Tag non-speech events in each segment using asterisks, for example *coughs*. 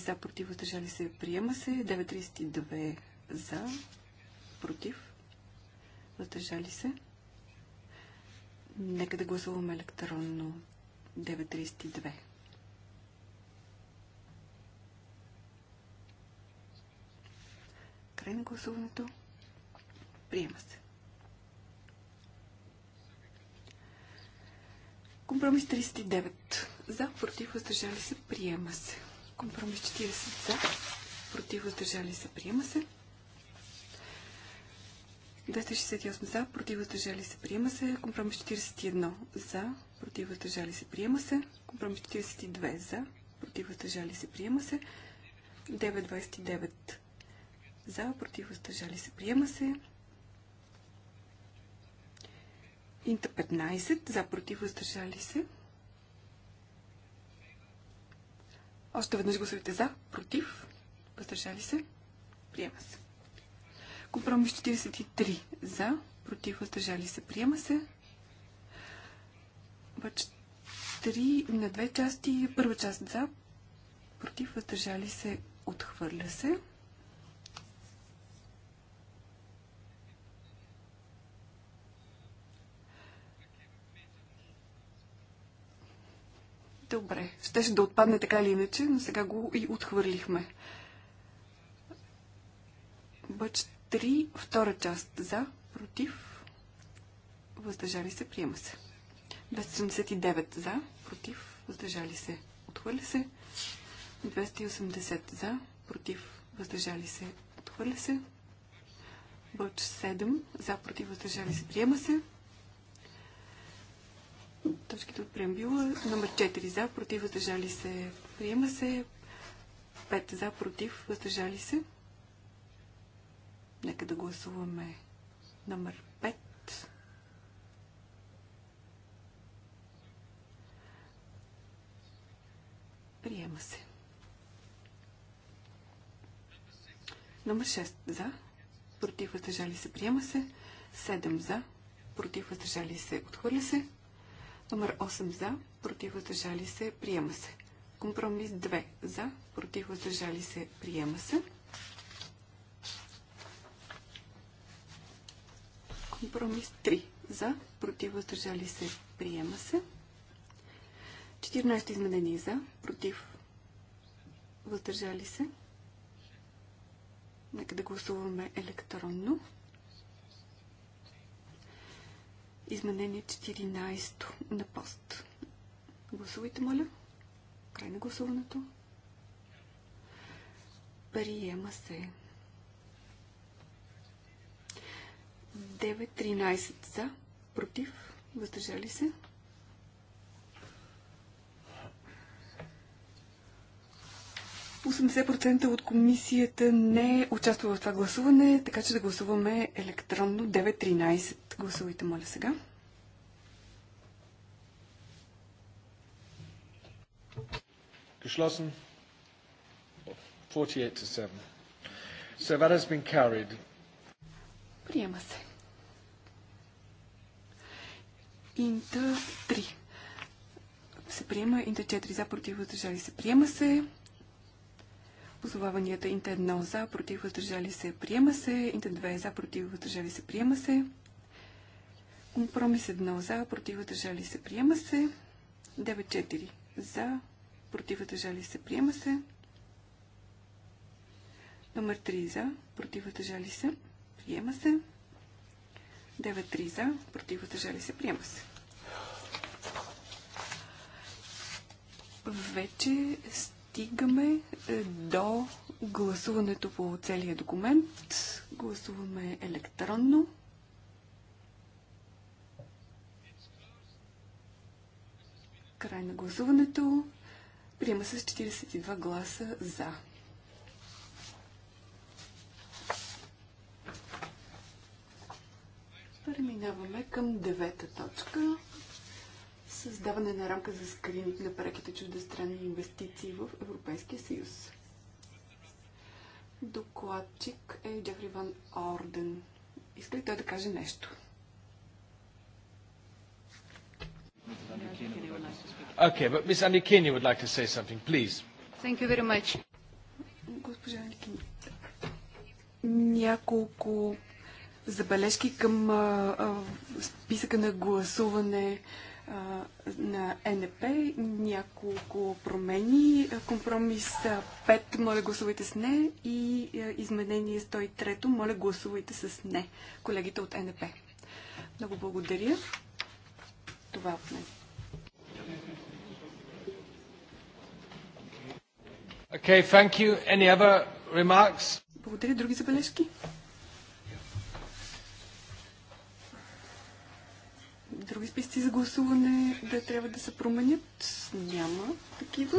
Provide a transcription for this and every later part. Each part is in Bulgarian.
за, против, въздържали се, приема се. 932 за, против, въздържали се. Нека да гласуваме електронно 932. Край на гласуването. Приема се. Компромис 39. За, против, въздържали се, приема се. Компромис 40 за. Против въздържали се. Приема се. 268 за. Против въздържали се. Приема се. Компромис 41 за. Против въздържали се. Приема се. Компромис 42 за. Против въздържали се. Приема се. 929 за. Против въздържали се. Приема се. Инта 15 за. Против въздържали се. Още веднъж гласувайте за, против, въздържали се, приема се. Компромис 43 за, против, въздържали се, приема се. Обаче 3 на две части, първа част за, против, въздържали се, отхвърля се. Добре, щеше да отпадне така или иначе, но сега го и отхвърлихме. Бъч 3, втора част за, против, въздържали се, приема се. 279 за, против, въздържали се, отхвърля се. 280 за, против, въздържали се, отхвърля се. Бъч 7 за, против, въздържали се, приема се точките от преамбюла. Номер 4 за, против, въздържали се, приема се. 5 за, против, въздържали се. Нека да гласуваме номер 5. Приема се. Номер 6 за, против, въздържали се, приема се. 7 за, против, въздържали се, отхвърля се. Номер 8 за, против въздържали се, приема се. Компромис 2 за, против въздържали се, приема се. Компромис 3 за, против въздържали се, приема се. 14 изменение за, против въздържали се. Нека да гласуваме електронно. Изменение 14 на пост. Гласувайте, моля. Край на гласуването. Приема се. 9.13 за, против, въздържали се. 80% от комисията не участва в това гласуване, така че да гласуваме електронно 9.13. Гласувайте, моля сега. Geschlossen. 48 to 7. So that has been carried. Приема се. Инта 3. Се приема Инта 4 за против въздържали се. Приема се позоваванията Интед 1 за, против, въздържали се, приема се. Инте 2 е за, против, въздържали се, приема се. Компромис 1 за, против, въздържали се, приема се. 9-4 за, против, въздържали се, приема се. Номер 3 за, против, въздържали се, приема се. 9-3 за, против, въздържали се, приема се. Вече стигаме е, до гласуването по целия документ. Гласуваме електронно. Край на гласуването. Приема се с 42 гласа за. Преминаваме към девета точка създаване на рамка за скрининг на преките чуждестранни инвестиции в Европейския съюз. Докладчик е Джефри Ван Орден. Иска ли той да каже нещо? Okay, but Miss Andikini would like to say something, please. Thank you very much. Госпожа Андикини, няколко забележки към а, а, списъка на гласуване. А, на НП няколко промени. Компромис 5, моля гласувайте с не и изменение 103, моля гласувайте с не. Колегите от НП. Много благодаря. Това от мен. Okay, thank you. Any other remarks? Благодаря. Други забележки? други списъци за гласуване да трябва да се променят? Няма такива.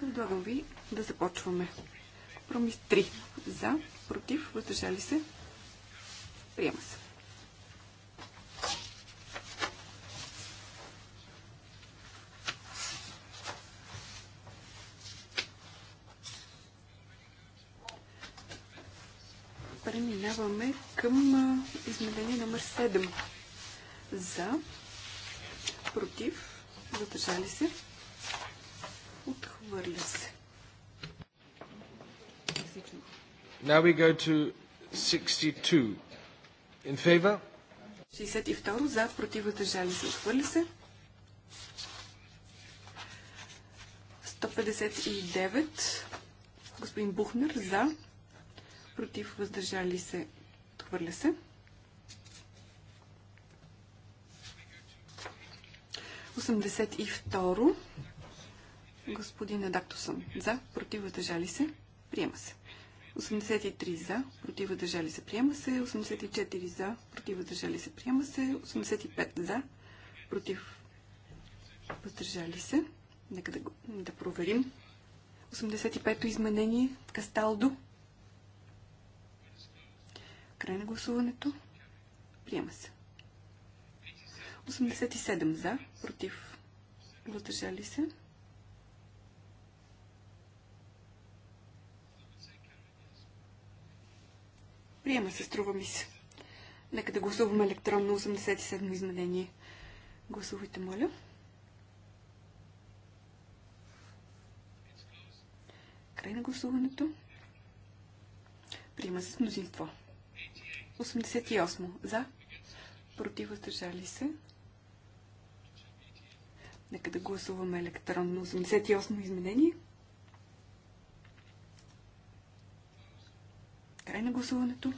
Предлагам ви да започваме. Промис 3. За, против, въздържали се. Приема се. преминаваме към изменение номер 7. За, против, задържали се, отхвърля се. Now we go to 62. In favor? 62 за, против, въздържали се, отхвърля се. 159. Господин Бухнер за, против, въздържали се, отхвърля се. Осемдесет и второ. Господин Адактосон. За, против, въздържали се, приема се. 83 за, против, въздържали се, приема се. 84 за, против, въздържали се, приема се. 85 за, против, въздържали се. Нека да, да проверим. 85-то изменение. Касталдо. Край на гласуването. Приема се. 87 за, против, въздържали се. Приема се, струва ми се. Нека да гласуваме електронно 87 изменение. Гласувайте, моля. Край на гласуването. Приема се с мнозинство. 88. За. Против. Въздържали се. Нека да гласуваме електронно. 88 изменение. Край на гласуването.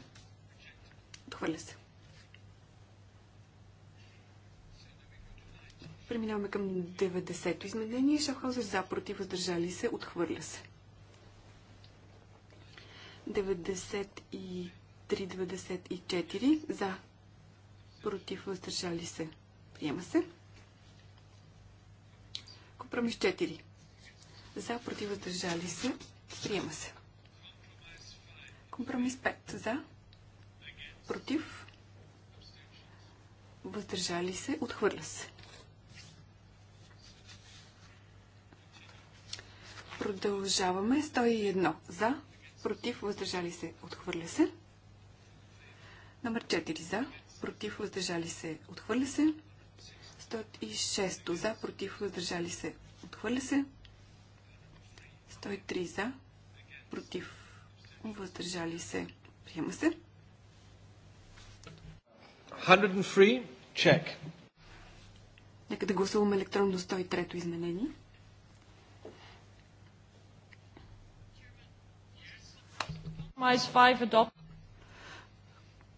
Отхвърля се. Преминаваме към 90-то изменение. Шафхаузер за, против, въздържали се, отхвърля се. 394 за, против, въздържали се, приема се. Компромис 4 за, против, въздържали се, приема се. Компромис 5 за, против, въздържали се, отхвърля се. Продължаваме. 101 за, против, въздържали се, отхвърля се. Номер 4 за, против, въздържали се, отхвърля се. 106 за, против, въздържали се, отхвърля се. 103 за, против, въздържали се, приема се. 103, чек. Нека да гласуваме електронно 103-то изменение.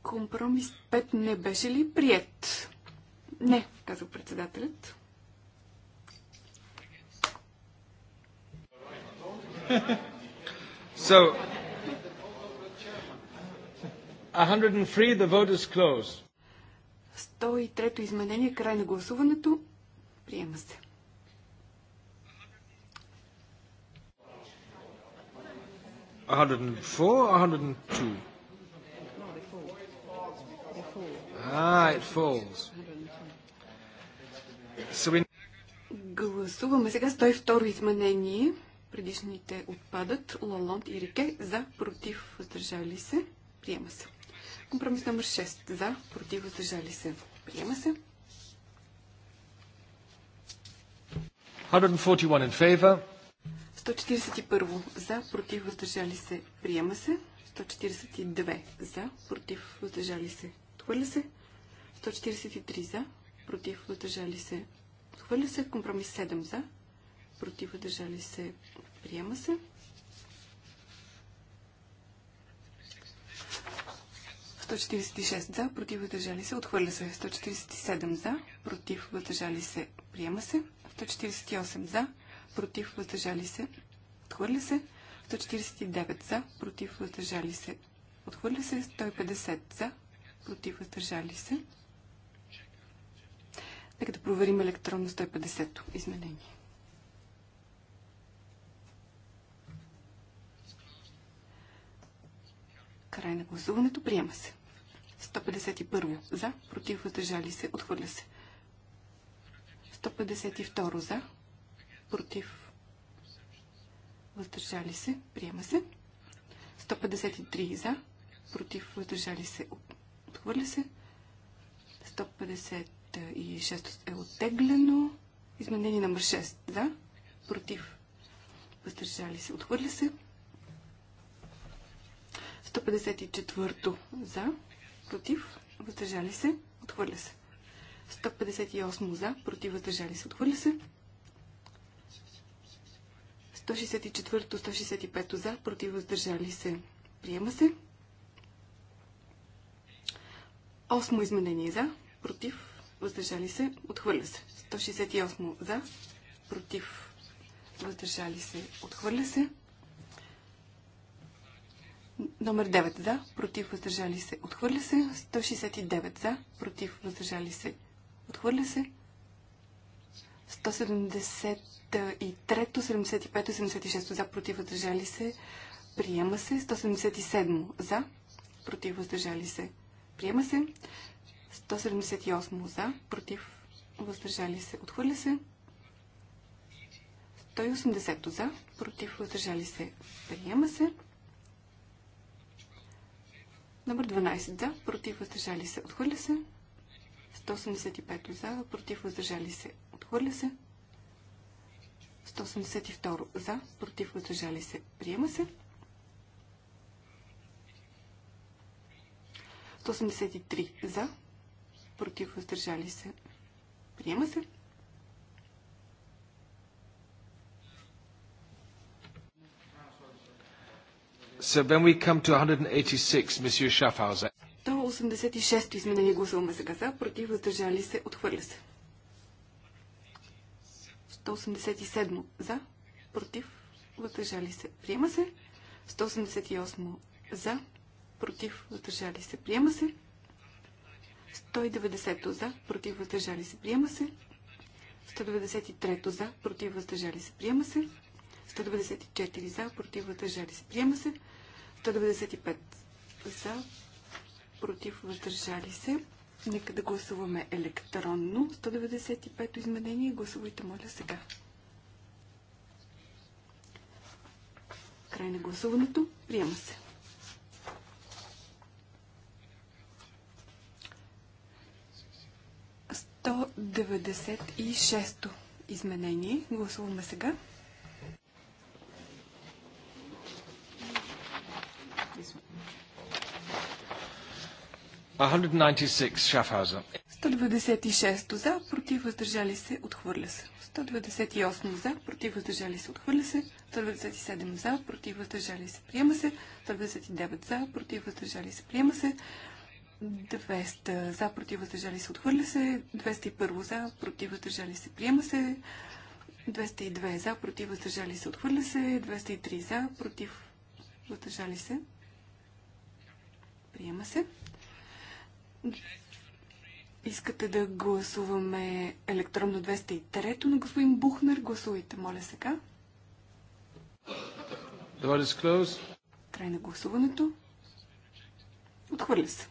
Компромис 5 не беше ли прият? Не, казва председателят. *laughs* So, 103, the vote is closed. 103-то изменение, край на гласуването. Приема се. hundred and four, hundred and two. Гласуваме сега 102 изменение. Предишните отпадат. Лалонт и Рике. За, против, въздържали се. Приема се. Компромис номер 6. За, против, въздържали се. Приема се. 141 in favor. 141 за, против, въздържали се. Приема се. 142 за, против, въздържали се. Отхвърля се. 143 за, против, въздържали се. Отхвърля се. Компромис 7 за, против, въздържали се. Приема се. 146 за, против въздържали се, отхвърля се. 147 за, против въздържали се, приема се. 148 за, против въздържали се, отхвърля се. 149 за, против въздържали се, отхвърля се. 150 за, против въздържали се, Нека да проверим електронно 150-то изменение. Край на гласуването. Приема се. 151 за, против, въздържали се, отхвърля се. 152 за, против, въздържали се, приема се. 153 за, против, въздържали се, отхвърля се. 150 6 е оттеглено. Изменение номер 6 за, против, въздържали се, отхвърля се. 154 за, против, въздържали се, отхвърля се. 158 за, против, въздържали се, отхвърля се. 164-165 за, против, въздържали се, приема се. Осмо изменение за, против, въздържали се, отхвърля се. 168 за, против, въздържали се, отхвърля се. Номер 9 за, против, въздържали се, отхвърля се. 169 за, против, въздържали се, отхвърля се. 173, 75, 76 за, против, въздържали се, приема се. 177 за, против, въздържали се, приема се. 178 за, против, въздържали се, отхвърля се. 180 за, против, въздържали се, приема се. Номер 12 за, против, въздържали се, отхвърля се. 185 за, против, въздържали се, отхвърля се. 182 за, против, въздържали се, приема се. 183 за, против въздържали се. Приема се. So then we come to 186, Monsieur Schaffhauser. 186 изменение гласуваме сега за, против въздържали се, отхвърля се. 187 за, против въздържали се, приема се. 188 за, против въздържали се, приема се. 190 за, против въздържали се, приема се. 193 за, против въздържали се, приема се. 194 за, против въздържали се, приема се. 195 за, против въздържали се. Нека да гласуваме електронно. 195 изменение. Гласувайте, моля, сега. Край на гласуването. Приема се. 196-то изменение. Гласуваме сега. Schaffhauser. 196 за, против въздържали се, отхвърля се. 198 за, против въздържали се, отхвърля се. 197 за, против въздържали се, приема се. 199 за, против въздържали се, приема се. 200 за, против, въздържали се, отхвърля се. 201 за, против, въздържали се, приема се. 202 за, против, въздържали се, отхвърля се. 203 за, против, въздържали се. Приема се. Искате да гласуваме електронно 203 на господин Бухнер? Гласувайте, моля сега. Край на гласуването. Отхвърля се.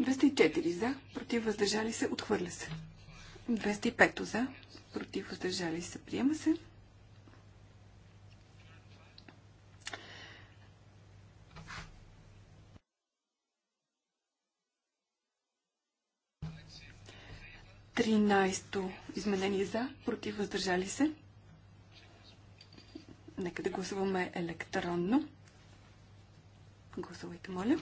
204 за, против въздържали се, отхвърля се. 205 за, против въздържали се, приема се. 13-то изменение за, против въздържали се. Нека да гласуваме електронно. Гласувайте, моля.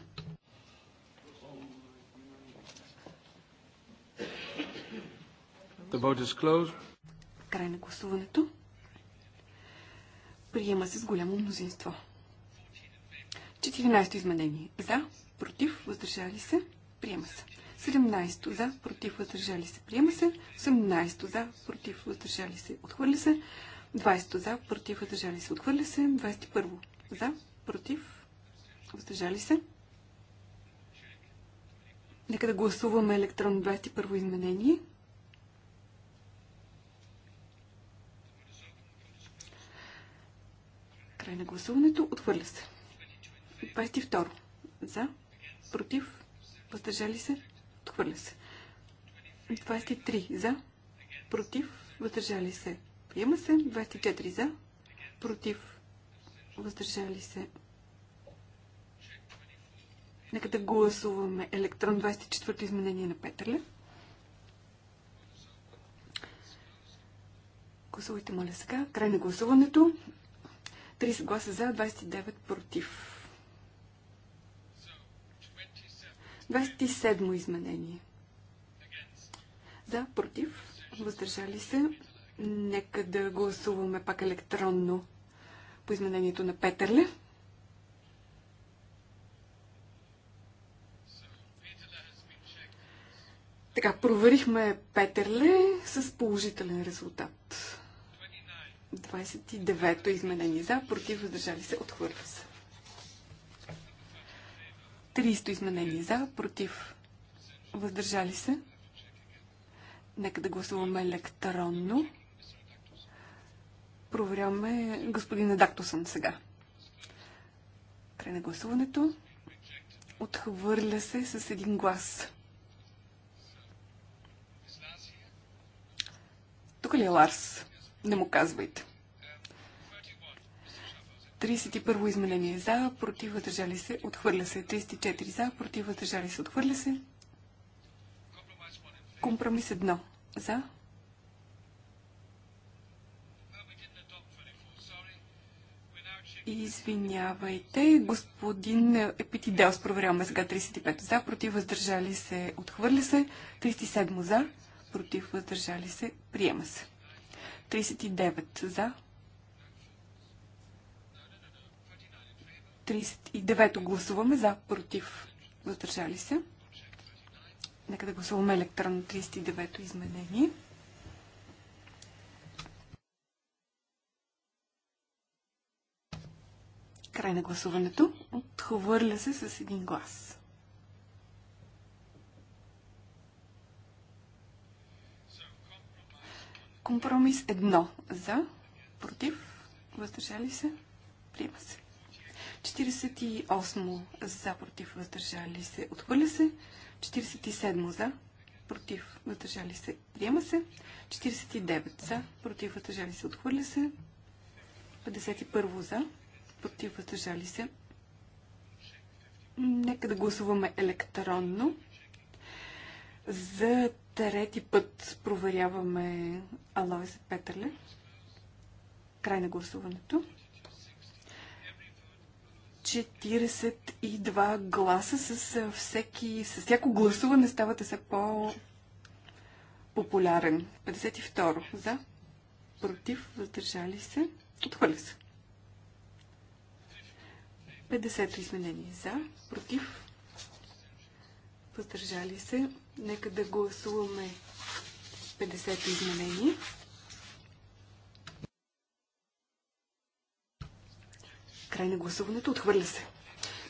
The vote is closed. Край на гласуването. Приема се с голямо мнозинство. 14-то изменение. За, против, въздържали се, приема се. 17-то за, против, въздържали се, приема се. 18-то за, против, въздържали се, отхвърля се. 20-то за, против, въздържали се, отхвърля се. 21-то за, против, въздържали се. Нека да гласуваме електронно 21-во изменение. Край на гласуването. Отхвърля се. 22. За. Против. Въздържали се. Отхвърля се. 23. За. Против. Въздържали се. Приема се. 24. За. Против. Въздържали се. Нека да гласуваме електрон 24 изменение на Петърля. Гласувайте, моля сега. Край на гласуването. 30 гласа за, 29 против. 27 изменение. За, против, въздържали се. Нека да гласуваме пак електронно по изменението на Петърле. Така, проверихме Петърле с положителен резултат. 29-то изменение за, против, въздържали се, отхвърля се. 30-то изменение за, против, въздържали се. Нека да гласуваме електронно. Проверяваме господин Дактусън сега. Край на гласуването. Отхвърля се с един глас. Тук ли е Ларс? Не му казвайте. 31 изменение за, против въздържали се, отхвърля се. 34 за, против въздържали се, отхвърля се. Компромис 1 за. Извинявайте, господин Епитидеус, проверяваме сега 35 за, против въздържали се, отхвърля се. 37 за, против въздържали се, приема се. 39 за, 39 гласуваме за, против, въздържали се. Нека да гласуваме електронно 39 то изменение. Край на гласуването. Отхвърля се с един глас. Компромис едно за, против, въздържали се, приема се. 48 за, против, въздържали се, отхвърля се. 47 за, против, въздържали се, приема се. 49 за, против, въздържали се, отхвърля се. 51 за, против, въздържали се. Нека да гласуваме електронно. За трети път проверяваме Алоиза Петърле. Край на гласуването. 42 гласа с, всеки, с всяко гласуване ставате все по-популярен. 52 за, против, въздържали се, отхвърля се. 50 изменение за, против, въздържали се. Нека да гласуваме 50 изменение. Край на гласуването. Отхвърля се.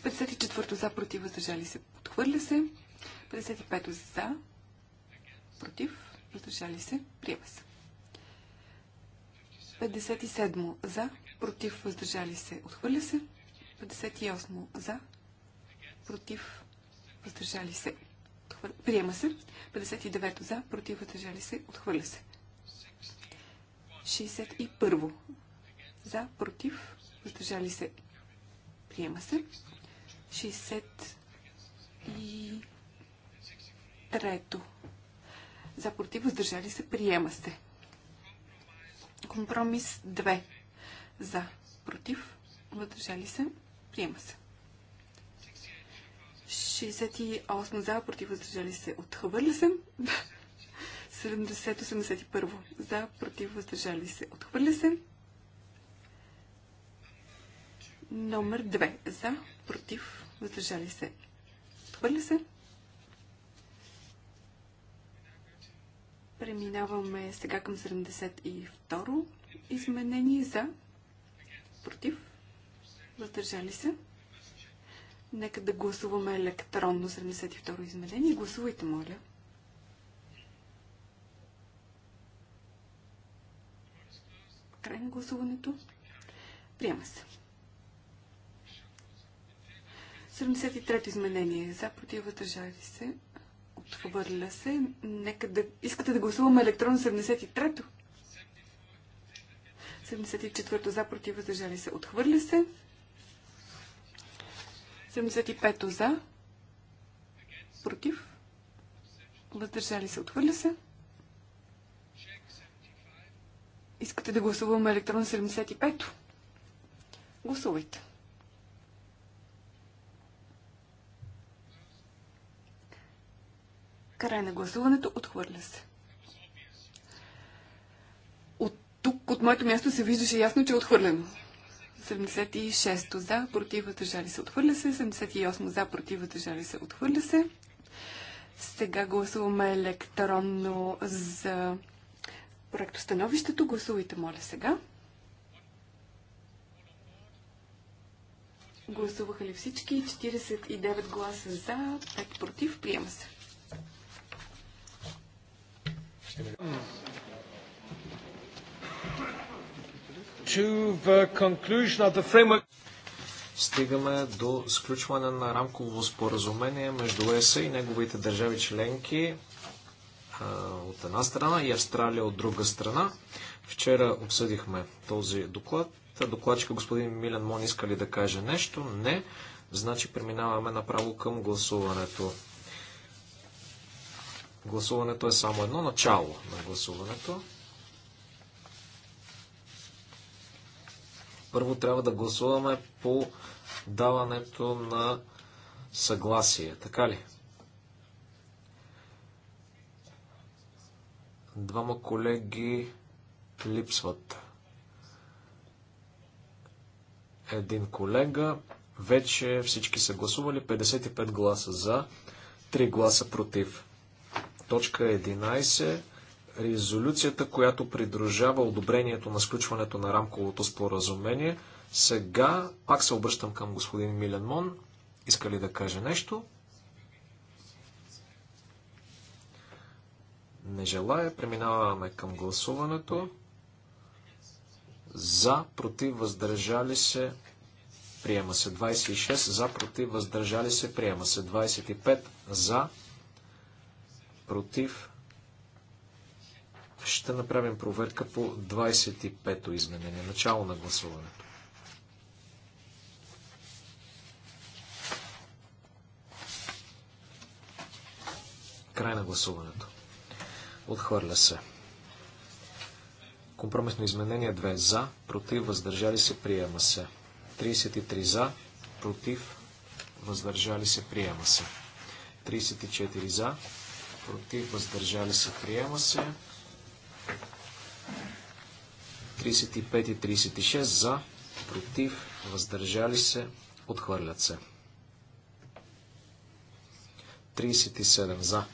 54 за, против, въздържали се. Отхвърля се. 55 за, против, въздържали се. Приема се. 57 за, против, въздържали се. Отхвърля се. 58 за, против, въздържали се. Приема се. 59 за, против, въздържали се. Отхвърля се. 61 за, против, въздържали се, приема се. 60 и трето. За против, въздържали се, приема се. Компромис 2. За против, въздържали се, приема се. 68 за, против, въздържали се, отхвърля се. 70-81 *laughs* за, против, въздържали се, отхвърля се. Номер 2. За, против, въздържали се. Хвърля се. Преминаваме сега към 72 изменение за, против, въздържали се. Нека да гласуваме електронно 72 изменение. Гласувайте, моля. Край на гласуването. Приема се. 73-то изменение. За против въздържали се. Отхвърля се. Нека да... Искате да гласуваме електронно 73-то? 74-то за против въздържали се. Отхвърля се. 75-то за. Против. Въздържали се. Отхвърля се. Искате да гласуваме електронно 75-то? Гласувайте. Край на гласуването. Отхвърля се. От тук, от моето място, се виждаше ясно, че е отхвърлено. 76 за, против, въздържали се, отхвърля се. 78 за, против, въздържали се, отхвърля се. Сега гласуваме електронно за проектостановището. Гласувайте, моля, сега. Гласуваха ли всички? 49 гласа за, 5 против. Приема се. Стигаме до сключване на рамково споразумение между ЕСА и неговите държави членки от една страна и Австралия от друга страна. Вчера обсъдихме този доклад. Докладчика господин Милен Мон иска ли да каже нещо? Не. Значи преминаваме направо към гласуването. Гласуването е само едно начало на гласуването. Първо трябва да гласуваме по даването на съгласие. Така ли? Двама колеги липсват. Един колега. Вече всички са гласували 55 гласа за, 3 гласа против. Точка 11. Резолюцията, която придружава одобрението на сключването на рамковото споразумение. Сега пак се обръщам към господин Мон. Иска ли да каже нещо? Не желая. Преминаваме към гласуването. За, против, въздържали се, приема се. 26, за, против, въздържали се, приема се. 25, за, против. Ще направим проверка по 25-то изменение. Начало на гласуването. Край на гласуването. Отхвърля се. Компромисно изменение 2 за, против, въздържали се, приема се. 33 за, против, въздържали се, приема се. 34 за, против, въздържали се, приема се. 35 и 36 за, против, въздържали се, отхвърлят се. 37 за,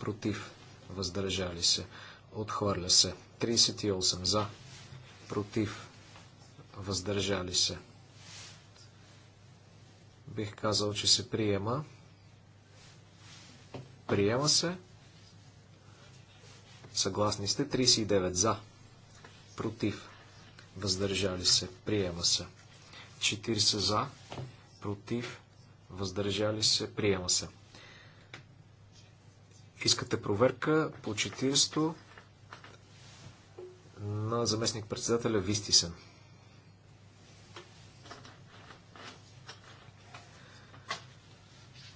против, въздържали се, отхвърля се. 38 за, против, въздържали се. Бих казал, че се приема. Приема се. Съгласни сте. 39 за. Против. Въздържали се. Приема се. 40 за. Против. Въздържали се. Приема се. Искате проверка по 40 на заместник председателя Вистисен.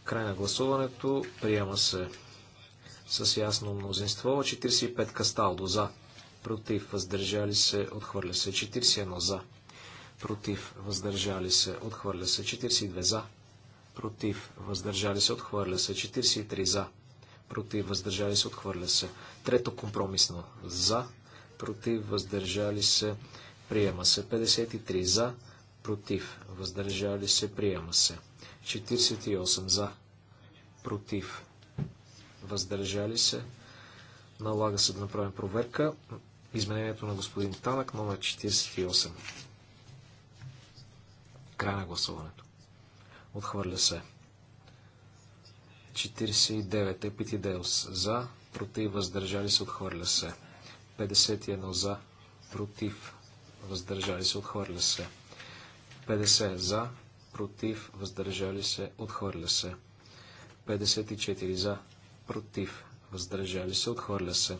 Край на гласуването. Приема се с ясно мнозинство. 45 Касталдо за. Против. Въздържали се. Отхвърля се. 41 за. Против. Въздържали се. Отхвърля се. 42 за. Против. Въздържали се. Отхвърля се. 43 за. Против. Въздържали се. Отхвърля се. Трето компромисно. За. Против. Въздържали се. Приема се. 53 за. Против. Въздържали се. Приема се. 48 за, против, въздържали се. Налага се да направим проверка. Изменението на господин Танък, номер 48. Край на гласуването. Отхвърля се. 49. Епитидеус. За. Против. Въздържали се. Отхвърля се. 51. За. Против. Въздържали се. Отхвърля се. 50. За против, въздържали се, отхвърля се. 54 за, против, въздържали се, отхвърля се.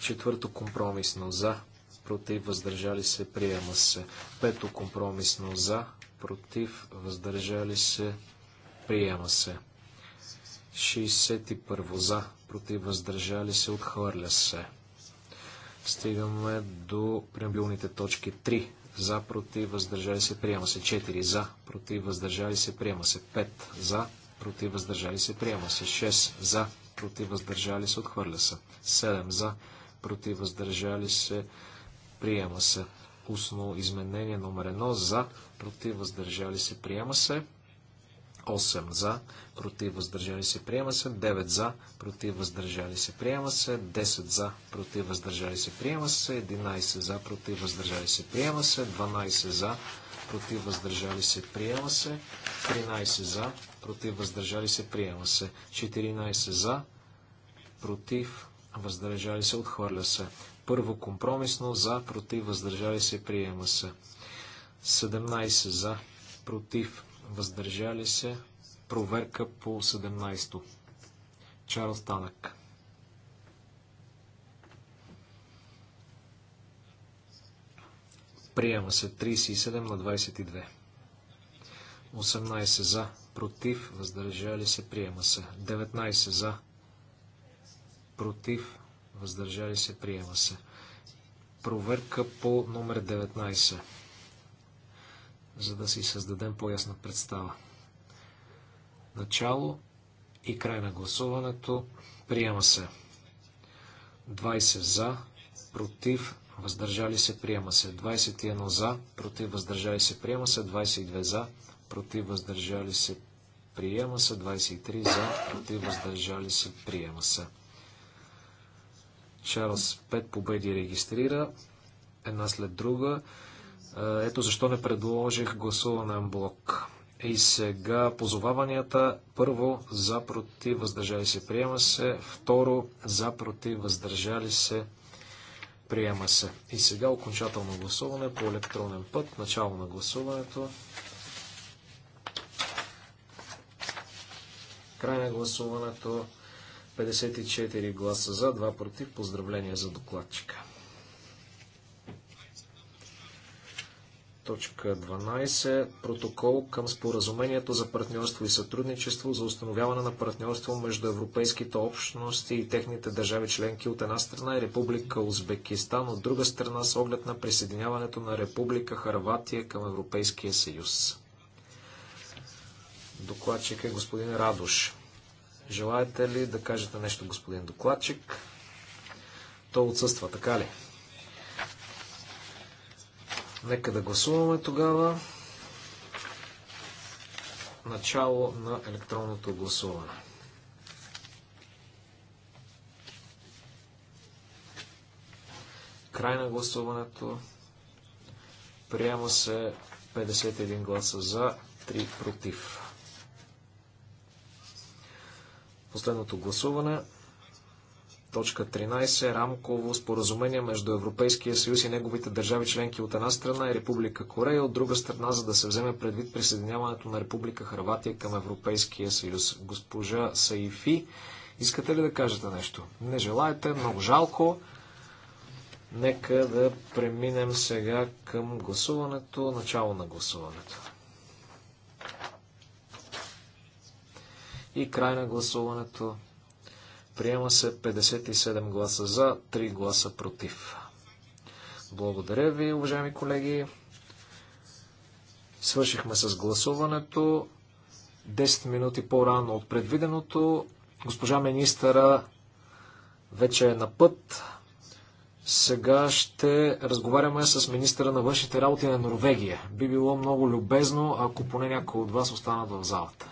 Четвърто компромисно за, против, въздържали се, приема се. Пето компромисно за, против, въздържали се, приема се. 61 за, против, въздържали се, отхвърля се. Стигаме до преамбилните точки 3 за, против, въздържали се, приема се. 4 за, против, въздържали се, приема се. 5 за, против, въздържали се, приема се. 6 за, против, въздържали се, отхвърля се. 7 за, против, въздържали се, приема се. Устно изменение номер 1 за, против, въздържали се, приема се. 8 за, против въздържали се, приема се. 9 за, против въздържали се, приема се. 10 за, против въздържали се, приема се. 11 за, против въздържали се, приема се. 12 за, против въздържали се, приема се. 13 за, против въздържали се, приема се. 14 за, против въздържали се, отхвърля се. Първо компромисно, за, против въздържали се, приема се. 17 за, против въздържали се, проверка по 17-то. Чарлз Танък. Приема се 37 на 22. 18 за, против, въздържали се, приема се. 19 за, против, въздържали се, приема се. Проверка по номер 19 за да си създадем по-ясна представа. Начало и край на гласуването. Приема се. 20 за, против, въздържали се, приема се. 21 за, против, въздържали се, приема се. 22 за, против, въздържали се, приема се. 23 за, против, въздържали се, приема се. Чарлз 5 победи регистрира, една след друга. Е, ето защо не предложих гласуване блок. И сега позоваванията. Първо, за против, въздържали се, приема се. Второ, за против, въздържали се, приема се. И сега окончателно гласуване по електронен път. Начало на гласуването. Край на гласуването. 54 гласа за, 2 против. Поздравления за докладчика. Точка 12. Протокол към споразумението за партньорство и сътрудничество за установяване на партньорство между европейските общности и техните държави членки от една страна и Република Узбекистан от друга страна с оглед на присъединяването на Република Харватия към Европейския съюз. Докладчик е господин Радош. Желаете ли да кажете нещо, господин докладчик? То отсъства, така ли? Нека да гласуваме тогава начало на електронното гласуване. Край на гласуването. Приема се 51 гласа за, 3 против. Последното гласуване Точка 13. Рамково споразумение между Европейския съюз и неговите държави членки от една страна и Република Корея, от друга страна, за да се вземе предвид присъединяването на Република Харватия към Европейския съюз. Госпожа Саифи, искате ли да кажете нещо? Не желаете, много жалко. Нека да преминем сега към гласуването, начало на гласуването. И край на гласуването. Приема се 57 гласа за, 3 гласа против. Благодаря ви, уважаеми колеги. Свършихме с гласуването. 10 минути по-рано от предвиденото. Госпожа министъра вече е на път. Сега ще разговаряме с министъра на външните работи на Норвегия. Би било много любезно, ако поне някои от вас останат в залата.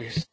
Yes.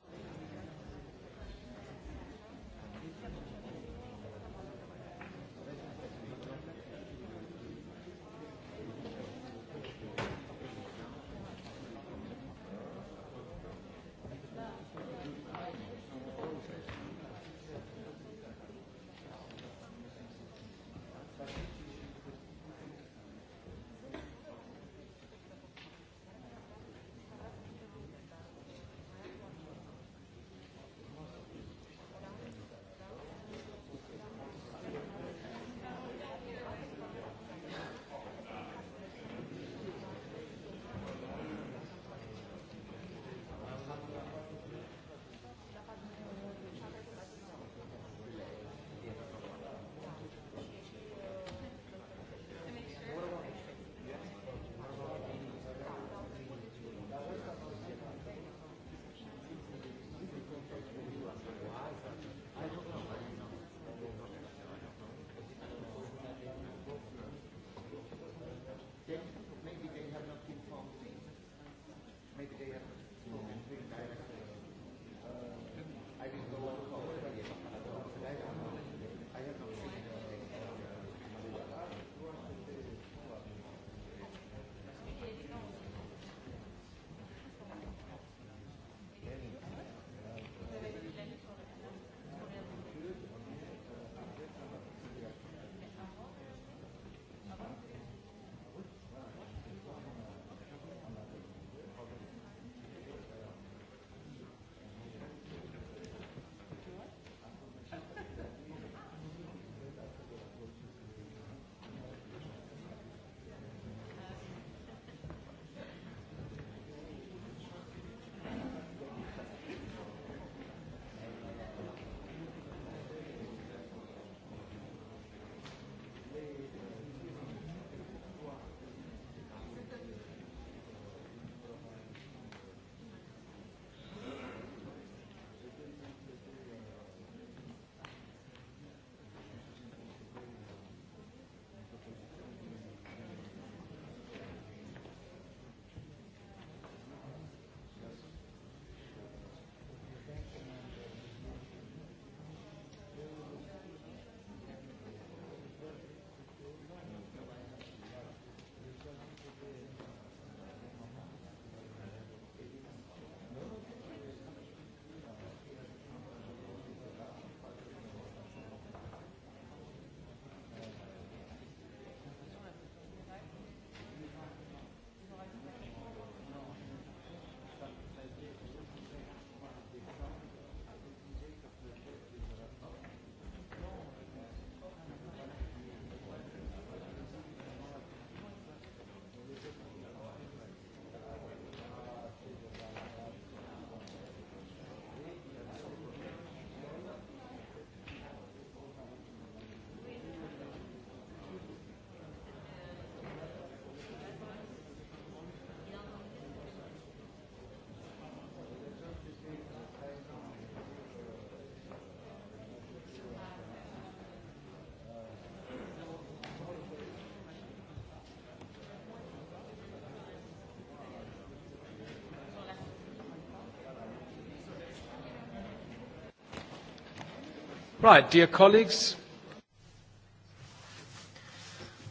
Right, dear colleagues.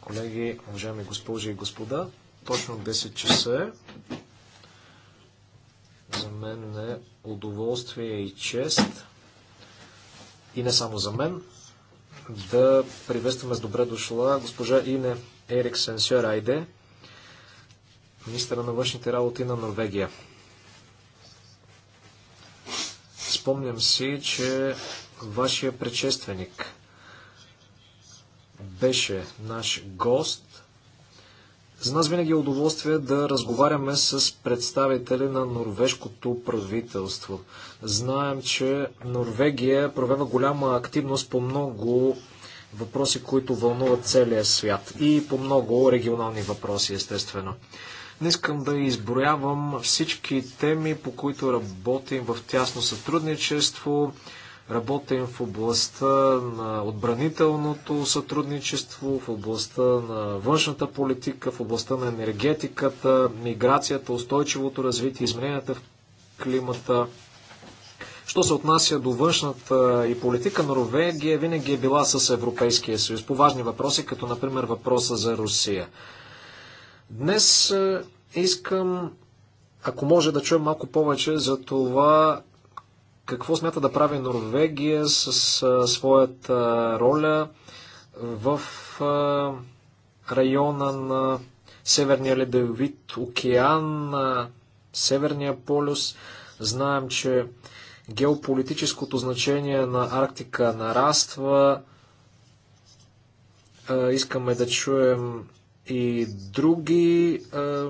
Колеги, уважаеми госпожи и господа, точно 10 часа е. За мен е удоволствие и чест, и не само за мен, да приветстваме с добре дошла госпожа Ине Ерик Сьорайде, министра на външните работи на Норвегия. Спомням си, че Вашия предшественик беше наш гост. За нас винаги е удоволствие да разговаряме с представители на норвежкото правителство. Знаем, че Норвегия е провева голяма активност по много въпроси, които вълнуват целия свят и по много регионални въпроси, естествено. Не искам да изброявам всички теми, по които работим в тясно сътрудничество. Работим в областта на отбранителното сътрудничество, в областта на външната политика, в областта на енергетиката, миграцията, устойчивото развитие, измененията в климата. Що се отнася до външната и политика, Норвегия винаги е била с Европейския съюз по важни въпроси, като например въпроса за Русия. Днес е, искам, ако може да чуем малко повече за това, какво смята да прави Норвегия с а, своята роля в а, района на Северния ледовит океан, на Северния полюс. Знаем, че геополитическото значение на Арктика нараства. А, искаме да чуем и други. А,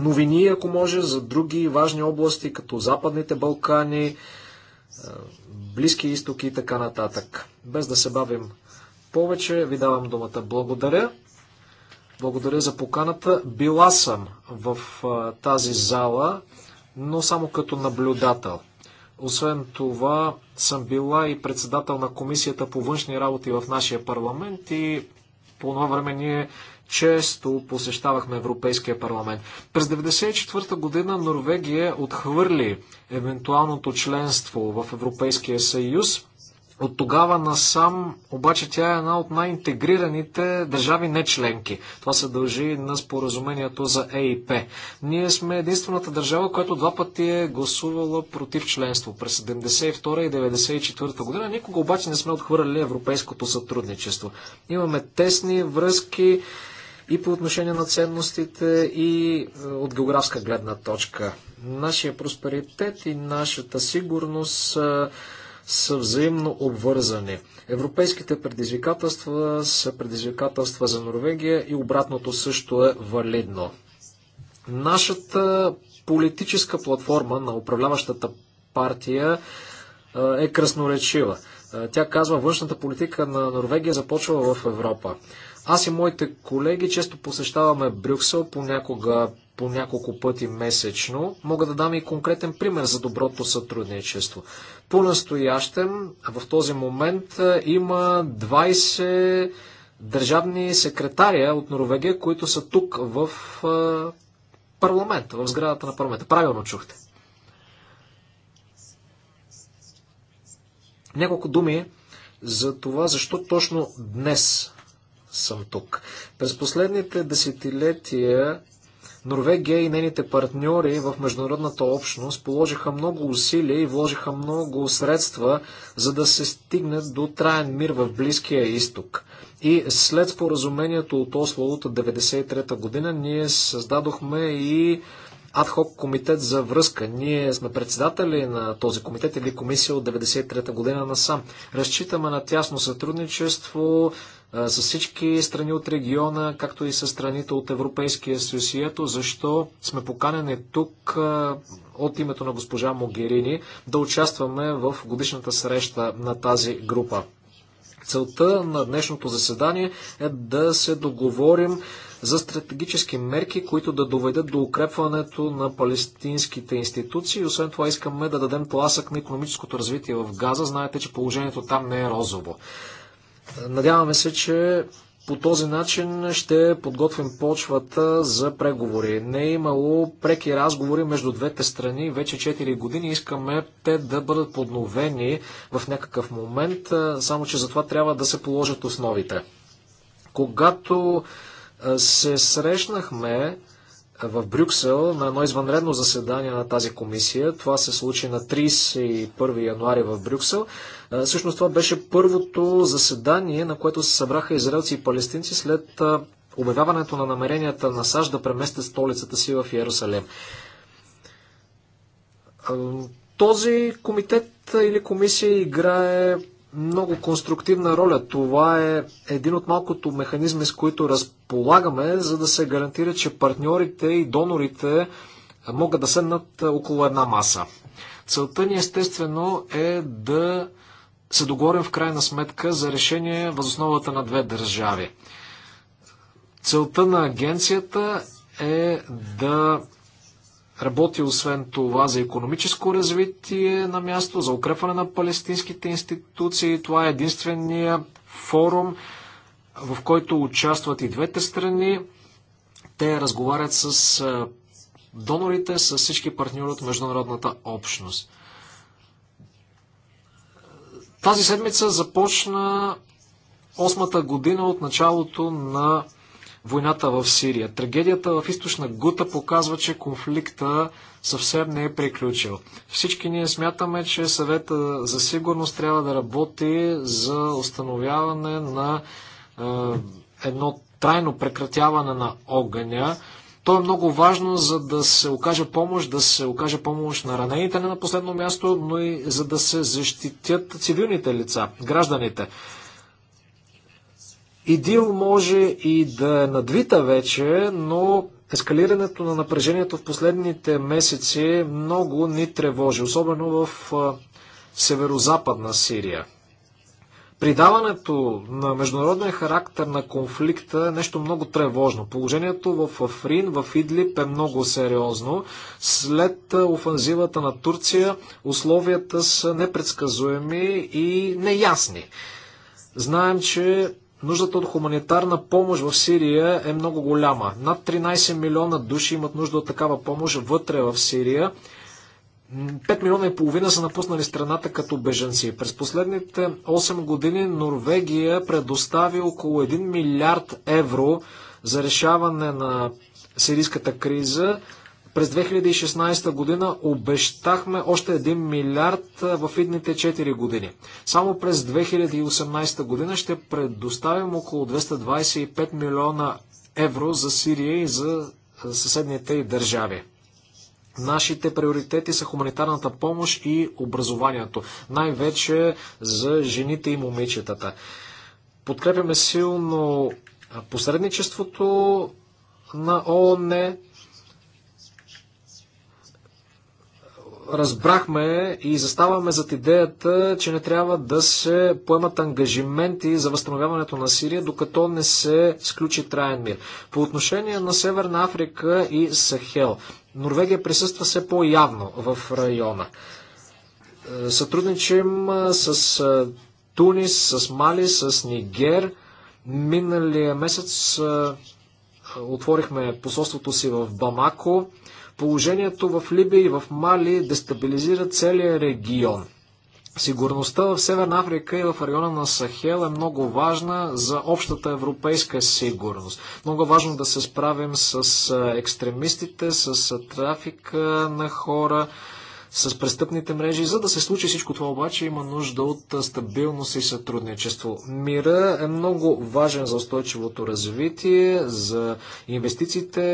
новини, ако може, за други важни области, като Западните Балкани, е, Близки изтоки и така нататък. Без да се бавим повече, ви давам думата. Благодаря. Благодаря за поканата. Била съм в е, тази зала, но само като наблюдател. Освен това, съм била и председател на Комисията по външни работи в нашия парламент и по това време ние често посещавахме Европейския парламент. През 1994 година Норвегия отхвърли евентуалното членство в Европейския съюз. От тогава насам, обаче тя е една от най-интегрираните държави не членки. Това се дължи на споразумението за ЕИП. Ние сме единствената държава, която два пъти е гласувала против членство през 1972 и 1994 година. Никога обаче не сме отхвърляли европейското сътрудничество. Имаме тесни връзки и по отношение на ценностите, и е, от географска гледна точка. Нашия просперитет и нашата сигурност е, са взаимно обвързани. Европейските предизвикателства са предизвикателства за Норвегия и обратното също е валидно. Нашата политическа платформа на управляващата партия е, е красноречива. Тя казва, външната политика на Норвегия започва в Европа. Аз и моите колеги често посещаваме Брюксел, понякога по няколко пъти месечно. Мога да дам и конкретен пример за доброто сътрудничество. По-настоящем, в този момент, е, има 20 държавни секретария от Норвегия, които са тук в е, парламента, в сградата на парламента. Правилно чухте. Няколко думи за това, защо точно днес съм тук. През последните десетилетия Норвегия и нейните партньори в международната общност положиха много усилия и вложиха много средства, за да се стигне до траен мир в Близкия изток. И след споразумението от Осло от 1993 година ние създадохме и адхок комитет за връзка. Ние сме председатели на този комитет или комисия от 1993 година насам. Разчитаме на тясно сътрудничество а, с всички страни от региона, както и с страните от Европейския съюз. И ето защо сме поканени тук а, от името на госпожа Могерини да участваме в годишната среща на тази група. Целта на днешното заседание е да се договорим за стратегически мерки, които да доведат до укрепването на палестинските институции. Освен това искаме да дадем тласък на економическото развитие в Газа. Знаете, че положението там не е розово. Надяваме се, че по този начин ще подготвим почвата за преговори. Не е имало преки разговори между двете страни вече 4 години. Искаме те да бъдат подновени в някакъв момент, само че за това трябва да се положат основите. Когато се срещнахме в Брюксел на едно извънредно заседание на тази комисия. Това се случи на 31 януари в Брюксел. Всъщност това беше първото заседание, на което се събраха израелци и палестинци след обявяването на намеренията на САЩ да преместят столицата си в Иерусалим. Този комитет или комисия играе много конструктивна роля. Това е един от малкото механизми, с които разполагаме, за да се гарантира, че партньорите и донорите могат да седнат около една маса. Целта ни естествено е да се договорим в крайна сметка за решение възосновата на две държави. Целта на агенцията е да Работи освен това за економическо развитие на място, за укрепване на палестинските институции. Това е единствения форум, в който участват и двете страни. Те разговарят с донорите, с всички партньори от международната общност. Тази седмица започна осмата година от началото на войната в Сирия. Трагедията в източна Гута показва, че конфликта съвсем не е приключил. Всички ние смятаме, че съвета за сигурност трябва да работи за установяване на е, едно трайно прекратяване на огъня. То е много важно, за да се окаже помощ, да се окаже помощ на ранените не на последно място, но и за да се защитят цивилните лица, гражданите. Идил може и да е надвита вече, но ескалирането на напрежението в последните месеци много ни тревожи, особено в северо-западна Сирия. Придаването на международен характер на конфликта е нещо много тревожно. Положението в Африн, в Идлип е много сериозно. След офанзивата на Турция условията са непредсказуеми и неясни. Знаем, че Нуждата от хуманитарна помощ в Сирия е много голяма. Над 13 милиона души имат нужда от такава помощ вътре в Сирия. 5 милиона и половина са напуснали страната като беженци. През последните 8 години Норвегия предостави около 1 милиард евро за решаване на сирийската криза. През 2016 година обещахме още 1 милиард в идните 4 години. Само през 2018 година ще предоставим около 225 милиона евро за Сирия и за съседните й държави. Нашите приоритети са хуманитарната помощ и образованието, най-вече за жените и момичетата. Подкрепяме силно посредничеството на ООН, разбрахме и заставаме зад идеята, че не трябва да се поемат ангажименти за възстановяването на Сирия, докато не се сключи траен мир. По отношение на Северна Африка и Сахел, Норвегия присъства все по-явно в района. Е, сътрудничим е, с е, Тунис, с Мали, с Нигер. Миналия месец отворихме посолството си в Бамако. Положението в Либия и в Мали дестабилизира целия регион. Сигурността в Северна Африка и в района на Сахел е много важна за общата европейска сигурност. Много важно да се справим с екстремистите, с трафика на хора, с престъпните мрежи. За да се случи всичко това обаче има нужда от стабилност и сътрудничество. Мира е много важен за устойчивото развитие, за инвестициите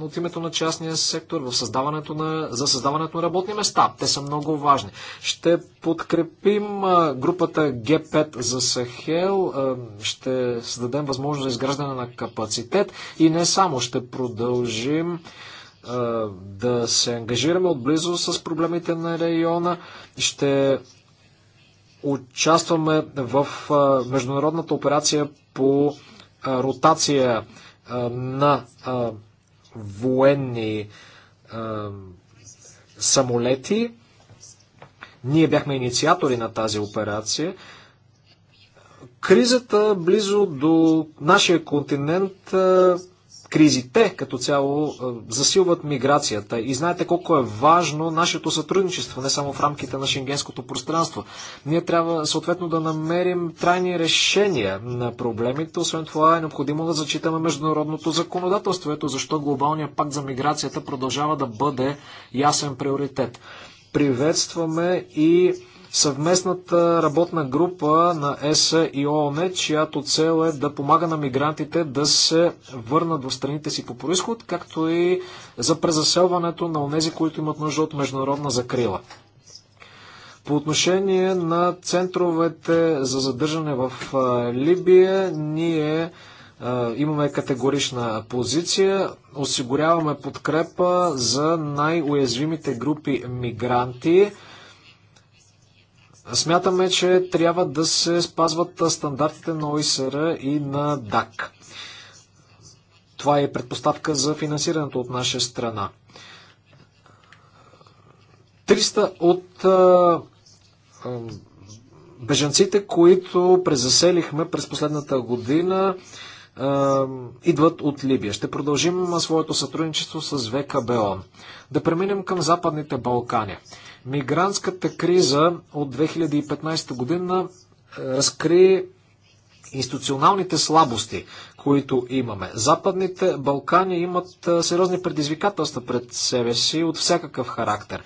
от името на частния сектор, в създаването на, за създаването на работни места. Те са много важни. Ще подкрепим групата G5 за Сахел, ще създадем възможност за изграждане на капацитет и не само ще продължим да се ангажираме отблизо с проблемите на района. Ще участваме в международната операция по ротация на военни самолети. Ние бяхме инициатори на тази операция. Кризата близо до нашия континент кризите като цяло е, засилват миграцията и знаете колко е важно нашето сътрудничество, не само в рамките на шенгенското пространство. Ние трябва съответно да намерим трайни решения на проблемите, освен това е необходимо да зачитаме международното законодателство, ето защо глобалният пакт за миграцията продължава да бъде ясен приоритет. Приветстваме и съвместната работна група на ЕС и ООН, чиято цел е да помага на мигрантите да се върнат в страните си по происход, както и за презаселването на онези, които имат нужда от международна закрила. По отношение на центровете за задържане в Либия, ние имаме категорична позиция, осигуряваме подкрепа за най-уязвимите групи мигранти – Смятаме, че трябва да се спазват стандартите на ОИСР и на ДАК. Това е предпоставка за финансирането от наша страна. 300 от беженците, бежанците, които презаселихме през последната година, идват от Либия. Ще продължим своето сътрудничество с ВКБО. Да преминем към Западните Балкани. Мигрантската криза от 2015 година е, разкри институционалните слабости, които имаме. Западните Балкани имат е, сериозни предизвикателства пред себе си от всякакъв характер.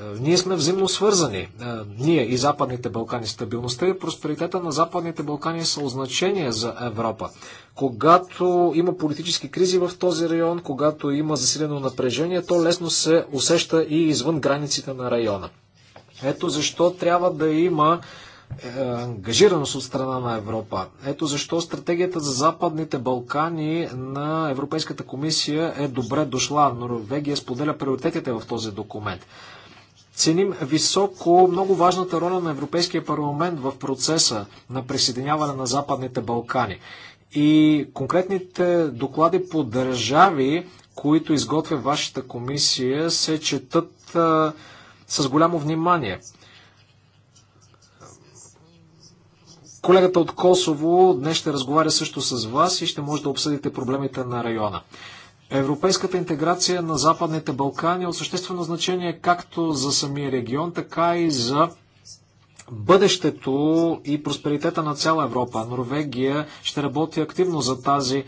Е, ние сме взаимно свързани. Е, ние и Западните Балкани. Стабилността и просперитета на Западните Балкани са означение за Европа. Когато има политически кризи в този район, когато има засилено напрежение, то лесно се усеща и извън границите на района. Ето защо трябва да има е, ангажираност от страна на Европа. Ето защо стратегията за Западните Балкани на Европейската комисия е добре дошла. Норвегия споделя приоритетите в този документ. Ценим високо много важната роля на Европейския парламент в процеса на присъединяване на Западните Балкани и конкретните доклади по държави, които изготвя вашата комисия, се четат а, с голямо внимание. Колегата от Косово днес ще разговаря също с вас и ще може да обсъдите проблемите на района. Европейската интеграция на Западните Балкани е от съществено значение както за самия регион, така и за бъдещето и просперитета на цяла Европа. Норвегия ще работи активно за тази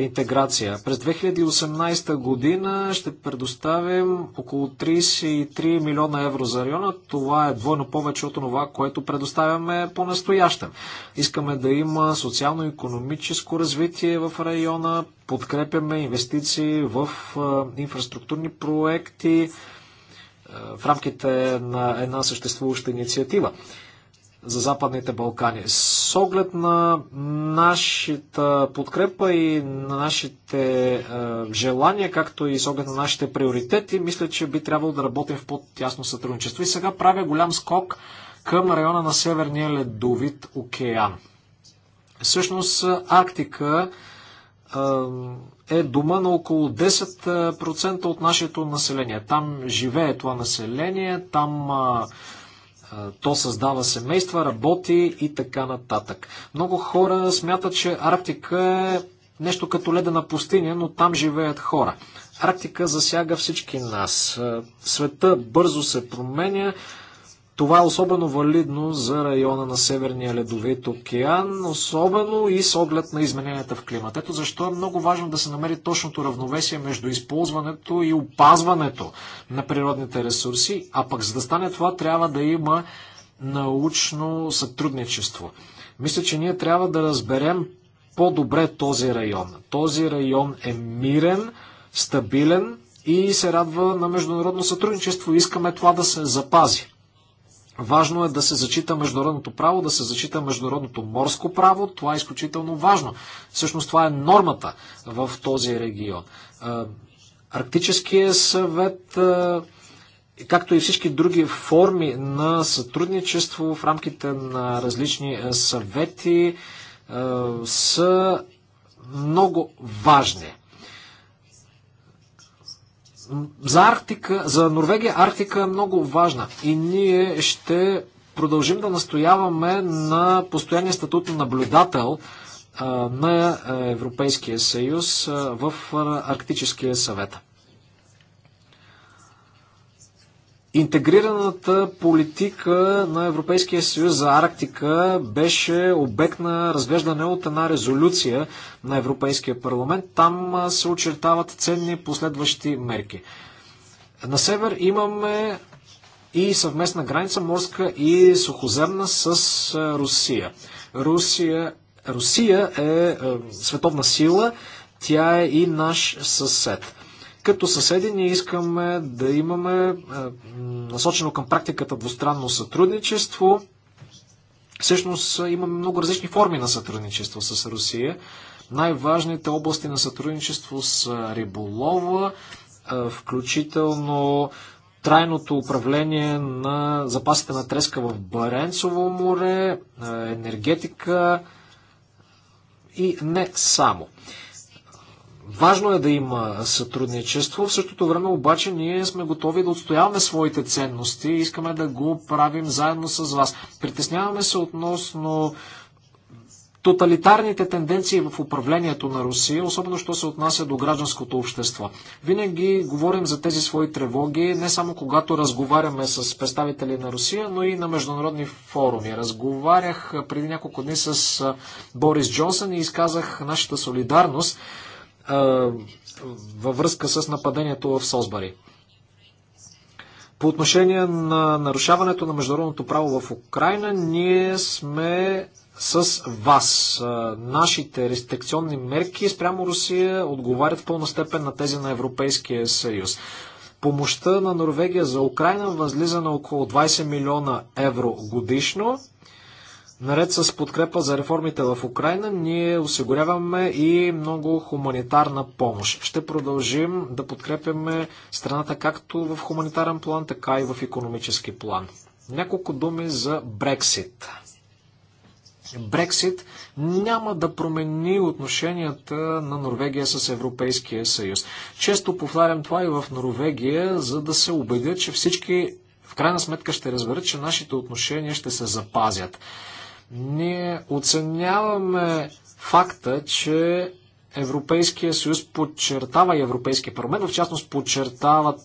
интеграция. През 2018 година ще предоставим около 33 милиона евро за района. Това е двойно повече от това, което предоставяме по-настоящем. Искаме да има социално-економическо развитие в района, подкрепяме инвестиции в инфраструктурни проекти в рамките на една съществуваща инициатива за Западните Балкани. С оглед на нашата подкрепа и на нашите е, желания, както и с оглед на нашите приоритети, мисля, че би трябвало да работим в по-тясно сътрудничество. И сега правя голям скок към района на Северния ледовит океан. Всъщност Арктика е, е дома на около 10% е, от нашето население. Там живее това население, там е, то създава семейства, работи и така нататък. Много хора смятат, че Арктика е нещо като ледена пустиня, но там живеят хора. Арктика засяга всички нас. Света бързо се променя, това е особено валидно за района на Северния ледовит океан, особено и с оглед на измененията в климата. Ето защо е много важно да се намери точното равновесие между използването и опазването на природните ресурси, а пък за да стане това трябва да има научно сътрудничество. Мисля, че ние трябва да разберем по-добре този район. Този район е мирен, стабилен и се радва на международно сътрудничество. Искаме това да се запази. Важно е да се зачита международното право, да се зачита международното морско право. Това е изключително важно. Всъщност това е нормата в този регион. Е, Арктическия съвет, е, както и всички други форми на сътрудничество в рамките на различни е, съвети, са много важни. За, Арктика, за Норвегия Арктика е много важна и ние ще продължим да настояваме на постоянния статут на наблюдател на е, Европейския съюз в Арктическия съвет. Интегрираната политика на Европейския съюз за Арктика беше обект на разглеждане от една резолюция на Европейския парламент. Там се очертават ценни последващи мерки. На север имаме и съвместна граница морска и сухоземна с Русия. Русия, Русия е, е световна сила, тя е и наш съсед. Като съседи ние искаме да имаме насочено към практиката двустранно сътрудничество. Всъщност имаме много различни форми на сътрудничество с Русия. Най-важните области на сътрудничество са риболова, включително трайното управление на запасите на треска в Баренцово море, енергетика и не само. Важно е да има сътрудничество, в същото време обаче ние сме готови да отстояваме своите ценности и искаме да го правим заедно с вас. Притесняваме се относно тоталитарните тенденции в управлението на Русия, особено що се отнася до гражданското общество. Винаги говорим за тези свои тревоги, не само когато разговаряме с представители на Русия, но и на международни форуми. Разговарях преди няколко дни с Борис Джонсън и изказах нашата солидарност във връзка с нападението в Солсбари. По отношение на нарушаването на международното право в Украина, ние сме с вас. Нашите рестрикционни мерки спрямо Русия отговарят в пълна степен на тези на Европейския съюз. Помощта на Норвегия за Украина възлиза на около 20 милиона евро годишно. Наред с подкрепа за реформите в Украина, ние осигуряваме и много хуманитарна помощ. Ще продължим да подкрепяме страната както в хуманитарен план, така и в економически план. Няколко думи за Брексит. Брексит няма да промени отношенията на Норвегия с Европейския съюз. Често повтарям това и в Норвегия, за да се убедя, че всички в крайна сметка ще разберат, че нашите отношения ще се запазят. Ние оценяваме факта, че Европейския съюз подчертава и Европейския парламент, в частност подчертават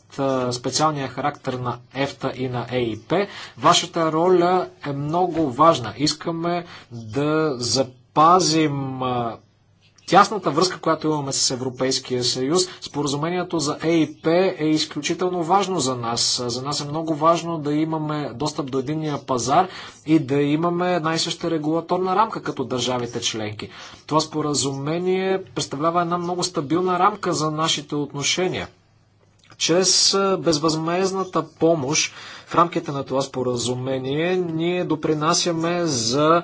специалния характер на ЕФТА и на ЕИП. Вашата роля е много важна. Искаме да запазим тясната връзка, която имаме с Европейския съюз. Споразумението за ЕИП е изключително важно за нас. За нас е много важно да имаме достъп до единния пазар и да имаме една и съща регулаторна рамка като държавите членки. Това споразумение представлява една много стабилна рамка за нашите отношения чрез безвъзмезната помощ в рамките на това споразумение ние допринасяме за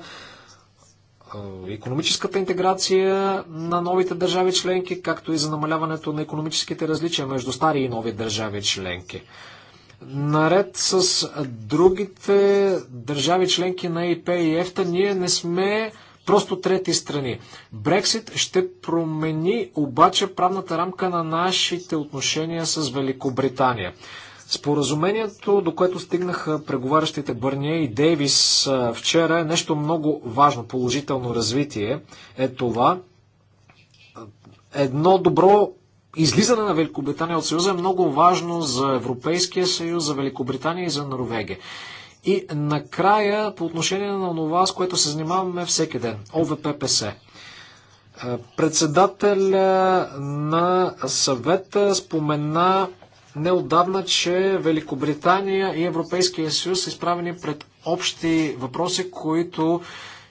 е, економическата интеграция на новите държави членки, както и за намаляването на економическите различия между стари и нови държави членки. Наред с другите държави членки на ИП и ЕФТА, ние не сме просто трети страни. Брексит ще промени обаче правната рамка на нашите отношения с Великобритания. Споразумението, до което стигнаха преговарящите Бърния и Дейвис вчера е нещо много важно, положително развитие е това. Едно добро излизане на Великобритания от Съюза е много важно за Европейския съюз, за Великобритания и за Норвегия. И накрая, по отношение на това, с което се занимаваме всеки ден, ОВППС. Председателя на съвета спомена неодавна, че Великобритания и Европейския съюз са изправени пред общи въпроси, които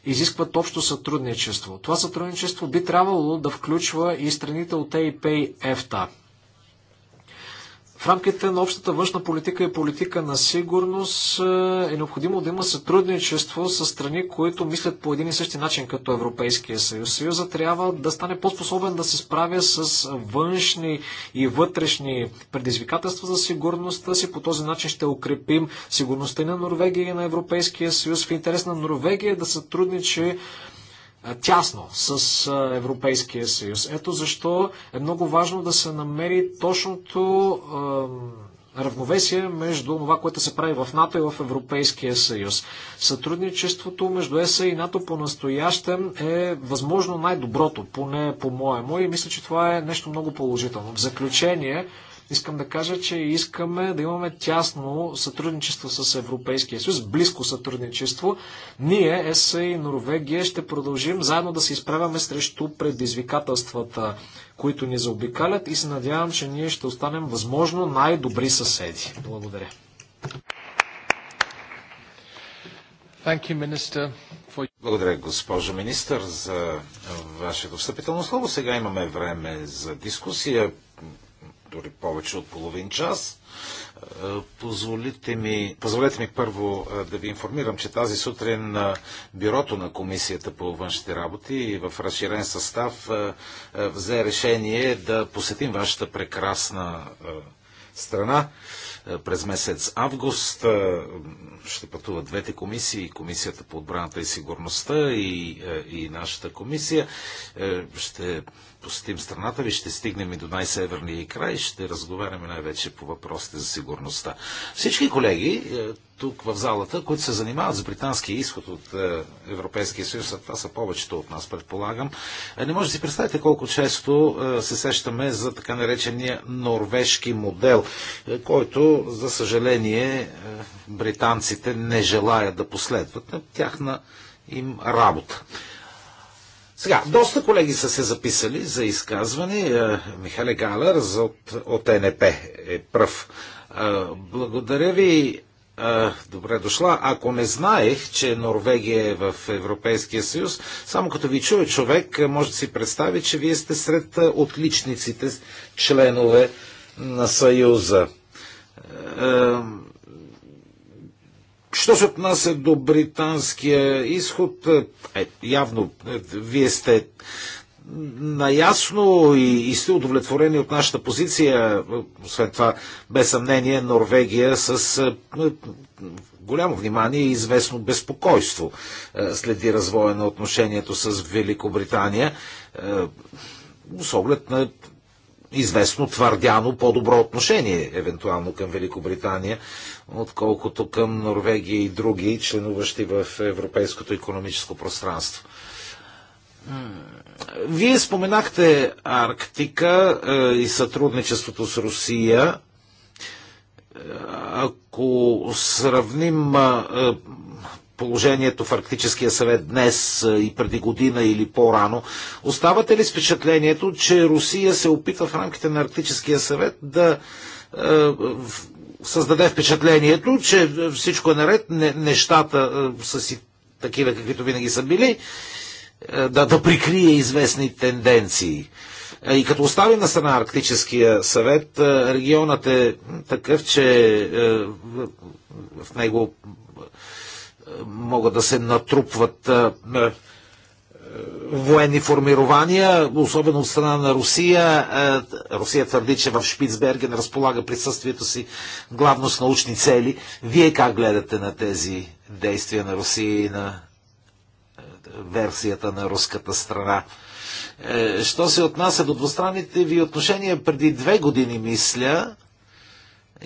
изискват общо сътрудничество. Това сътрудничество би трябвало да включва и страните от ЕИП и ЕФТА. В рамките на общата външна политика и политика на сигурност е, е необходимо да има сътрудничество с страни, които мислят по един и същи начин като Европейския съюз. Съюза трябва да стане по-способен да се справя с външни и вътрешни предизвикателства за сигурността си. По този начин ще укрепим сигурността и на Норвегия и на Европейския съюз. В интерес на Норвегия е да сътрудничи е, тясно с е, Европейския съюз. Ето защо е много важно да се намери точното е, равновесие между това, което се прави в НАТО и в Европейския съюз. Сътрудничеството между ЕСА и НАТО по-настоящем е възможно най-доброто, поне по-моему, и мисля, че това е нещо много положително. В заключение, Искам да кажа, че искаме да имаме тясно сътрудничество с Европейския съюз, близко сътрудничество. Ние, ЕС и Норвегия, ще продължим заедно да се изправяме срещу предизвикателствата, които ни заобикалят и се надявам, че ние ще останем възможно най-добри съседи. Благодаря. Благодаря, госпожо министър, за вашето встъпително слово. Сега имаме време за дискусия дори повече от половин час. Е, позволите ми, позволете ми първо е, да ви информирам, че тази сутрин на е, бюрото на Комисията по външните работи в разширен състав взе решение да посетим вашата прекрасна страна през месец август. Ще пътуват двете комисии, Комисията по отбраната и сигурността и, и нашата комисия. Ще посетим страната ви, ще стигнем и до най-северния край, ще разговаряме най-вече по въпросите за сигурността. Всички колеги е, тук в залата, които се занимават с британския изход от е, Европейския съюз, а това са повечето от нас, предполагам, е, не може да си представите колко често се сещаме за така наречения норвежки модел, който, за съжаление, британците не желаят да последват на тяхна им работа. Сега, доста колеги са се записали за изказване. Е, Михале Галер от, от НП е пръв. Е, благодаря ви. Е, добре дошла. Ако не знаех, че Норвегия е в Европейския съюз, само като ви чуе човек, може да си представи, че вие сте сред отличниците, членове на Съюза. Що се отнася до британския изход, е, е, явно е, вие сте наясно и, и сте удовлетворени от нашата позиция. Е, освен това, без съмнение, Норвегия с е, е, голямо внимание и известно безпокойство е, следи развоя на отношението с Великобритания, е, с оглед на известно твърдяно по-добро отношение, евентуално към Великобритания отколкото към Норвегия и други, членуващи в Европейското економическо пространство. Вие споменахте Арктика е, и сътрудничеството с Русия. Е, ако сравним е, положението в Арктическия съвет днес и преди година или по-рано, оставате ли с впечатлението, че Русия се опитва в рамките на Арктическия съвет да създаде впечатлението, че всичко е наред, нещата е, са си такива, каквито винаги са били, е, да, да прикрие известни тенденции. Е, и като остави на страна Арктическия съвет, регионът е такъв, че в него могат да се натрупват военни формирования, особено от страна на Русия. Е, Русия твърди, че в Шпицберген разполага присъствието си главно с научни цели. Вие как гледате на тези действия на Русия и на е, версията на руската страна? Е, що се отнася до двустранните ви отношения, преди две години, мисля,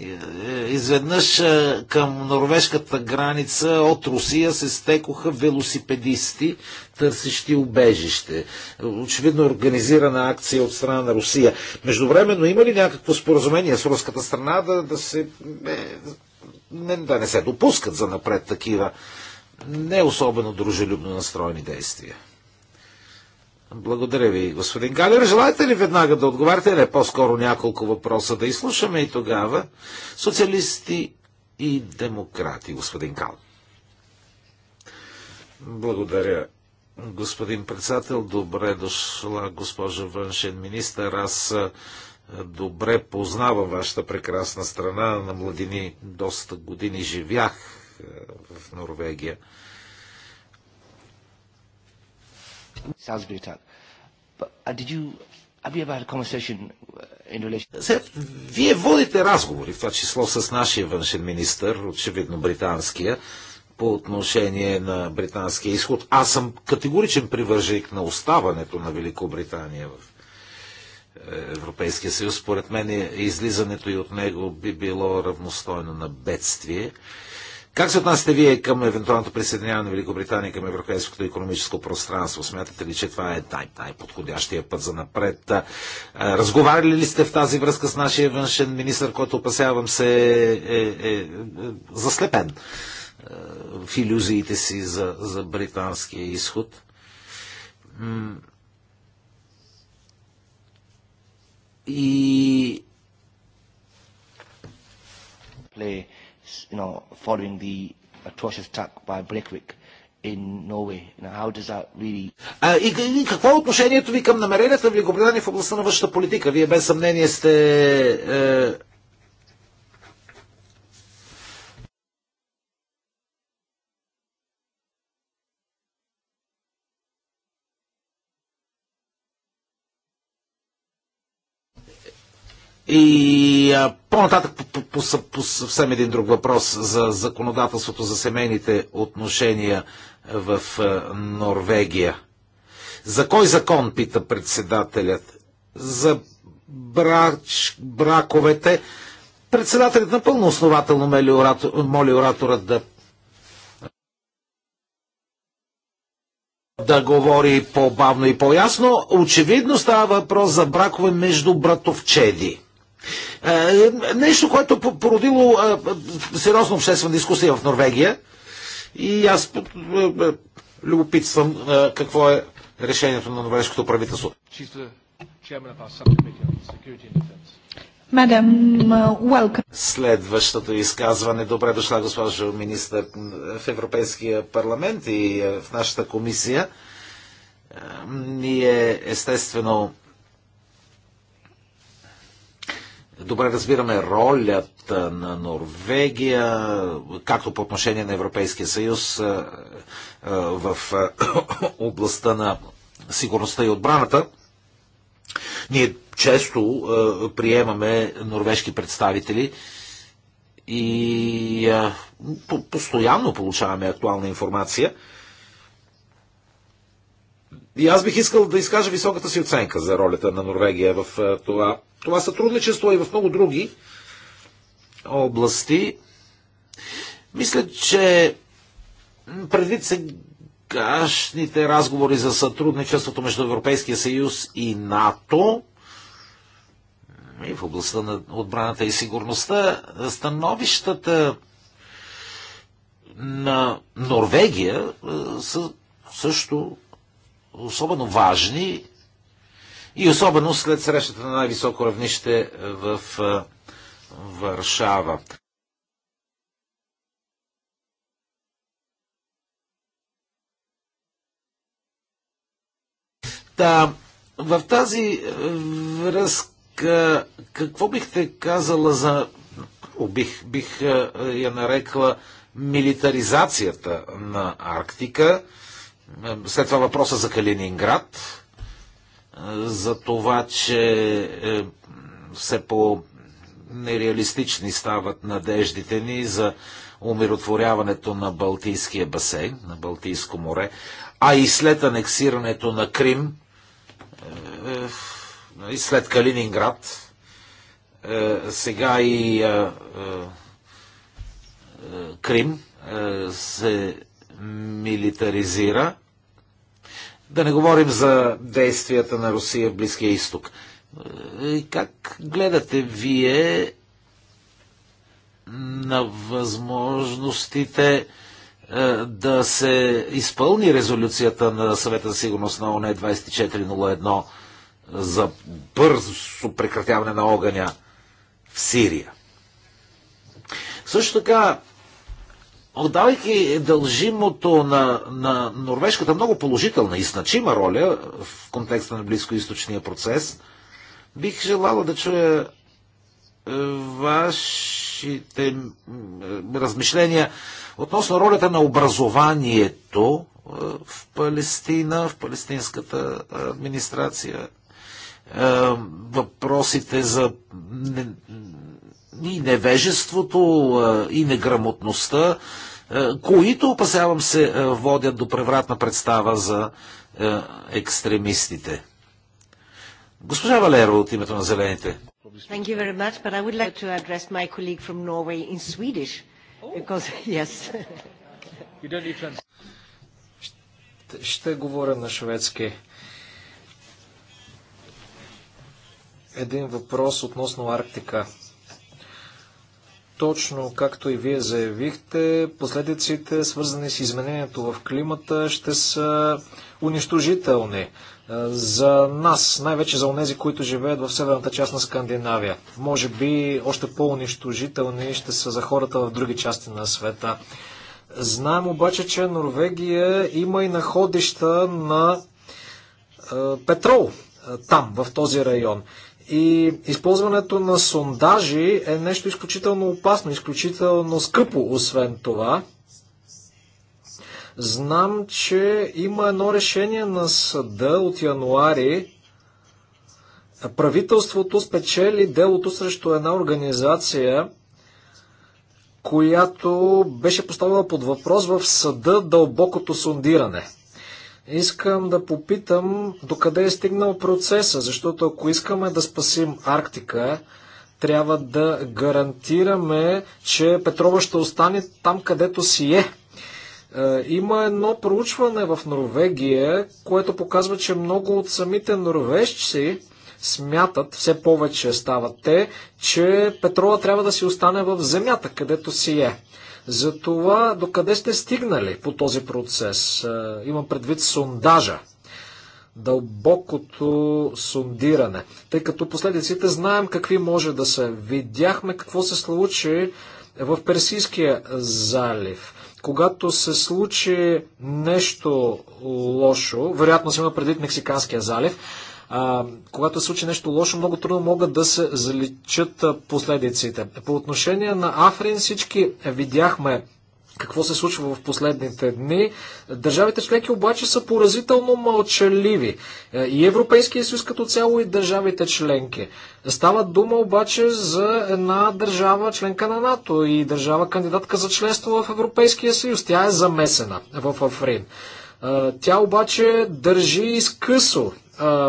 е, е, изведнъж е, към норвежката граница от Русия се стекоха велосипедисти, търсещи убежище. Очевидно организирана акция от страна на Русия. Междувременно има ли някакво споразумение с руската страна да, да се. Не, да не се допускат за напред такива не особено дружелюбно настроени действия? Благодаря ви, господин Галер. Желаете ли веднага да отговаряте? Не, по-скоро няколко въпроса да изслушаме и тогава. Социалисти и демократи, господин Кал. Благодаря, господин председател. Добре дошла, госпожа външен министър. Аз добре познавам вашата прекрасна страна. На младини доста години живях в Норвегия. Sounds tough. But, uh, did you вие водите разговори, в това число с нашия външен министр, очевидно британския, по отношение на британския изход. Аз съм категоричен привържик на оставането на Великобритания в е, Европейския съюз. Според мен е, излизането и от него би било равностойно на бедствие. Как се отнасяте вие към евентуалното присъединяване на Великобритания към Европейското економическо пространство? Смятате ли, че това е най- подходящия път за напред? Разговаряли ли сте в тази връзка с нашия външен министр, който опасявам се е, е, е, е заслепен в иллюзиите си за, за британския изход? И play you know, following the atrocious attack by Breivik in Norway. You know, how does that really... А, и, и какво е отношението ви към намеренията в Великобритания в областта на вашата политика? Вие без съмнение сте е, И а, по-нататък по, по, по, по съвсем един друг въпрос за законодателството за семейните отношения в а, Норвегия. За кой закон, пита председателят? За брач, браковете. Председателят напълно основателно моли, оратор, моли оратора да да говори по-бавно и по-ясно. Очевидно става въпрос за бракове между братовчеди. Е, нещо, което породило е, е, сериозна обществена дискусия в Норвегия и аз любопитствам какво е решението на норвежското правителство. Uh, Следващото изказване. Добре дошла, госпожо министър, в Европейския парламент и в нашата комисия. Ние, естествено, добре разбираме ролята на Норвегия, както по отношение на Европейския съюз в *coughs* областта на сигурността и отбраната. Ние често приемаме норвежки представители и постоянно получаваме актуална информация – и аз бих искал да изкажа високата си оценка за ролята на Норвегия в това, това сътрудничество и в много други области. Мисля, че предвид сегашните разговори за сътрудничеството между Европейския съюз и НАТО, и в областта на отбраната и сигурността, становищата на Норвегия са също особено важни и особено след срещата на най-високо равнище в Варшава. Да, в тази връзка, какво бихте казала за, бих, бих я нарекла, милитаризацията на Арктика? Е, след това въпроса за Калининград, е, за това, че е, все по-нереалистични стават надеждите ни за умиротворяването на Балтийския басейн, на Балтийско море, а и след анексирането на Крим, и след Калининград, сега и Крим се милитаризира. Да не говорим за действията на Русия в Близкия изток. Е, как гледате вие на възможностите е, да се изпълни резолюцията на съвета за сигурност на ОНЕ 2401 за бързо прекратяване на огъня в Сирия. Също така, отдавайки дължимото на, на норвежката много положителна и значима роля в контекста на близкоисточния процес, бих желала да чуя е, вашите е, размишления относно ролята на образованието е, в Палестина, в палестинската администрация, въпросите за и невежеството, и неграмотността, които, опасявам се, водят до превратна представа за екстремистите. Госпожа Валерова от името на Зелените. Thank you very much, but I would like to address my colleague from Norway in Swedish. Because, yes. you don't need trans- ще, ще говоря на шведски. Един въпрос относно Арктика. Точно както и вие заявихте, последиците, свързани с изменението в климата, ще са унищожителни за нас, най-вече за онези, които живеят в северната част на Скандинавия. Може би още по-унищожителни ще са за хората в други части на света. Знаем обаче, че Норвегия има и находища на е, петрол е, там, в този район. И използването на сондажи е нещо изключително опасно, изключително скъпо, освен това. Знам, че има едно решение на съда от януари. Правителството спечели делото срещу една организация, която беше поставила под въпрос в съда дълбокото сондиране – Искам да попитам докъде е стигнал процеса, защото ако искаме да спасим Арктика, трябва да гарантираме, че петрола ще остане там, където си е. е. Има едно проучване в Норвегия, което показва, че много от самите норвежци смятат, все повече стават те, че петрола трябва да си остане в земята, където си е за това докъде сте стигнали по този процес. Е, имам предвид сондажа, дълбокото сондиране, тъй като последиците знаем какви може да са. Видяхме какво се случи в Персийския залив. Когато се случи нещо лошо, вероятно се има предвид Мексиканския залив, а, когато се случи нещо лошо, много трудно могат да се заличат последиците. По отношение на Африн всички е, видяхме какво се случва в последните дни. Държавите членки обаче са поразително мълчаливи. Е, и Европейския съюз като цяло и държавите членки. Става дума обаче за една държава членка на НАТО и държава кандидатка за членство в Европейския съюз. Тя е замесена в Африн. Е, тя обаче държи изкъсо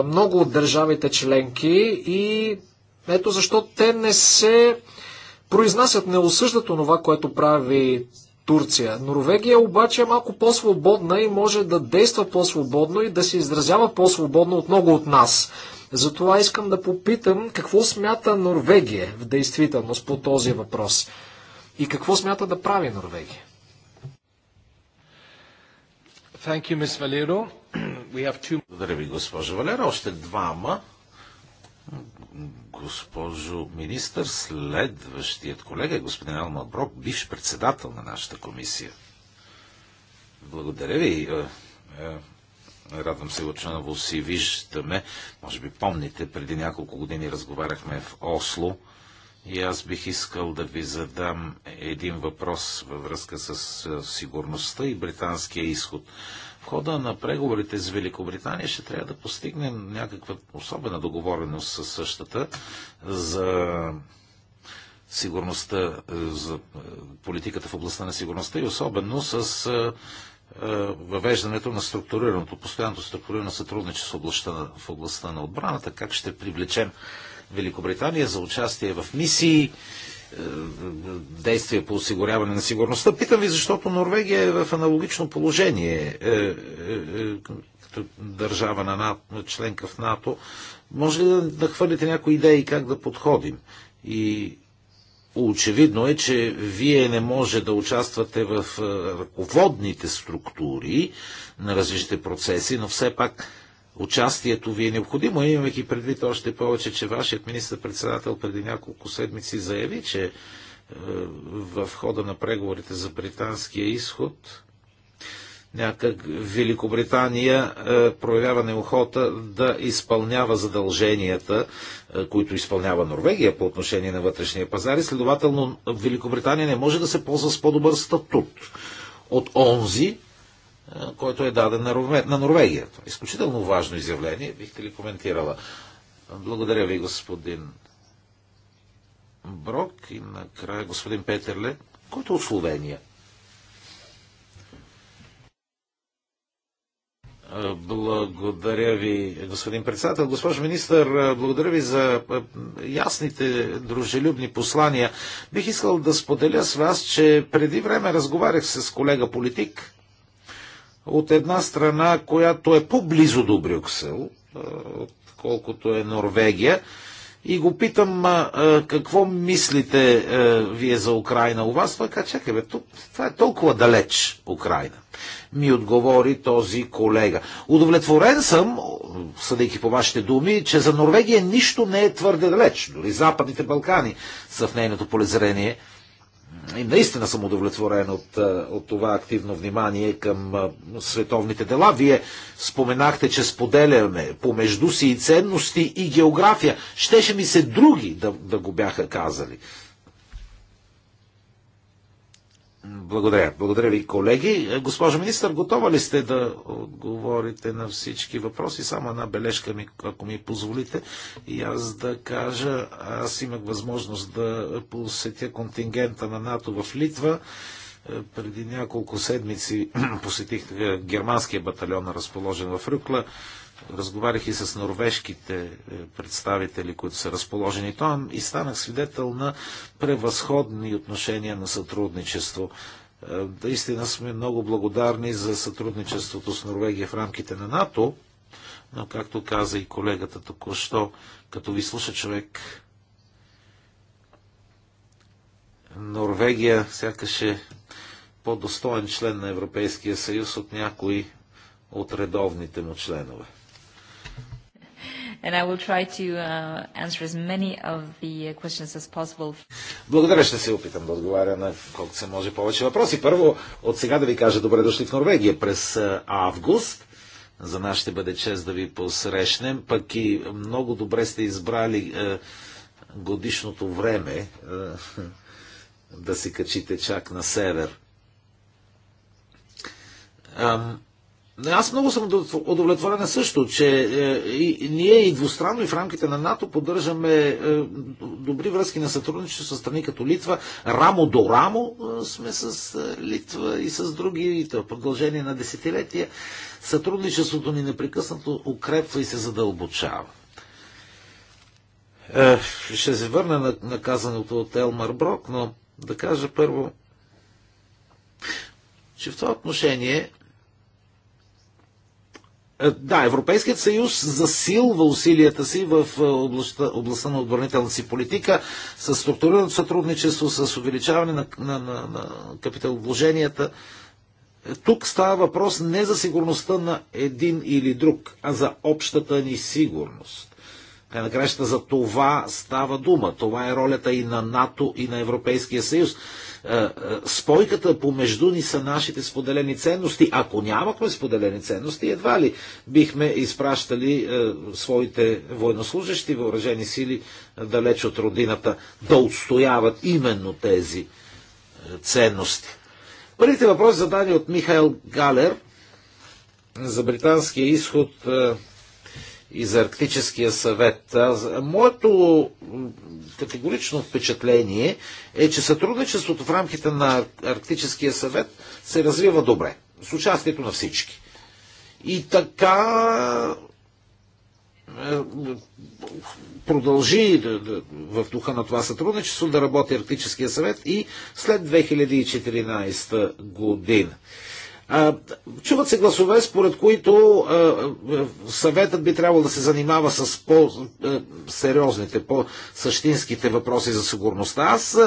много от държавите членки и ето защо те не се произнасят, не осъждат онова, което прави Турция. Норвегия обаче е малко по-свободна и може да действа по-свободно и да се изразява по-свободно от много от нас. Затова искам да попитам какво смята Норвегия в действителност по този въпрос и какво смята да прави Норвегия. Thank you, Ms. Valero. *clears throat* two... Благодаря ви, госпожо Валера. Още двама. Госпожо министър, следващият колега е господин Алма Брок, бивш председател на нашата комисия. Благодаря ви. Е, е, радвам се, че на си виждаме. Може би помните, преди няколко години разговаряхме в Осло и аз бих искал да ви задам един въпрос във връзка с е, сигурността и британския изход в хода на преговорите с Великобритания ще трябва да постигнем някаква особена договореност със същата за сигурността, за е, политиката в областта на сигурността и особено с е, е, въвеждането на структурираното, постоянното структурирано сътрудничество в областта, в областта на отбраната, как ще привлечем Великобритания за участие в мисии, е, действия по осигуряване на сигурността. Питам ви, защото Норвегия е в аналогично положение е, е, като държава на НАТО, членка в НАТО. Може ли да хвърлите някои идеи как да подходим? И очевидно е, че вие не може да участвате в ръководните структури на различните процеси, но все пак участието ви е необходимо, имайки предвид още повече, че вашият министр-председател преди няколко седмици заяви, че е, в хода на преговорите за британския изход някак Великобритания е, проявява неохота да изпълнява задълженията, е, които изпълнява Норвегия по отношение на вътрешния пазар и следователно Великобритания не може да се ползва с по-добър статут от онзи, който е даден на, Норве... Норвегия. Е изключително важно изявление, бихте ли коментирала. Благодаря ви, господин Брок и накрая господин Петерле, който е от Словения. Благодаря ви, господин председател. Госпожо министър, благодаря ви за ясните, дружелюбни послания. Бих искал да споделя с вас, че преди време разговарях с колега политик, от една страна, която е по-близо до Брюксел, отколкото е Норвегия, и го питам, а, а, какво мислите а, вие за Украина у вас? Той каза, чакай бе, тук, това е толкова далеч Украина. Ми отговори този колега. Удовлетворен съм, съдейки по вашите думи, че за Норвегия нищо не е твърде далеч. Дори Западните Балкани са в нейното полезрение. И наистина съм удовлетворен от, от това активно внимание към световните дела. Вие споменахте, че споделяме помежду си и ценности и география. Щеше ми се други да, да го бяха казали. Благодаря. Благодаря ви, колеги. Госпожо министър, готова ли сте да отговорите на всички въпроси? Само една бележка ми, ако ми позволите. И аз да кажа, аз имах възможност да посетя контингента на НАТО в Литва. Преди няколко седмици *clears throat* посетих е, германския батальон, разположен в Рюкла. Разговарях и с норвежките е, представители, които са разположени там и станах свидетел на превъзходни отношения на сътрудничество. Е, наистина сме много благодарни за сътрудничеството с Норвегия в рамките на НАТО, но както каза и колегата току-що, като ви слуша човек, Норвегия сякаш е по-достоен член на Европейския съюз от някои от редовните му членове and I will try to uh, answer as many of the uh, questions as possible. Благодаря, ще се опитам да отговаря на колкото се може повече въпроси. Първо, от сега да ви кажа добре дошли в Норвегия през август. За нас ще бъде чест да ви посрещнем, пък и много добре сте избрали е, годишното време е, *laughs* да се качите чак на север. Ам, не Аз много съм удовлетворен също, че е, и, ние и двустранно и в рамките на НАТО поддържаме е, добри връзки на сътрудничество с страни като Литва. Рамо до рамо е, сме с Литва и с други, и в продължение на десетилетия. Сътрудничеството ни непрекъснато укрепва и се задълбочава. Ще се върна на, на казаното от Елмар Брок, но да кажа първо, че в това отношение е, да, Европейският съюз засилва усилията си в е, областта, областта на отбранителната си политика с структурирано сътрудничество, с увеличаване на, на, на, на капиталовложенията. Е, тук става въпрос не за сигурността на един или друг, а за общата ни сигурност. Край на краща за това става дума. Това е ролята и на НАТО, и на Европейския съюз. Е, е, спойката помежду ни са нашите споделени ценности. Ако нямахме споделени ценности, едва ли бихме изпращали е, своите военнослужащи, въоръжени сили далеч от родината да отстояват именно тези ценности. Първите въпрос задани от Михаил Галер за британския изход и за Арктическия съвет. Моето категорично впечатление е, че сътрудничеството в рамките на Арктическия съвет се развива добре, с участието на всички. И така е, продължи в духа на това сътрудничество да работи Арктическия съвет и след 2014 година. Чуват се гласове, според които съветът би трябвало да се занимава с по-сериозните, по-същинските въпроси за сигурността. Аз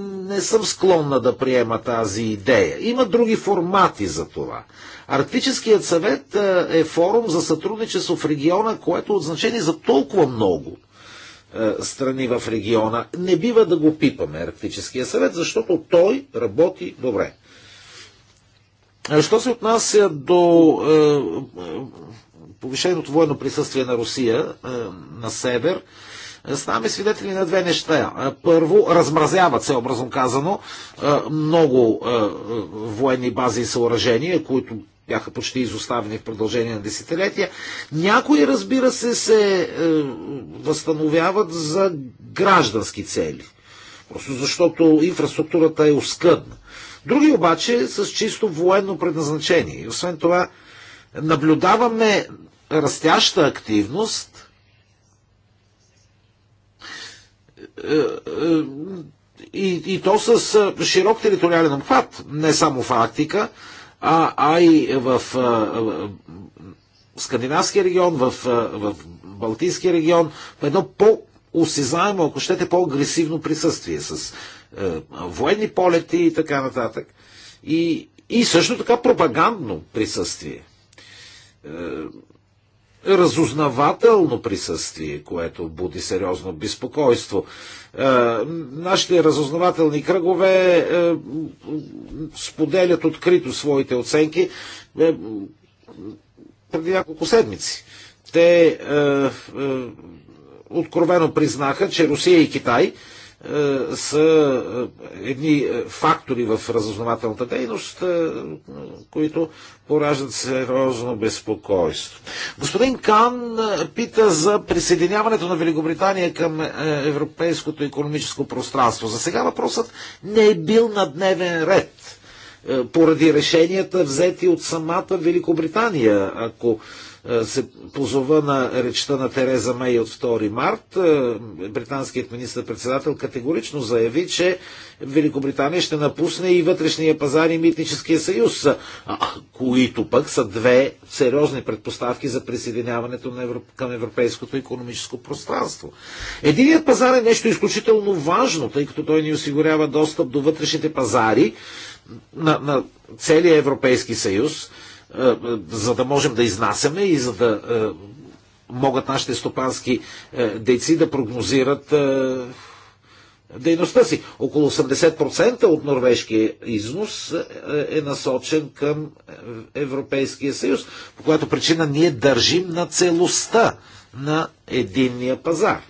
не съм склонна да приема тази идея. Има други формати за това. Арктическият съвет е форум за сътрудничество в региона, което е от значение за толкова много страни в региона. Не бива да го пипаме, Арктическия съвет, защото той работи добре. Е, що се отнася до е, е, повишеното военно присъствие на Русия на север, ставаме свидетели на две неща. Първо, размразяват се, образно казано, много военни бази и съоръжения, които бяха почти изоставени в продължение на десетилетия. Някои, разбира се, се възстановяват за граждански цели. Просто защото инфраструктурата е оскъдна. Други обаче с чисто военно предназначение. И освен това, наблюдаваме растяща активност е, е, и, и то с е, широк териториален обхват, не само в Арктика, а, а и в, в, в Скандинавския регион, в, в Балтийския регион, в едно по-осезаемо, ако щете, по-агресивно присъствие с е, военни полети и така нататък. И, и също така пропагандно присъствие. Е, разузнавателно присъствие, което буди сериозно безпокойство. Е, нашите разузнавателни кръгове споделят открито своите оценки преди няколко седмици. Те откровено признаха, че Русия и Китай е, са е, едни е, фактори в разузнавателната дейност, които пораждат сериозно безпокойство. Господин Кан пита за присъединяването на Великобритания към европейското економическо пространство. За сега въпросът не е бил на дневен ред поради решенията взети от самата Великобритания. Ако е, се позова на речта на Тереза Мей от 2 март. Е, британският министр-председател категорично заяви, че Великобритания ще напусне и вътрешния пазар и митническия съюз, които пък са две сериозни предпоставки за присъединяването на Европ... към европейското економическо пространство. Единият пазар е нещо изключително важно, тъй като той ни осигурява достъп до вътрешните пазари на, на целия Европейски съюз е, е, за да можем да изнасяме и за да е, могат нашите стопански дейци да прогнозират дейността си. Около 80% от норвежкия износ е насочен към Европейския съюз, по която причина ние държим на целостта на единния пазар.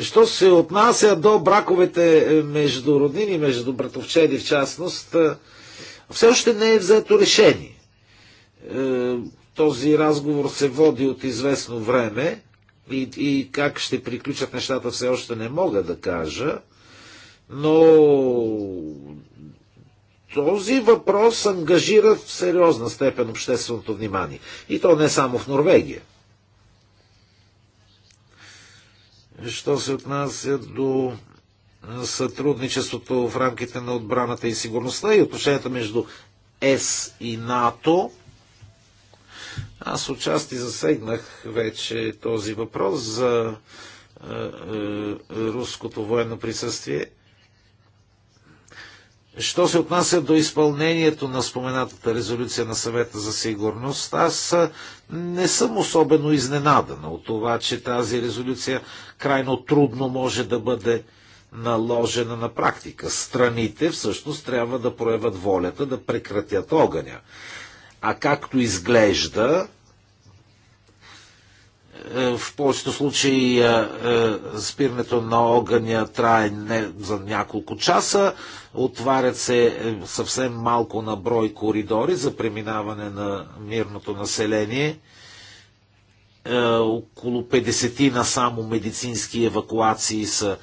Що се отнася до браковете между роднини, между братовчеди в частност, все още не е взето решение. Е, този разговор се води от известно време и, и как ще приключат нещата все още не мога да кажа, но този въпрос ангажира в сериозна степен общественото внимание. И то не само в Норвегия. Що се отнася до сътрудничеството в рамките на отбраната и сигурността и отношенията между ЕС и НАТО. Аз отчасти засегнах вече този въпрос за е, е, руското военно присъствие. Що се отнася до изпълнението на споменатата резолюция на съвета за сигурност, аз е, не съм особено изненадана от това, че тази резолюция крайно трудно може да бъде наложена на практика. Страните всъщност трябва да проявят волята да прекратят огъня. А както изглежда, е, в повечето случаи е, е, спирането на огъня трае не за няколко часа, отварят се съвсем малко на брой коридори за преминаване на мирното население. Около 50 на само медицински евакуации са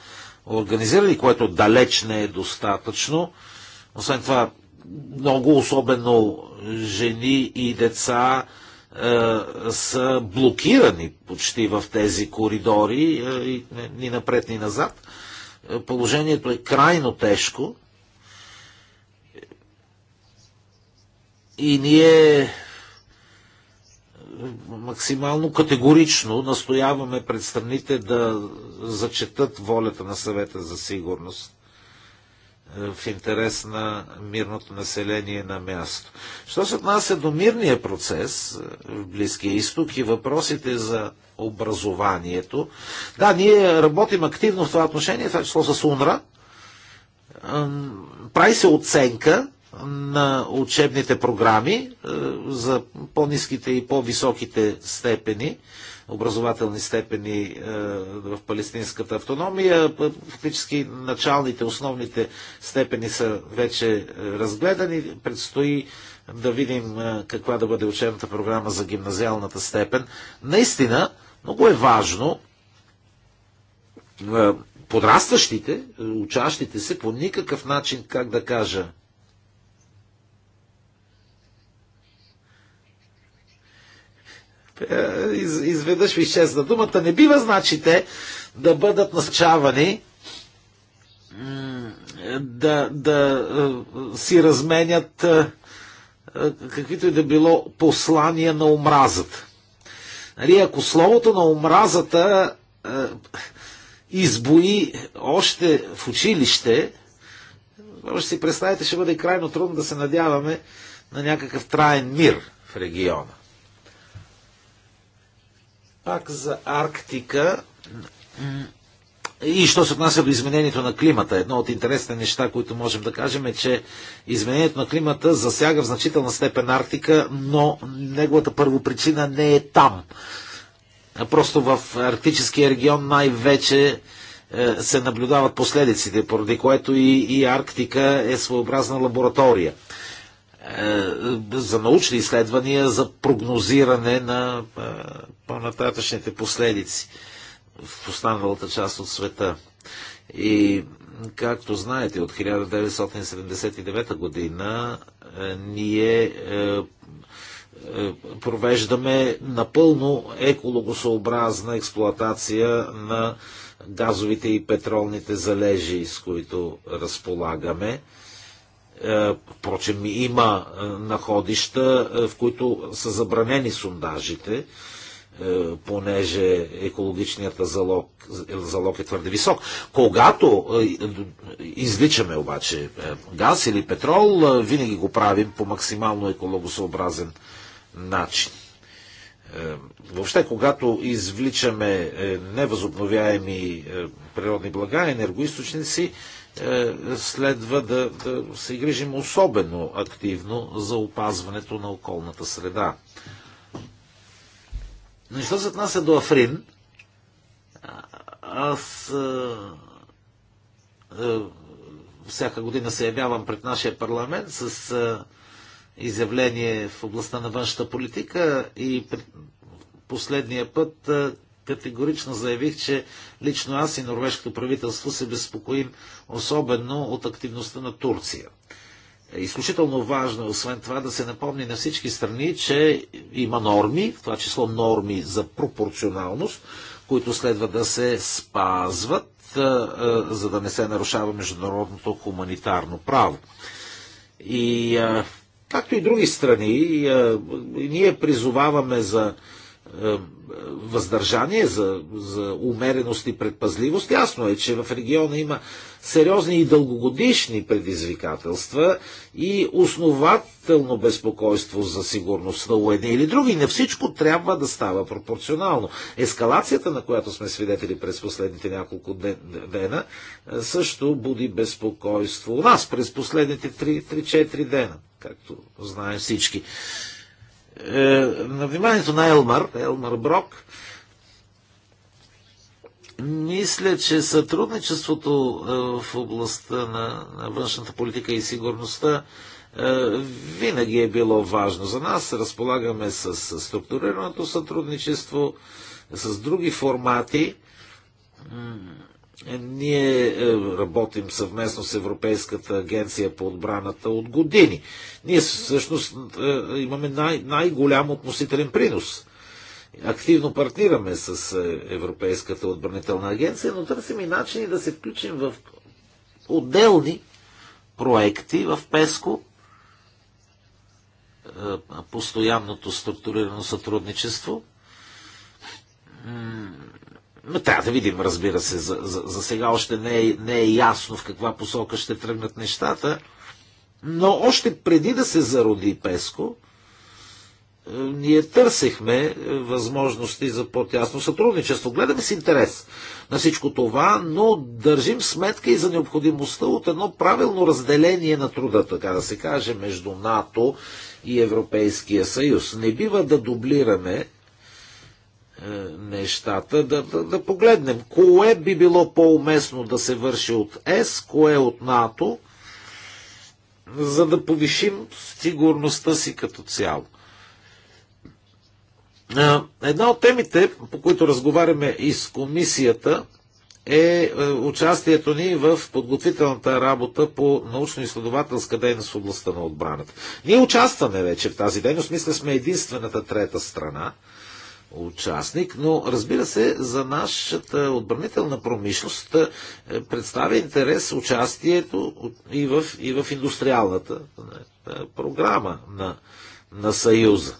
организирали, което далеч не е достатъчно. Освен това, много, особено жени и деца, е, са блокирани почти в тези коридори, е, ни напред, ни назад. Е, положението е крайно тежко. И ние максимално категорично настояваме пред страните да зачетат волята на съвета за сигурност е, в интерес на мирното население на място. Що се отнася до мирния процес е, в Близкия изток и въпросите за образованието, да, ние работим активно в това отношение, това число с УНРА. Прави се оценка на учебните програми е, за по-низките и по-високите степени, образователни степени е, в палестинската автономия. Е, фактически началните, основните степени са вече разгледани. Предстои да видим каква да бъде учебната програма за гимназиалната степен. Наистина, много е важно подрастващите, учащите се по никакъв начин, как да кажа, Е, из, изведнъж ви изчезна думата, не бива, значи, те да бъдат насчавани да, да е, си разменят е, каквито и да било послания на омразата. Нали, ако словото на омразата избои още в училище, може си представите, ще бъде крайно трудно да се надяваме на някакъв траен мир в региона. Пак за Арктика. И що се отнася до изменението на климата, едно от интересните неща, които можем да кажем е, че изменението на климата засяга в значителна степен Арктика, но неговата първопричина не е там. Просто в арктическия регион най-вече е, се наблюдават последиците, поради което и, и Арктика е своеобразна лаборатория е, за научни изследвания, за прогнозиране на е, по-нататъчните последици в останалата част от света. И както знаете, от 1979 година е, ние провеждаме напълно екологосообразна експлоатация на газовите и петролните залежи, с които разполагаме. Е, впрочем, има е, находища, е, в които са забранени сондажите, понеже екологичният залог, залог е твърде висок. Когато изличаме обаче газ или петрол, винаги го правим по максимално екологосъобразен начин. Въобще, когато извличаме невъзобновяеми природни блага, енергоисточници, е, следва да, да се грижим особено активно за опазването на околната среда. Но що се отнася до Африн, аз а, е, а, е, всяка година се явявам пред нашия парламент с а, изявление в областта на външната политика и пред, последния път а, категорично заявих, че лично аз и норвежкото правителство се безпокоим особено от активността на Турция. Е, изключително важно е, освен това, да се напомни на всички страни, че има норми, в това число норми за пропорционалност, които следва да се спазват, е, е, за да не се нарушава международното хуманитарно право. И както и други страни, ние призоваваме за е, въздържание, за, за умереност и предпазливост. Ясно е, че в региона има сериозни и дългогодишни предизвикателства и основателно безпокойство за сигурност на едни или други. Не всичко трябва да става пропорционално. Ескалацията, на която сме свидетели през последните няколко дена, е, също буди безпокойство у нас през последните 3-4 дена, както знаем всички. Е, на вниманието на Елмар, Елмар Брок, мисля, че сътрудничеството е, в областта на, на външната политика и сигурността е, винаги е било важно за нас. Разполагаме с структурираното сътрудничество, с други формати е, ние е, работим съвместно с Европейската агенция по отбраната от години. Ние всъщност е, имаме най- най-голям относителен принос. Активно партнираме с Европейската отбранителна агенция, но търсим и начини да се включим в отделни проекти в ПЕСКО, постоянното структурирано сътрудничество но трябва да видим, разбира се, за, за, за сега още не е, не е ясно в каква посока ще тръгнат нещата. Но още преди да се зароди Песко, е, ние търсехме е, възможности за по-тясно сътрудничество. Гледаме с интерес на всичко това, но държим сметка и за необходимостта от едно правилно разделение на труда, така да се каже, между НАТО и Европейския съюз. Не бива да дублираме е, нещата, да, да, да погледнем кое би било по-уместно да се върши от ЕС, кое от НАТО, за да повишим сигурността си като цяло. Е, една от темите, по които разговаряме и с комисията, е, е участието ни в подготвителната работа по научно-изследователска дейност в областта на отбраната. Ние участваме вече в тази дейност, мисля сме единствената трета страна, участник, но разбира се, за нашата отбранителна промишленост е, представя интерес участието и в, и в индустриалната е, програма на, на Съюза.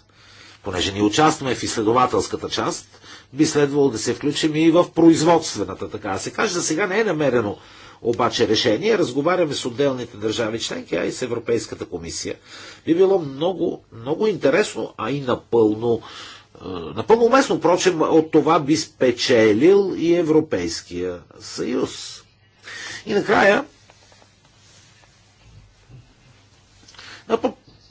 Понеже ни участваме в изследователската част, би следвало да се включим и в производствената, така се каже. За сега не е намерено обаче решение. Разговаряме с отделните държави членки, а и с Европейската комисия. Би било много, много интересно, а и напълно Напълно уместно, впрочем, от това би спечелил и Европейския съюз. И накрая,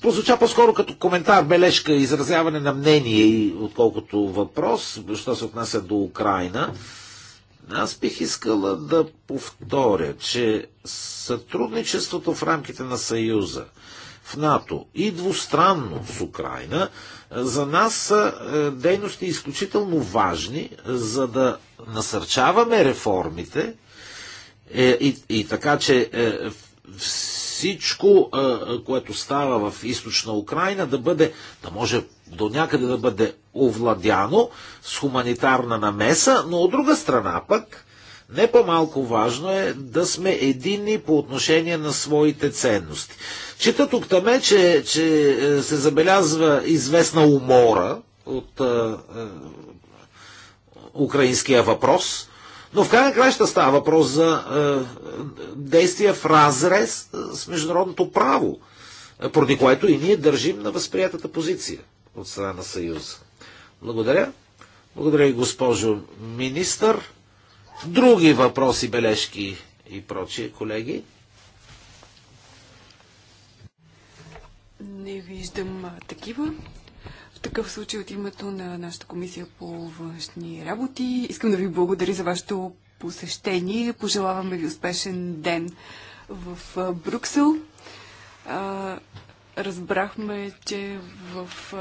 прозвуча по-скоро като коментар, бележка, изразяване на мнение, отколкото въпрос, що се отнася до Украина. Аз бих искала да повторя, че сътрудничеството в рамките на Съюза, в НАТО и двустранно с Украина, за нас са е, дейности изключително важни, за да насърчаваме реформите е, и, и така, че е, всичко, което става в източна Украина, да бъде, да може до някъде да бъде овладяно с хуманитарна намеса, но от друга страна пък, не по-малко важно е да сме единни по отношение на своите ценности. Чета тук таме, че, че е, се забелязва известна умора от а, е, а, е, украинския въпрос, но в крайна краща става въпрос за а, действия в разрез с международното право, поради което и ние държим на възприятата позиция от страна на Съюза. Благодаря. Благодаря и госпожо министър. Други въпроси, бележки и прочие, колеги? Не виждам такива. В такъв случай от името на нашата комисия по външни работи искам да ви благодаря за вашето посещение. Пожелаваме ви успешен ден в Брюксел. Разбрахме, че в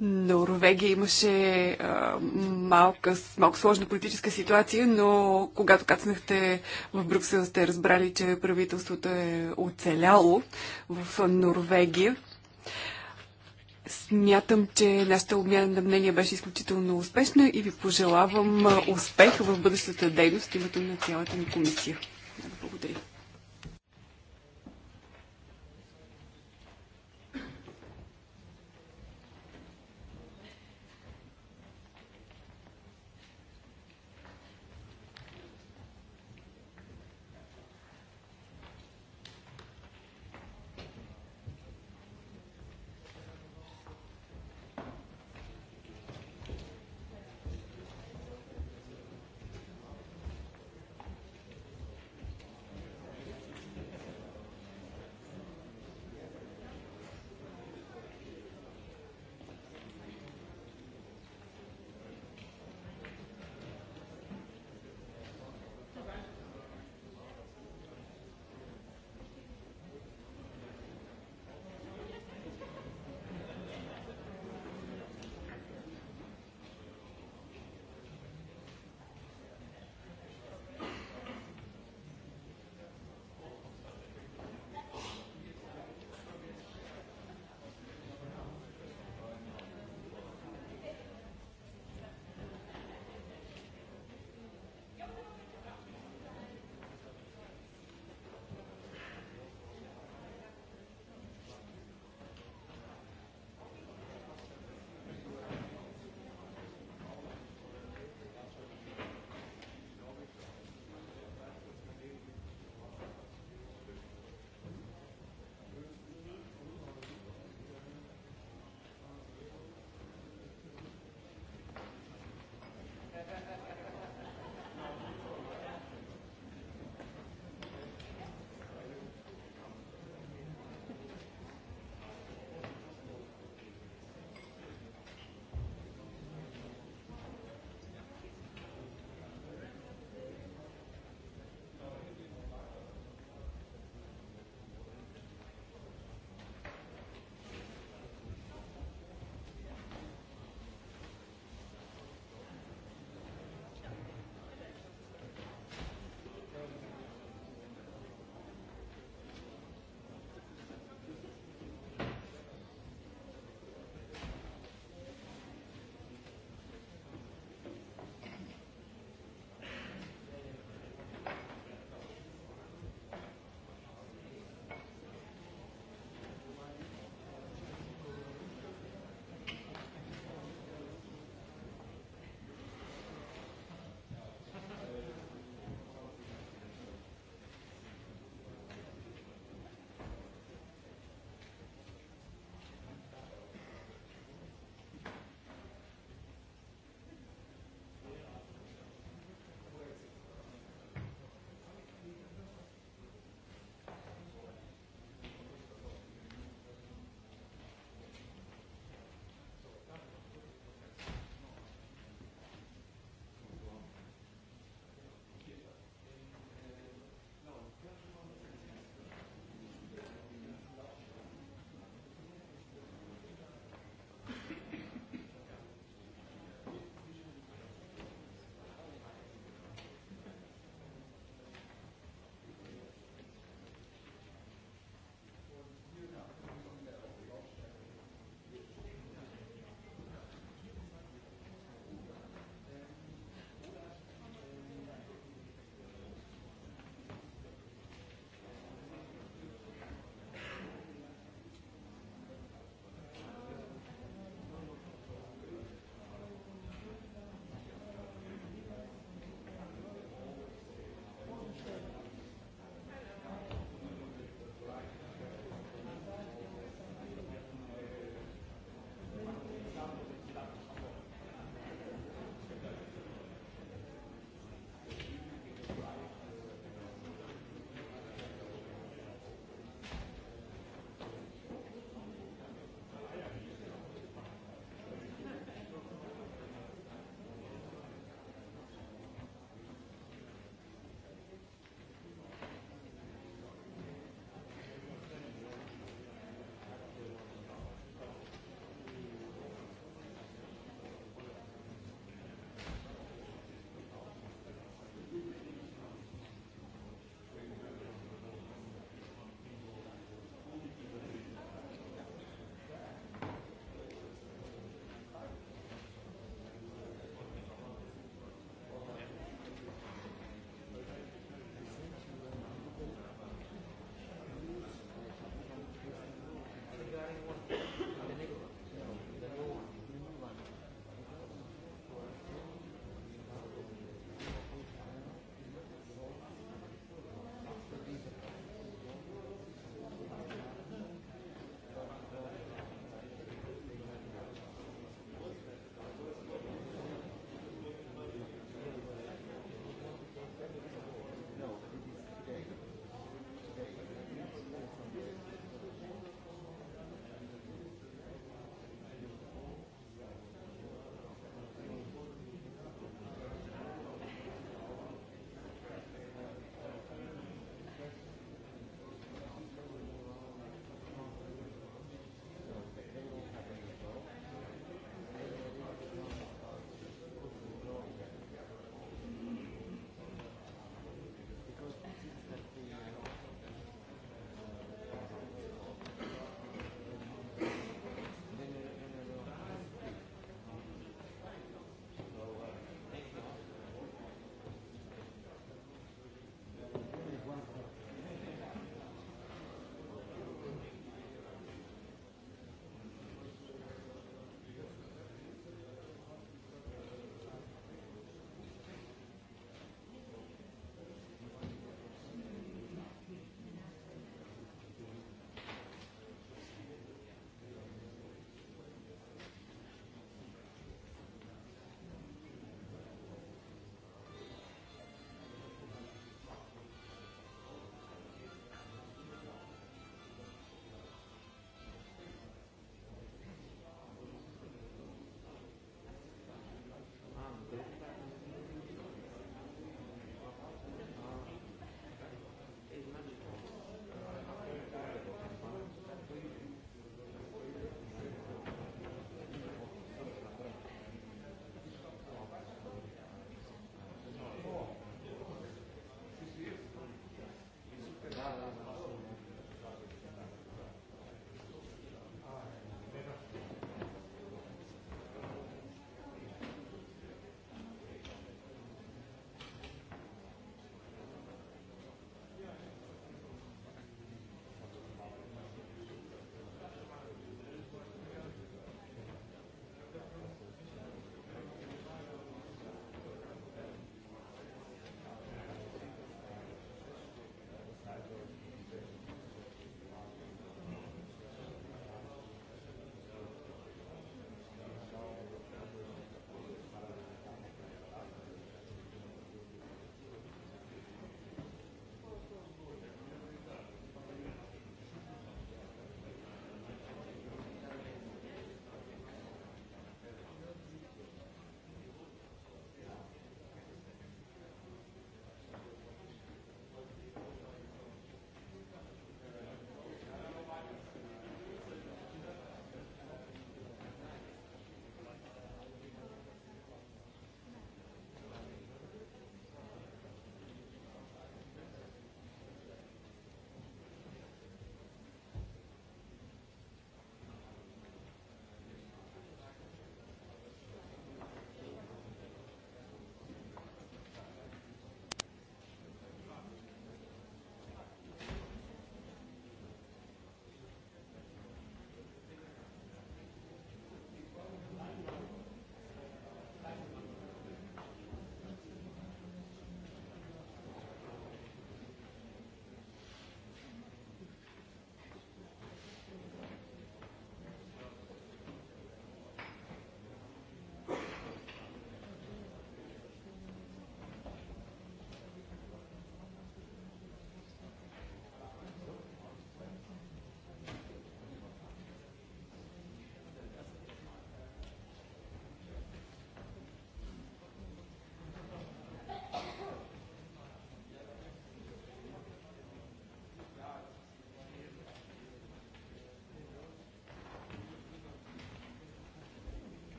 Норвегия имаше а, малка, малко сложна политическа ситуация, но когато кацнахте в Брюксел, сте разбрали, че правителството е оцеляло в Норвегия. Смятам, че нашата обмяна на мнение беше изключително успешна и ви пожелавам успех в бъдещата дейност името на цялата ни комисия. Благодаря.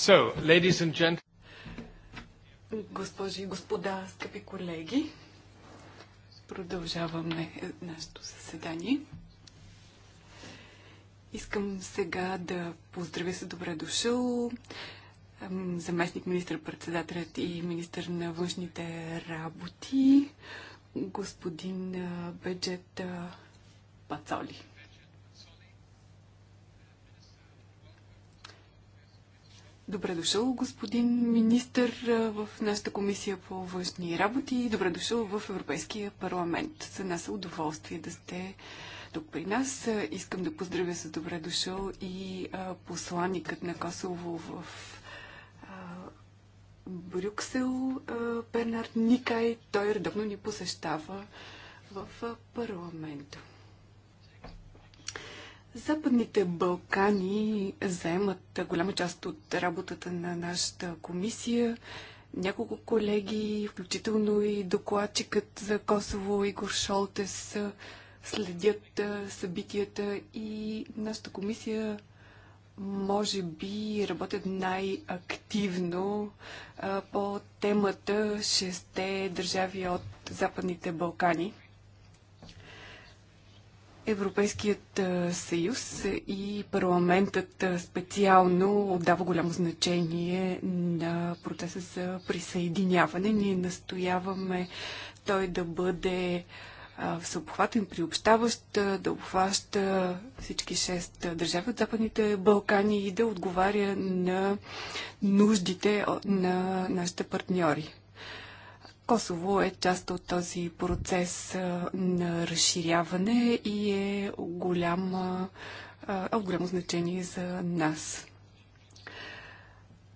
So, ladies and gentlemen. Госпожи и господа, скъпи колеги, продължаваме нашето заседание. Искам сега да поздравя се добре дошъл заместник министър-председателят и министър на външните работи, господин Беджет Пацоли. Добре дошъл, господин министр, в нашата комисия по външни работи и добре дошъл в Европейския парламент. За нас е удоволствие да сте тук при нас. Искам да поздравя с добре дошъл и посланникът на Косово в Брюксел, Бернард Никай. Той редовно ни посещава в парламента. Западните Балкани заемат голяма част от работата на нашата комисия. Няколко колеги, включително и докладчикът за Косово Игор Шолтес, следят събитията и нашата комисия може би работят най-активно по темата шесте държави от Западните Балкани. Европейският съюз и парламентът специално отдава голямо значение на процеса за присъединяване. Ние настояваме той да бъде всеобхватен, приобщаващ, да обхваща всички шест държави от Западните Балкани и да отговаря на нуждите на нашите партньори. Косово е част от този процес на разширяване и е голям, е от голямо значение за нас.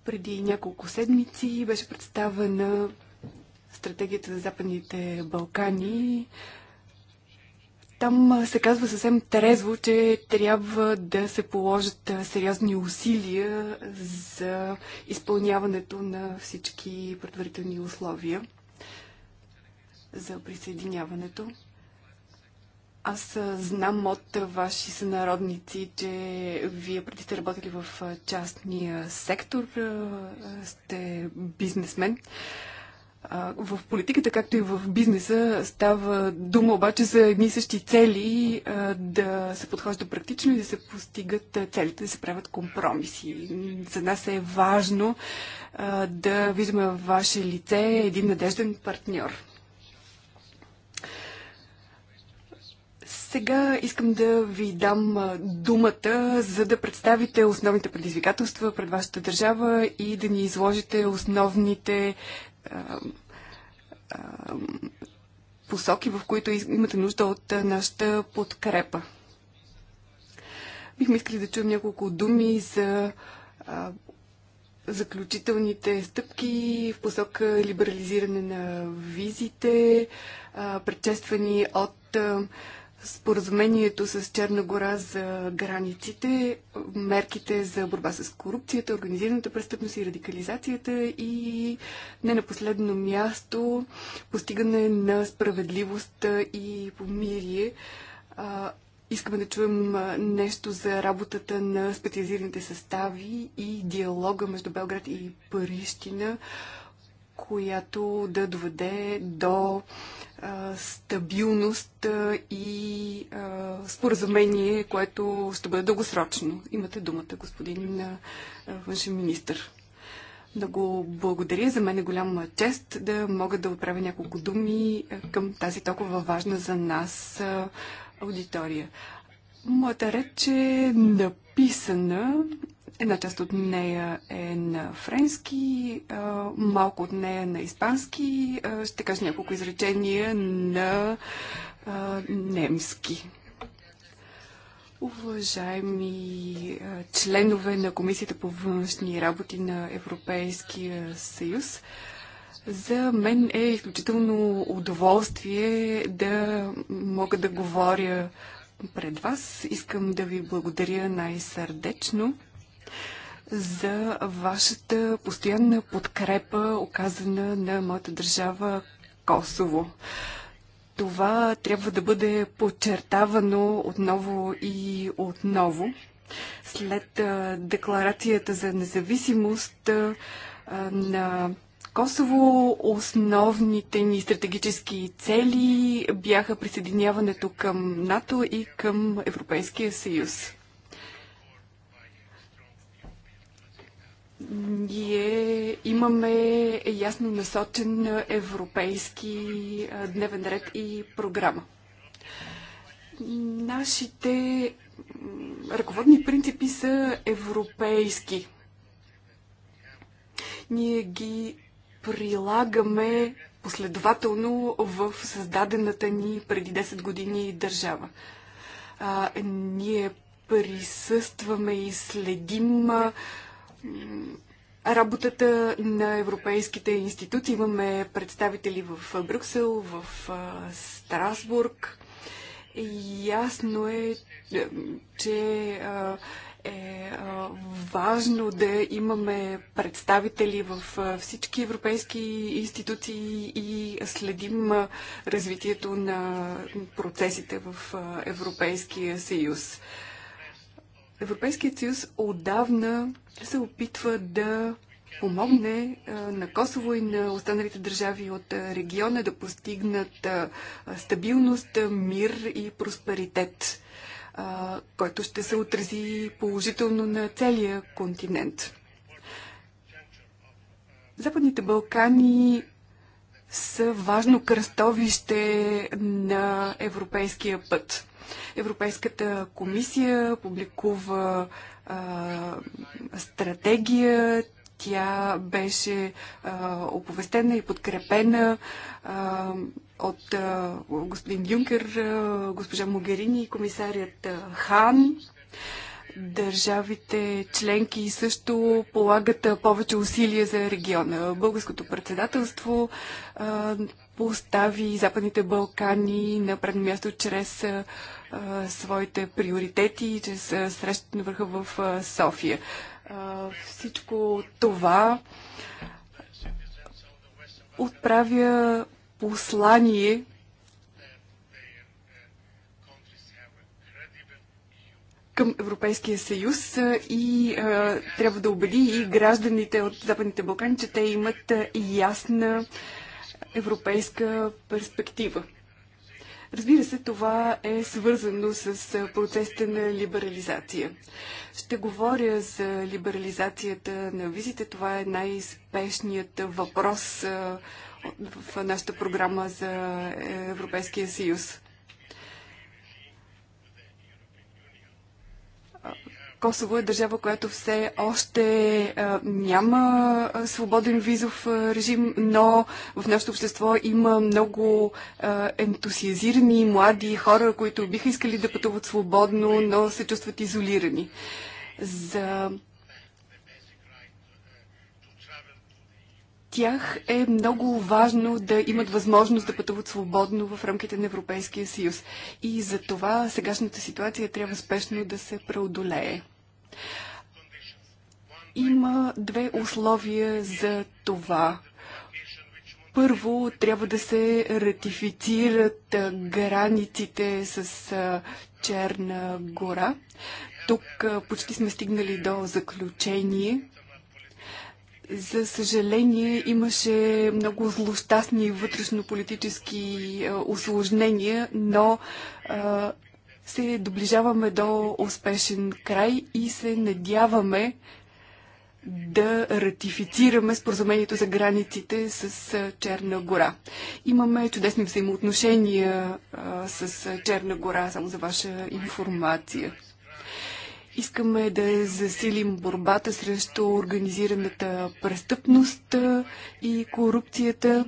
Преди няколко седмици беше представена стратегията за Западните Балкани. Там се казва съвсем трезво, че трябва да се положат сериозни усилия за изпълняването на всички предварителни условия за присъединяването. Аз знам от ваши сънародници, че вие преди сте работили в частния сектор, сте бизнесмен. В политиката, както и в бизнеса, става дума обаче за едни същи цели да се подхожда практично и да се постигат целите, да се правят компромиси. За нас е важно да виждаме в ваше лице един надежден партньор. Сега искам да ви дам думата, за да представите основните предизвикателства пред вашата държава и да ни изложите основните посоки, в които имате нужда от нашата подкрепа. Бихме искали да чуем няколко думи за а, заключителните стъпки в посока либерализиране на визите, предчествани от споразумението с Черна гора за границите, мерките за борба с корупцията, организираната престъпност и радикализацията и не на последно място постигане на справедливост и помирие. Искаме да чуем нещо за работата на специализираните състави и диалога между Белград и Парищина която да доведе до стабилност и споразумение, което ще бъде дългосрочно. Имате думата, господин външен министр. Много благодаря. За мен е голяма чест да мога да отправя няколко думи към тази толкова важна за нас аудитория. Моята реч е написана Една част от нея е на френски, малко от нея е на испански. Ще кажа няколко изречения на немски. Уважаеми членове на Комисията по външни работи на Европейския съюз, за мен е изключително удоволствие да мога да говоря пред вас. Искам да ви благодаря най-сърдечно за вашата постоянна подкрепа, оказана на моята държава Косово. Това трябва да бъде подчертавано отново и отново. След декларацията за независимост на Косово основните ни стратегически цели бяха присъединяването към НАТО и към Европейския съюз. ние имаме ясно насочен европейски дневен ред и програма. Нашите ръководни принципи са европейски. Ние ги прилагаме последователно в създадената ни преди 10 години държава. А, ние присъстваме и следим работата на европейските институции. Имаме представители в Брюксел, в Страсбург. Ясно е, е че е важно да имаме представители в всички европейски институции и следим развитието на процесите в Европейския съюз. Европейският съюз отдавна се опитва да помогне е, на Косово и на останалите държави от е, региона да постигнат е, стабилност, мир и просперитет, който ще се отрази положително на целия континент. Западните Балкани са важно кръстовище на европейския път. Европейската комисия публикува а, стратегия. Тя беше а, оповестена и подкрепена а, от а, господин Юнкер, а, госпожа Могерини и комисарият а, Хан. Държавите членки също полагат повече усилия за региона. Българското председателство а, постави Западните Балкани на предно място чрез а, своите приоритети, и чрез срещата на върха в а, София. А, всичко това отправя послание към Европейския съюз и а, трябва да убеди и гражданите от Западните Балкани, че те имат ясна европейска перспектива. Разбира се, това е свързано с процесите на либерализация. Ще говоря за либерализацията на визите. Това е най-спешният въпрос в нашата програма за е, Европейския съюз. Косово е държава, която все още няма свободен визов режим, но в нашето общество има много ентусиазирани млади хора, които биха искали да пътуват свободно, но се чувстват изолирани. За тях е много важно да имат възможност да пътуват свободно в рамките на Европейския съюз. И за това сегашната ситуация трябва спешно да се преодолее. Има две условия за това. Първо, трябва да се ратифицират границите с Черна гора. Тук почти сме стигнали до заключение. За съжаление, имаше много злощастни вътрешно-политически осложнения, но се доближаваме до успешен край и се надяваме да ратифицираме споразумението за границите с Черна гора. Имаме чудесни взаимоотношения с Черна гора, само за ваша информация. Искаме да засилим борбата срещу организираната престъпност и корупцията.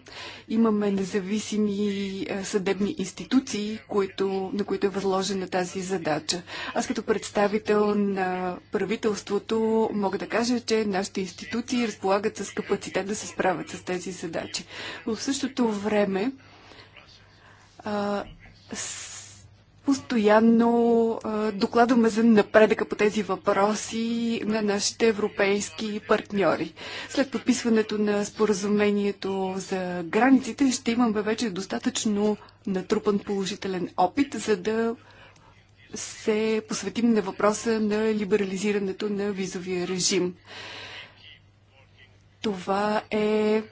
Имаме независими съдебни институции, които, на които е възложена тази задача. Аз като представител на правителството мога да кажа, че нашите институции разполагат с капацитет да се справят с тези задачи. В същото време а, Постоянно докладваме за напредъка по тези въпроси на нашите европейски партньори. След подписването на споразумението за границите ще имаме вече достатъчно натрупан положителен опит, за да се посветим на въпроса на либерализирането на визовия режим. Това е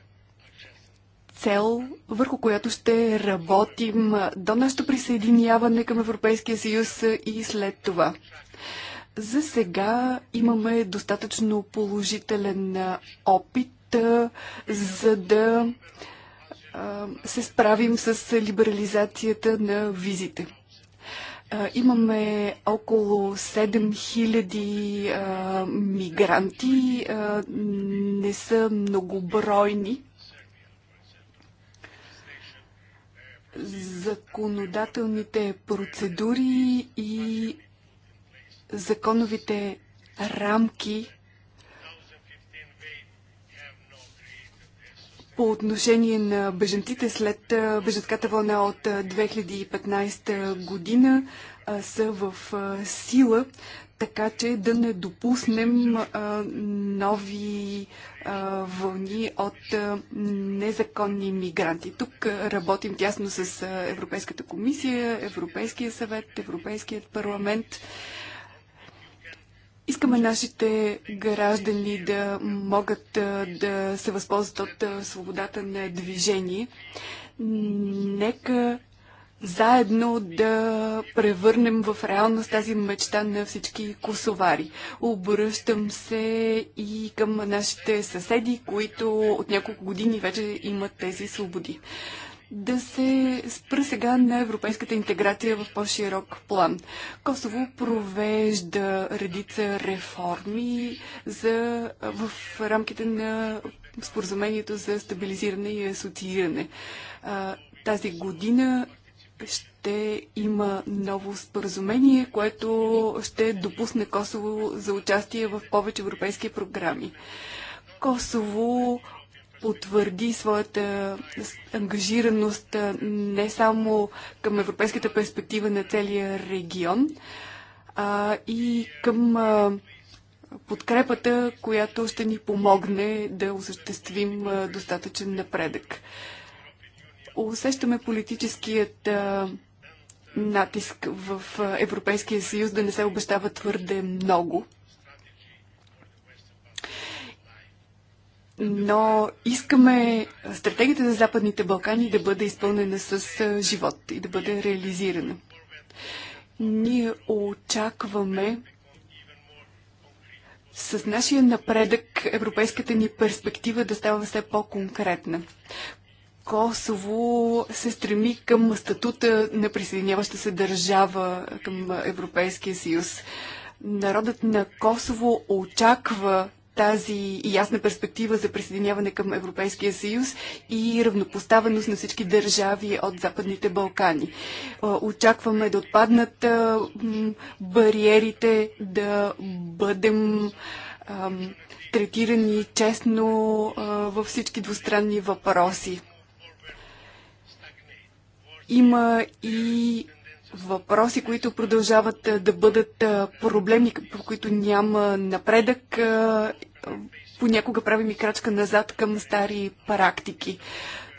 цел, върху която ще работим до нашето присъединяване към Европейския съюз и след това. За сега имаме достатъчно положителен опит, за да се справим с либерализацията на визите. Имаме около 7000 мигранти, не са многобройни законодателните процедури и законовите рамки по отношение на беженците след беженската вълна от 2015 година са в сила, така че да не допуснем а, нови а, вълни от а, незаконни мигранти. Тук работим тясно с Европейската комисия, Европейския съвет, Европейският парламент. Искаме нашите граждани да могат да се възползват от свободата на движение. Нека заедно да превърнем в реалност тази мечта на всички косовари. Обръщам се и към нашите съседи, които от няколко години вече имат тези свободи. Да се спра сега на европейската интеграция в по-широк план. Косово провежда редица реформи за, в рамките на споразумението за стабилизиране и асоцииране. Тази година ще има ново споразумение, което ще допусне Косово за участие в повече европейски програми. Косово потвърди своята ангажираност не само към европейската перспектива на целия регион, а и към подкрепата, която ще ни помогне да осъществим достатъчен напредък усещаме политическият а, натиск в Европейския съюз да не се обещава твърде много. Но искаме стратегията за Западните Балкани да бъде изпълнена с живот и да бъде реализирана. Ние очакваме с нашия напредък европейската ни перспектива да става все по-конкретна. Косово се стреми към статута на присъединяваща се държава към Европейския съюз. Народът на Косово очаква тази ясна перспектива за присъединяване към Европейския съюз и равнопоставеност на всички държави от Западните Балкани. Очакваме да отпаднат бариерите, да бъдем третирани честно във всички двустранни въпроси. Има и въпроси, които продължават да бъдат проблемни, по които няма напредък. Понякога правим и крачка назад към стари практики.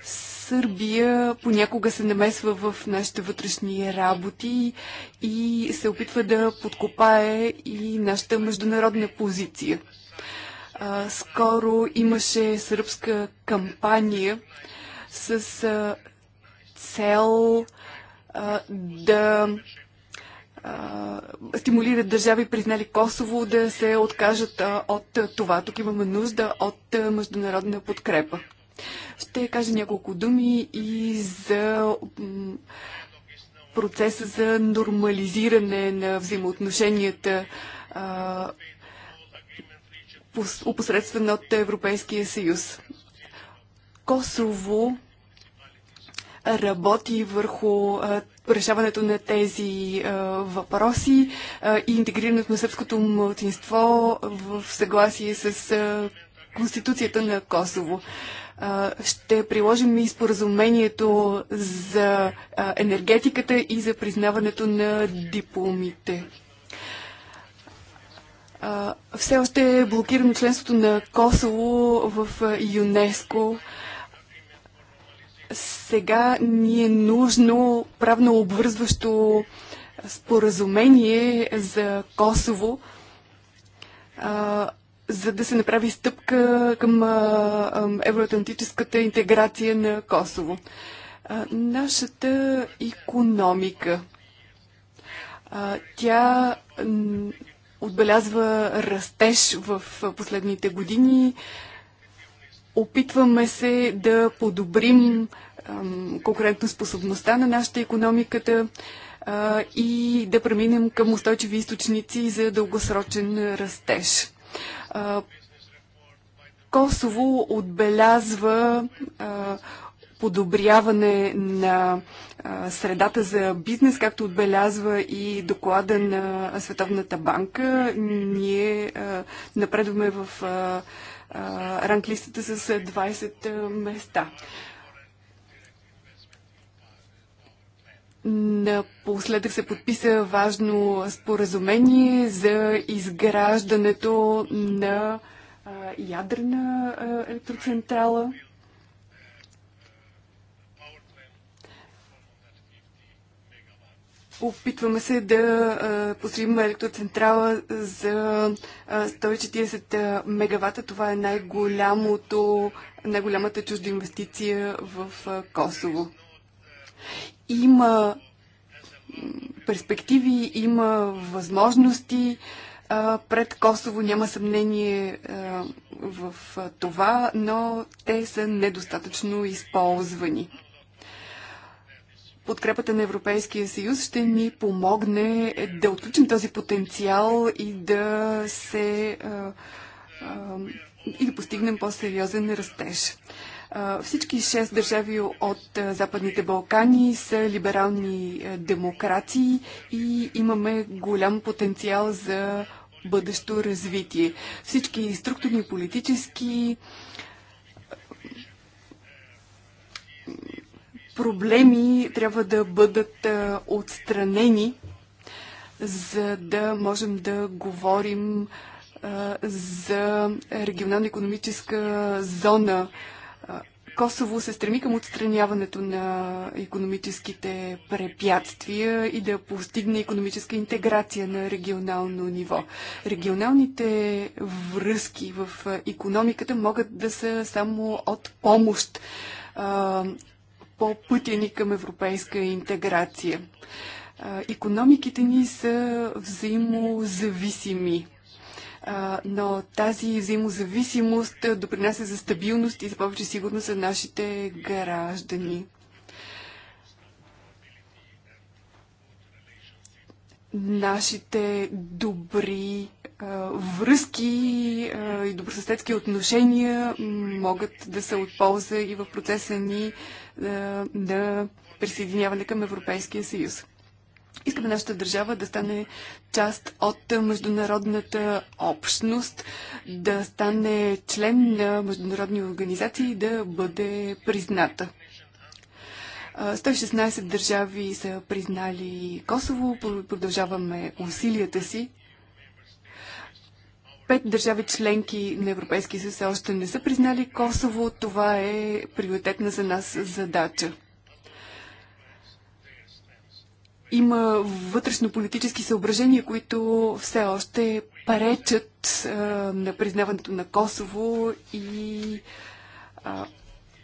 Сърбия понякога се намесва в нашите вътрешни работи и се опитва да подкопае и нашата международна позиция. Скоро имаше сръбска кампания с цел а, да а, стимулират държави, признали Косово, да се откажат а, от това. Тук имаме нужда от а, международна подкрепа. Ще кажа няколко думи и за процеса за нормализиране на взаимоотношенията а, от Европейския съюз. Косово работи върху решаването на тези въпроси и интегрирането на сръбското младсинство в съгласие с Конституцията на Косово. Ще приложим и споразумението за енергетиката и за признаването на дипломите все още е блокирано членството на Косово в ЮНЕСКО сега ни е нужно правно обвързващо споразумение за Косово, а, за да се направи стъпка към а, евроатлантическата интеграция на Косово. А, нашата економика. А, тя отбелязва растеж в последните години. Опитваме се да подобрим конкурентоспособността на нашата економиката и да преминем към устойчиви източници за дългосрочен растеж. Косово отбелязва подобряване на средата за бизнес, както отбелязва и доклада на Световната банка. Ние напредваме в ранглистата с 20 места. Напоследък се подписа важно споразумение за изграждането на ядрена електроцентрала. Опитваме се да построим електроцентрала за 140 мегавата. Това е най-голямата най чужда инвестиция в Косово. Има перспективи, има възможности пред Косово, няма съмнение в това, но те са недостатъчно използвани. Подкрепата на Европейския съюз ще ни помогне да отключим този потенциал и да се и да постигнем по-сериозен растеж. Всички шест държави от Западните Балкани са либерални демокрации и имаме голям потенциал за бъдещо развитие. Всички структурни, политически проблеми трябва да бъдат отстранени, за да можем да говорим за регионално-економическа зона Косово се стреми към отстраняването на економическите препятствия и да постигне економическа интеграция на регионално ниво. Регионалните връзки в економиката могат да са само от помощ а, по пътя ни към европейска интеграция. економиките ни са взаимозависими но тази взаимозависимост допринася за стабилност и за повече сигурност за нашите граждани. Нашите добри връзки и добросъседски отношения могат да са от полза и в процеса ни на присъединяване към Европейския съюз. Искаме нашата държава да стане част от международната общност, да стане член на международни организации и да бъде призната. 116 държави са признали Косово. Продължаваме усилията си. Пет държави членки на Европейския съюз още не са признали Косово. Това е приоритетна за нас задача има вътрешно-политически съображения, които все още паречат а, на признаването на Косово и а,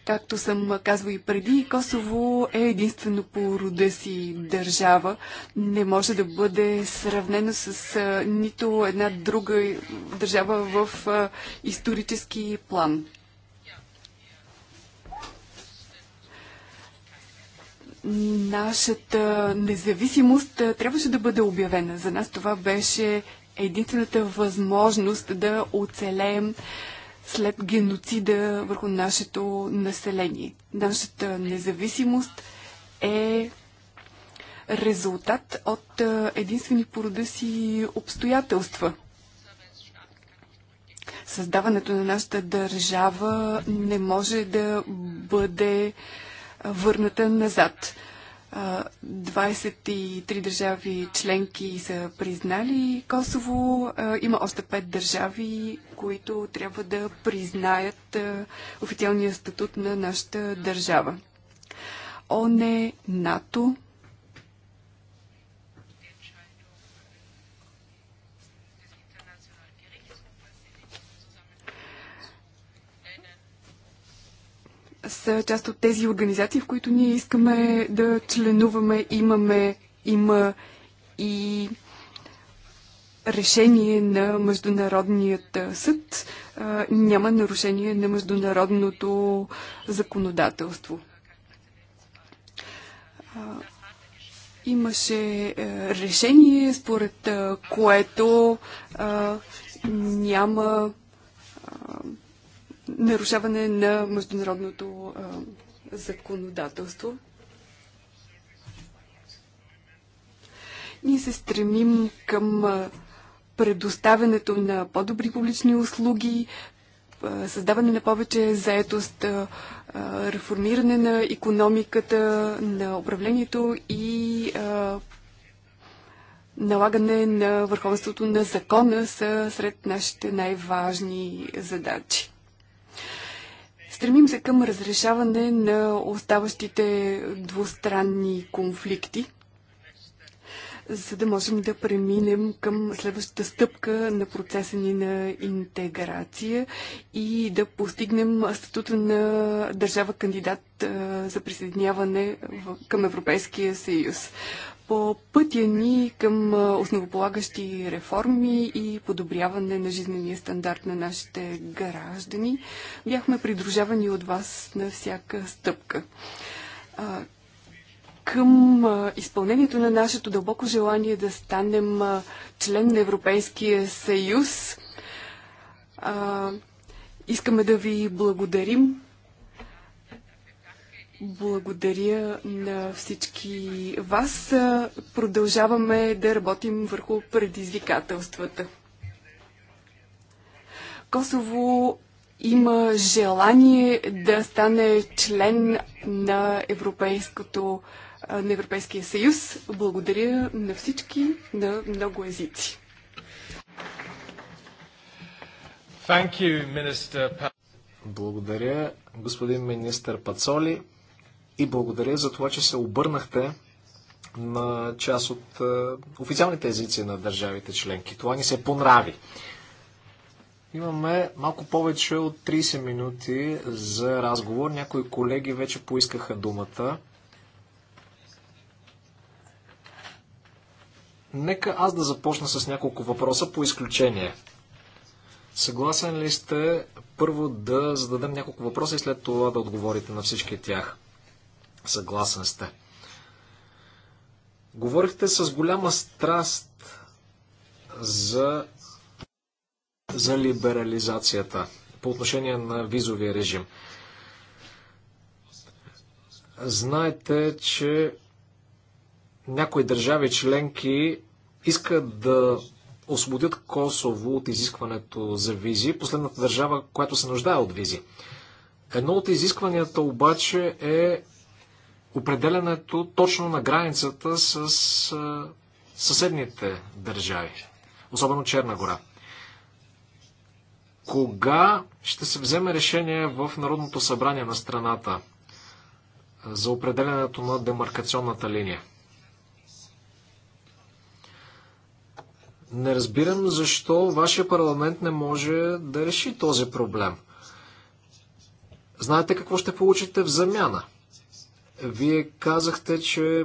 както съм казвал и преди, Косово е единствено по рода си държава. Не може да бъде сравнено с а, нито една друга държава в а, исторически план. нашата независимост трябваше да бъде обявена. За нас това беше единствената възможност да оцелеем след геноцида върху нашето население. Нашата независимост е резултат от единствени порода си обстоятелства. Създаването на нашата държава не може да бъде върната назад. 23 държави членки са признали Косово. Има още 5 държави, които трябва да признаят официалния статут на нашата държава. ОНЕ, НАТО, са част от тези организации, в които ние искаме да членуваме. Имаме, има и решение на Международният съд. Няма нарушение на международното законодателство. Имаше решение, според което няма нарушаване на международното а, законодателство. Ние се стремим към предоставянето на по-добри публични услуги, създаване на повече заетост, реформиране на економиката, на управлението и налагане на върховенството на закона са сред нашите най-важни задачи. Стремим се към разрешаване на оставащите двустранни конфликти, за да можем да преминем към следващата стъпка на процеса ни на интеграция и да постигнем статута на държава кандидат за присъединяване към Европейския съюз по пътя ни към основополагащи реформи и подобряване на жизнения стандарт на нашите граждани. Бяхме придружавани от вас на всяка стъпка. Към изпълнението на нашето дълбоко желание да станем член на Европейския съюз, искаме да ви благодарим благодаря на всички вас. Продължаваме да работим върху предизвикателствата. Косово има желание да стане член на, Европейското, на Европейския съюз. Благодаря на всички на много езици. Thank you, Minister... Благодаря, господин министър Пацоли и благодаря за това, че се обърнахте на част от е, официалните езици на държавите членки. Това ни се понрави. Имаме малко повече от 30 минути за разговор. Някои колеги вече поискаха думата. Нека аз да започна с няколко въпроса по изключение. Съгласен ли сте първо да зададем няколко въпроса и след това да отговорите на всички тях? Съгласен сте. Говорихте с голяма страст за, за либерализацията по отношение на визовия режим. Знаете, че някои държави членки искат да освободят Косово от изискването за визи, последната държава, която се нуждае от визи. Едно от изискванията обаче е определенето точно на границата с съседните държави, особено Черна гора. Кога ще се вземе решение в Народното събрание на страната за определенето на демаркационната линия? Не разбирам защо вашия парламент не може да реши този проблем. Знаете какво ще получите в замяна – вие казахте, че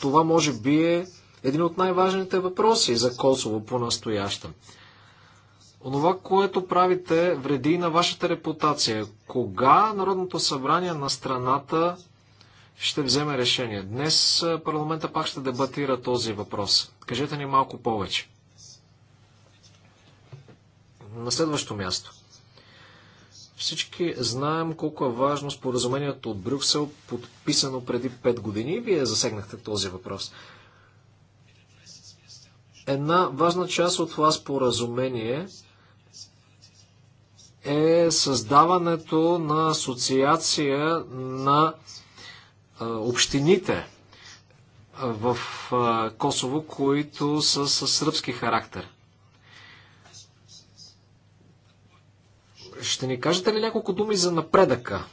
това може би е един от най-важните въпроси за Косово по настояща Онова, което правите, вреди и на вашата репутация. Кога Народното събрание на страната ще вземе решение? Днес парламента пак ще дебатира този въпрос. Кажете ни малко повече. На следващо място – всички знаем колко е важно споразумението от Брюксел, подписано преди 5 години. Вие засегнахте този въпрос. Една важна част от това споразумение е създаването на асоциация на общините в Косово, които са със сръбски характер. Ще ни кажете ли няколко думи за напредъка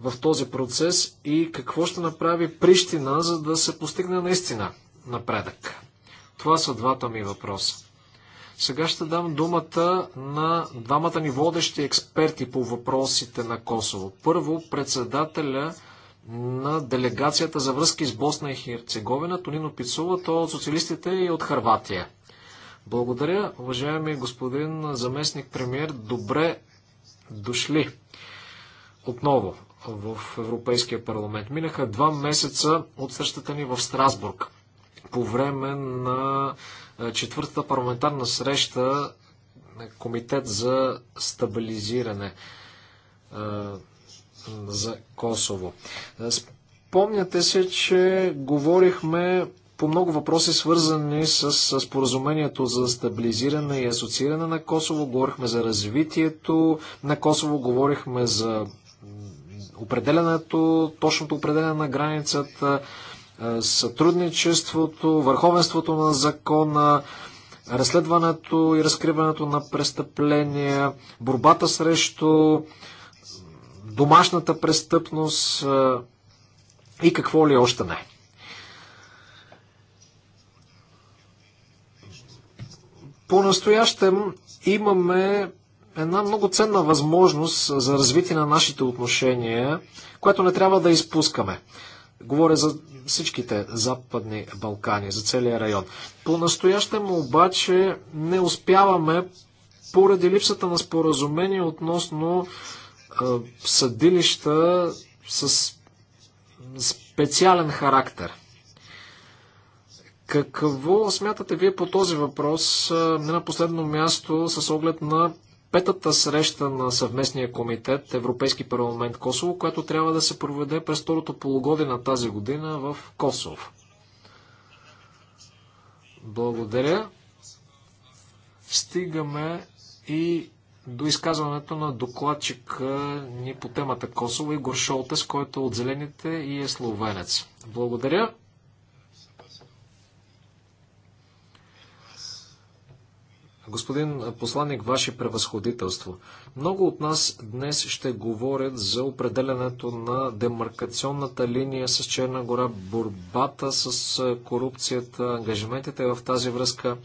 в този процес и какво ще направи Прищина, за да се постигне наистина напредък? Това са двата ми въпроса. Сега ще дам думата на двамата ни водещи експерти по въпросите на Косово. Първо, председателя на делегацията за връзки с Босна и Херцеговина, Тонино Пицова, то е от социалистите и от Харватия. Благодаря, уважаеми господин заместник премьер. Добре дошли отново в Европейския парламент. Минаха два месеца от срещата ни в Страсбург по време на четвъртата парламентарна среща Комитет за стабилизиране за Косово. Спомняте се, че говорихме по много въпроси, свързани с споразумението за стабилизиране и асоцииране на Косово. Говорихме за развитието на Косово, говорихме за определенето, точното определене на границата, сътрудничеството, върховенството на закона, разследването и разкриването на престъпления, борбата срещу домашната престъпност и какво ли още не. По-настоящем имаме една много ценна възможност за развитие на нашите отношения, което не трябва да изпускаме. Говоря за всичките Западни Балкани, за целия район. По-настоящем обаче не успяваме поради липсата на споразумение относно е, съдилища с специален характер. Какво смятате вие по този въпрос? Не на последно място, с оглед на петата среща на съвместния комитет Европейски парламент Косово, която трябва да се проведе през второто полугодие на тази година в Косово. Благодаря. Стигаме и до изказването на докладчика ни по темата Косово и Горшолтес, който е от Зелените и е словенец. Благодаря. Господин посланник, ваше превъзходителство, много от нас днес ще говорят за определенето на демаркационната линия с Черна гора, борбата с е, корупцията, ангажиментите в тази връзка.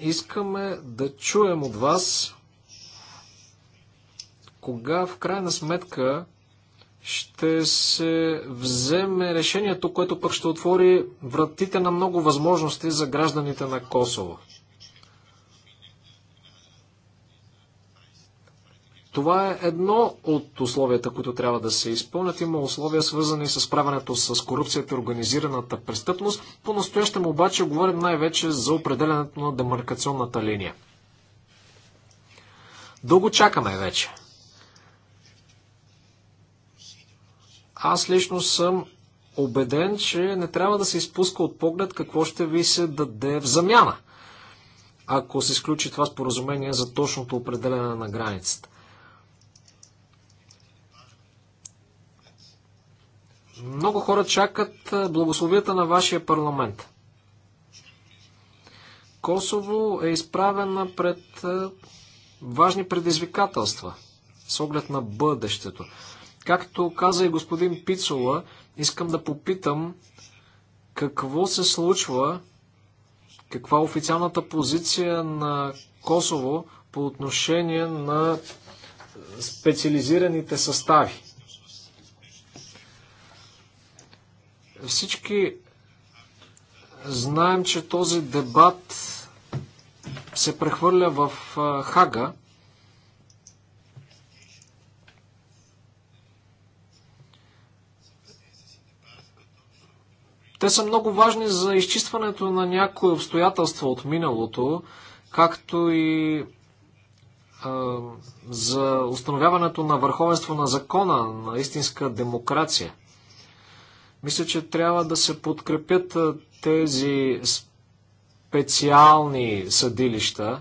Искаме да чуем от вас кога в крайна сметка ще се вземе решението, което пък ще отвори вратите на много възможности за гражданите на Косово. Това е едно от условията, които трябва да се изпълнят. Има условия свързани с правенето с корупцията и организираната престъпност. По-настоящем обаче говорим най-вече за определенето на демаркационната линия. Дълго чакаме вече. Аз лично съм убеден, че не трябва да се изпуска от поглед какво ще ви се даде в замяна, ако се изключи това споразумение за точното определене на границата. Много хора чакат благословията на вашия парламент. Косово е изправена пред важни предизвикателства с оглед на бъдещето. Както каза и господин Пицола, искам да попитам какво се случва, каква е официалната позиция на Косово по отношение на специализираните състави. Всички знаем, че този дебат се прехвърля в Хага – Те са много важни за изчистването на някои обстоятелства от миналото, както и за установяването на върховенство на закона, на истинска демокрация. Мисля, че трябва да се подкрепят тези специални съдилища.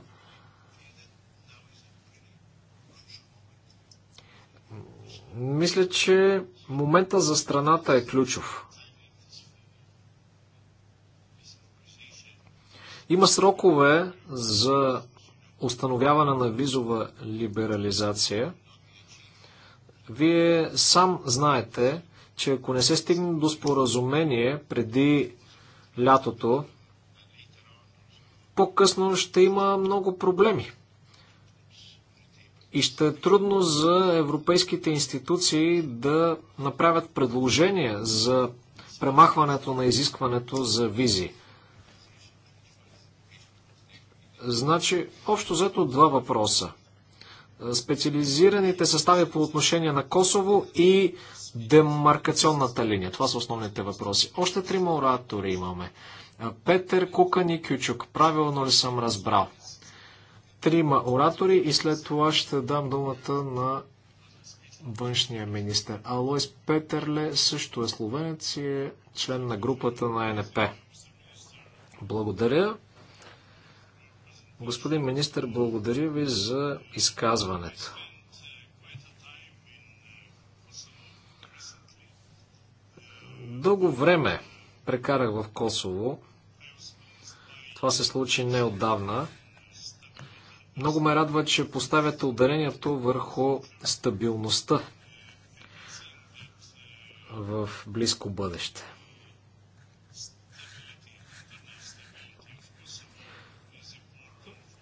Мисля, че момента за страната е ключов. Има срокове за установяване на визова либерализация. Вие сам знаете, че ако не се стигне до споразумение преди лятото, по-късно ще има много проблеми. И ще е трудно за европейските институции да направят предложения за премахването на изискването за визи Значи, общо взето два въпроса. Е, специализираните състави по отношение на Косово и демаркационната линия. Това са основните въпроси. Още трима оратори имаме. Е, Петър Кукан и Кючук. Правилно ли съм разбрал? Трима оратори и след това ще дам думата на външния министр. Алойс Петърле също е словенец и е член на групата на НП. Благодаря. Господин министр, благодаря ви за изказването. Дълго време прекарах в Косово. Това се случи неотдавна. Много ме радва, че поставяте ударението върху стабилността в близко бъдеще.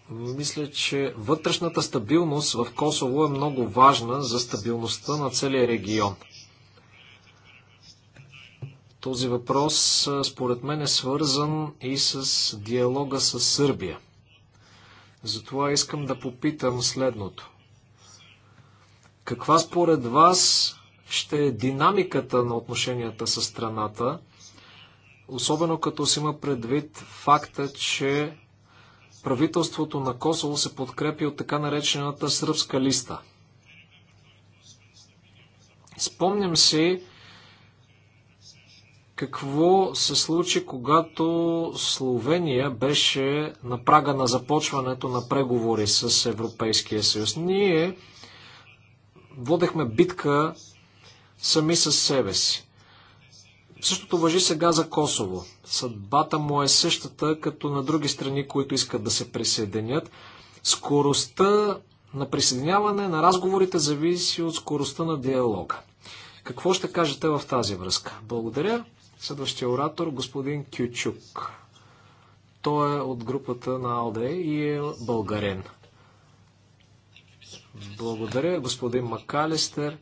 Мисля, че вътрешната стабилност в Косово е много важна за стабилността на целия регион. Този въпрос, според мен, е свързан и с диалога с Сърбия. Затова искам да попитам следното. Каква според вас ще е динамиката на отношенията с страната, особено като си има предвид факта, че правителството на Косово се подкрепи от така наречената сръбска листа. Спомням си какво се случи, когато Словения беше на прага на започването на преговори с Европейския съюз. Ние водехме битка сами с себе си. Същото въжи сега за Косово. Съдбата му е същата, като на други страни, които искат да се присъединят. Скоростта на присъединяване на разговорите зависи от скоростта на диалога. Какво ще кажете в тази връзка? Благодаря. Следващия оратор, господин Кючук. Той е от групата на АЛДЕ и е българен. Благодаря, господин Макалистер.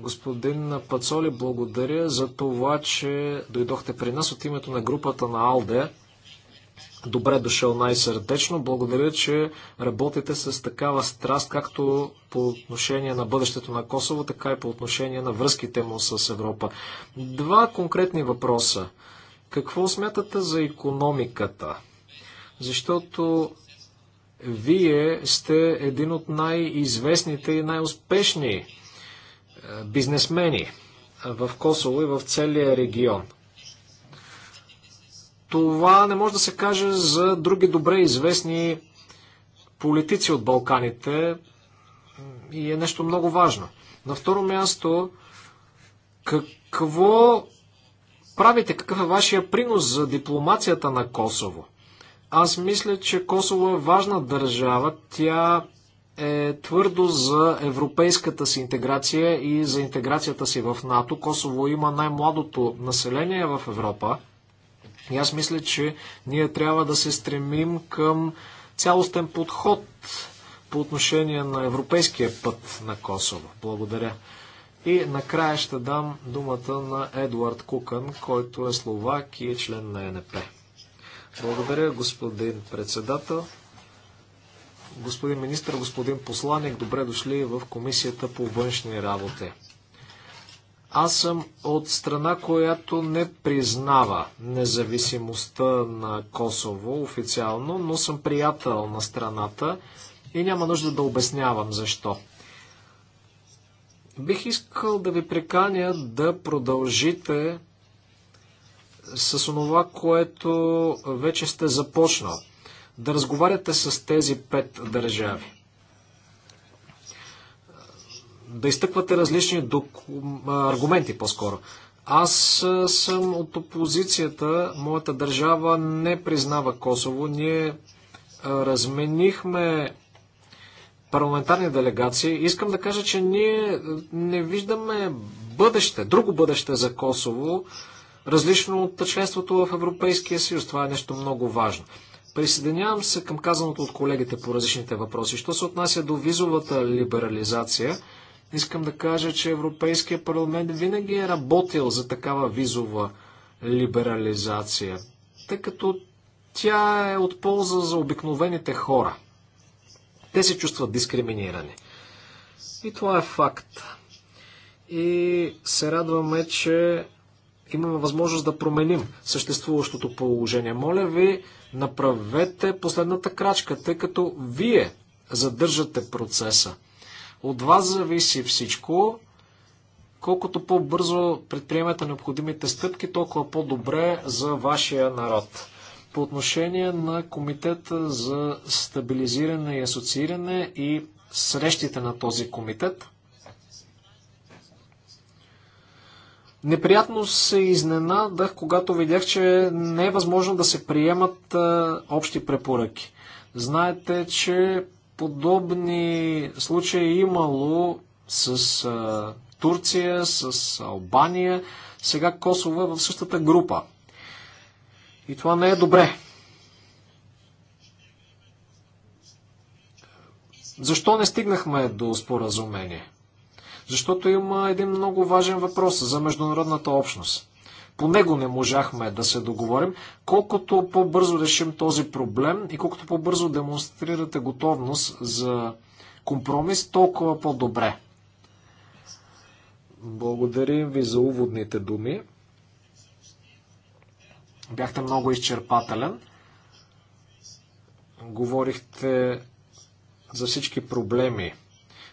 Господин Пацоли, благодаря за това, че дойдохте при нас от името на групата на АЛДЕ. Добре дошъл най-сърдечно. Благодаря, че работите с такава страст, както по отношение на бъдещето на Косово, така и по отношение на връзките му с Европа. Два конкретни въпроса. Какво смятате за економиката? Защото вие сте един от най-известните и най-успешни бизнесмени в Косово и в целия регион. Това не може да се каже за други добре известни политици от Балканите и е нещо много важно. На второ място, какво правите? Какъв е вашия принос за дипломацията на Косово? Аз мисля, че Косово е важна държава. Тя е твърдо за европейската си интеграция и за интеграцията си в НАТО. Косово има най-младото население в Европа. И аз мисля, че ние трябва да се стремим към цялостен подход по отношение на европейския път на Косово. Благодаря. И накрая ще дам думата на Едуард Кукън, който е словак и е член на НП. Благодаря, господин председател господин министр, господин посланник, добре дошли в Комисията по външни работи. Аз съм от страна, която не признава независимостта на Косово официално, но съм приятел на страната и няма нужда да обяснявам защо. Бих искал да ви приканя да продължите с онова, което вече сте започнал да разговаряте с тези пет държави. Да изтъквате различни доку... аргументи по-скоро. Аз съм от опозицията. Моята държава не признава Косово. Ние разменихме парламентарни делегации. Искам да кажа, че ние не виждаме бъдеще, друго бъдеще за Косово, различно от членството в Европейския съюз. Това е нещо много важно. Присъединявам се към казаното от колегите по различните въпроси. Що се отнася до визовата либерализация, искам да кажа, че Европейския парламент винаги е работил за такава визова либерализация, тъй като тя е от полза за обикновените хора. Те се чувстват дискриминирани. И това е факт. И се радваме, че имаме възможност да променим съществуващото положение. Моля ви, направете последната крачка, тъй като вие задържате процеса. От вас зависи всичко. Колкото по-бързо предприемете необходимите стъпки, толкова по-добре за вашия народ. По отношение на Комитета за стабилизиране и асоцииране и срещите на този комитет, Неприятно се изненадах, когато видях, че не е възможно да се приемат а, общи препоръки. Знаете, че подобни случаи е имало с а, Турция, с Албания, сега Косово е в същата група. И това не е добре. Защо не стигнахме до споразумение? Защото има един много важен въпрос за международната общност. По него не можахме да се договорим. Колкото по-бързо решим този проблем и колкото по-бързо демонстрирате готовност за компромис, толкова по-добре. Благодарим ви за уводните думи. Бяхте много изчерпателен. Говорихте за всички проблеми,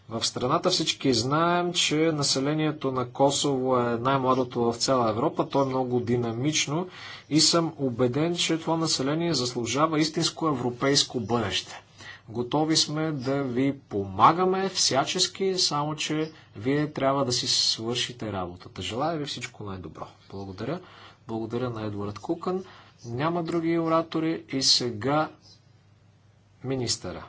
в страната всички знаем, че населението на Косово е най-младото в цяла Европа, то е много динамично и съм убеден, че това население заслужава истинско европейско бъдеще. Готови сме да ви помагаме всячески, само че вие трябва да си свършите работата. Желая ви всичко най-добро. Благодаря. Благодаря на Едвард Кукън. Няма други оратори и сега министъра.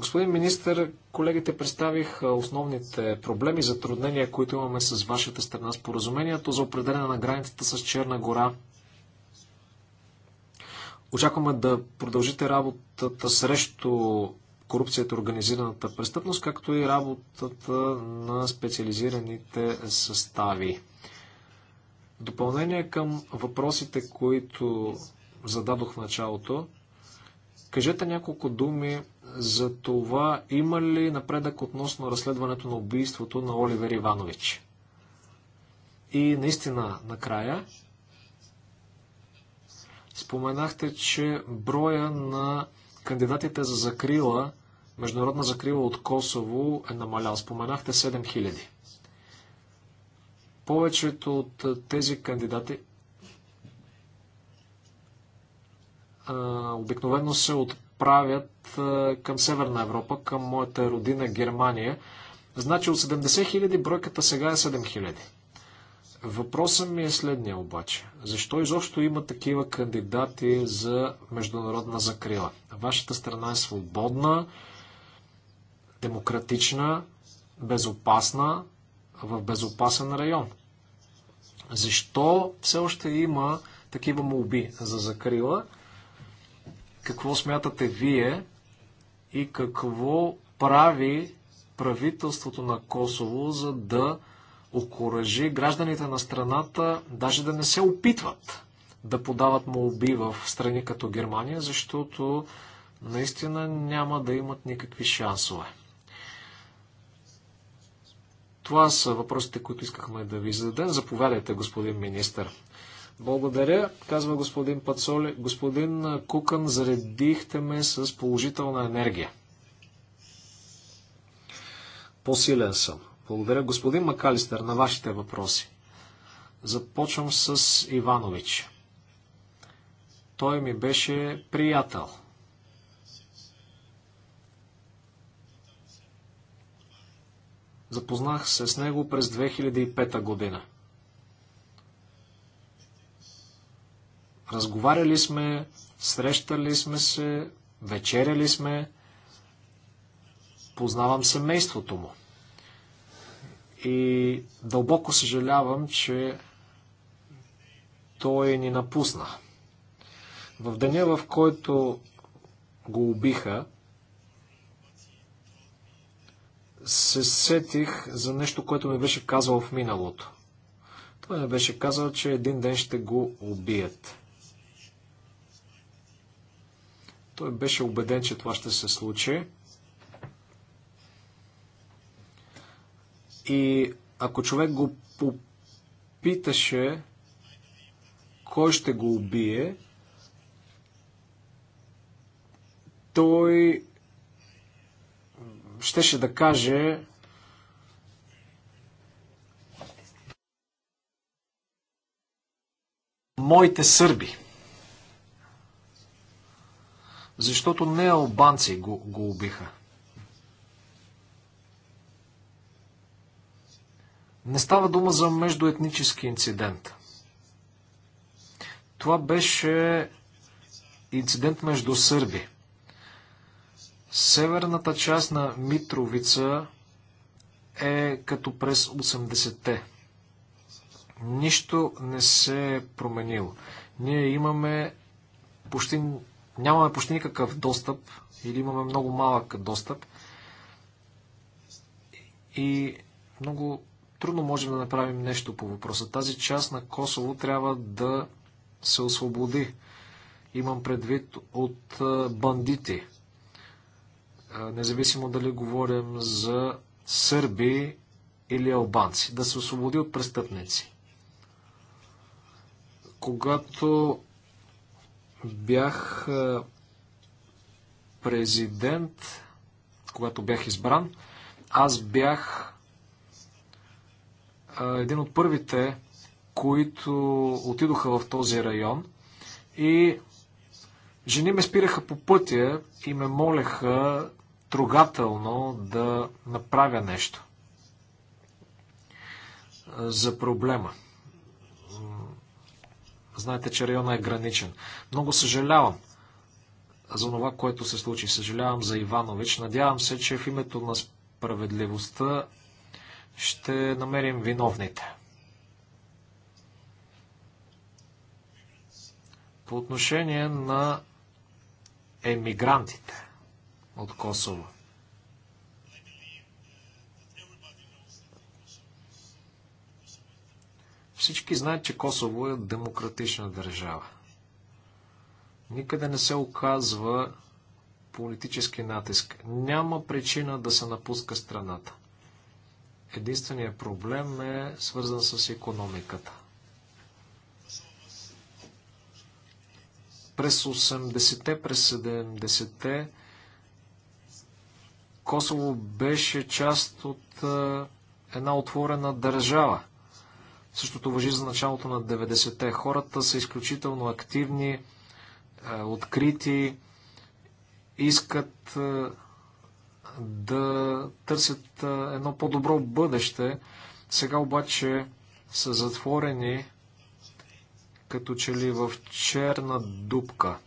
Господин министр, колегите представих основните проблеми, затруднения, които имаме с вашата страна. Споразумението за определене на границата с Черна гора. Очакваме да продължите работата срещу корупцията, организираната престъпност, както и работата на специализираните състави. В допълнение към въпросите, които зададох в началото, кажете няколко думи за това има ли напредък относно разследването на убийството на Оливер Иванович. И наистина, накрая, споменахте, че броя на кандидатите за закрила, международна закрила от Косово е намалял. Споменахте 7000. Повечето от тези кандидати обикновено се от отправят към Северна Европа, към моята родина Германия. Значи от 70 000 бройката сега е 7 000. Въпросът ми е следния обаче. Защо изобщо има такива кандидати за международна закрила? Вашата страна е свободна, демократична, безопасна, в безопасен район. Защо все още има такива молби за закрила? какво смятате вие и какво прави правителството на Косово, за да окоръжи гражданите на страната даже да не се опитват да подават молби в страни като Германия, защото наистина няма да имат никакви шансове. Това са въпросите, които искахме да ви зададем. Заповядайте, господин министър. Благодаря, казва господин Пацоли. Господин Кукан, заредихте ме с положителна енергия. По-силен съм. Благодаря, господин Макалистър, на вашите въпроси. Започвам с Иванович. Той ми беше приятел. Запознах се с него през 2005 година. Разговаряли сме, срещали сме се, вечеряли сме, познавам семейството му. И дълбоко съжалявам, че той ни напусна. В деня, в който го убиха, се сетих за нещо, което ми беше казал в миналото. Той ми беше казал, че един ден ще го убият. Той беше убеден, че това ще се случи. И ако човек го попиташе кой ще го убие, той щеше да каже моите сърби защото не албанци го, го убиха. Не става дума за междуетнически инцидент. Това беше инцидент между сърби. Северната част на Митровица е като през 80-те. Нищо не се е променило. Ние имаме почти Нямаме почти никакъв достъп или имаме много малък достъп и много трудно можем да направим нещо по въпроса. Тази част на Косово трябва да се освободи. Имам предвид от бандити. Независимо дали говорим за сърби или албанци. Да се освободи от престъпници. Когато Бях президент, когато бях избран. Аз бях един от първите, които отидоха в този район и жени ме спираха по пътя и ме молеха трогателно да направя нещо за проблема. Знаете, че района е граничен. Много съжалявам за това, което се случи. Съжалявам за Иванович. Надявам се, че в името на справедливостта ще намерим виновните. По отношение на емигрантите от Косово. Всички знаят, че Косово е демократична държава. Никъде не се оказва политически натиск. Няма причина да се напуска страната. Единственият проблем е свързан с економиката. През 80-те, през 70-те Косово беше част от една отворена държава. Същото въжи за началото на 90-те. Хората са изключително активни, е, открити, искат е, да търсят е, едно по-добро бъдеще. Сега обаче са затворени като че ли в черна дупка.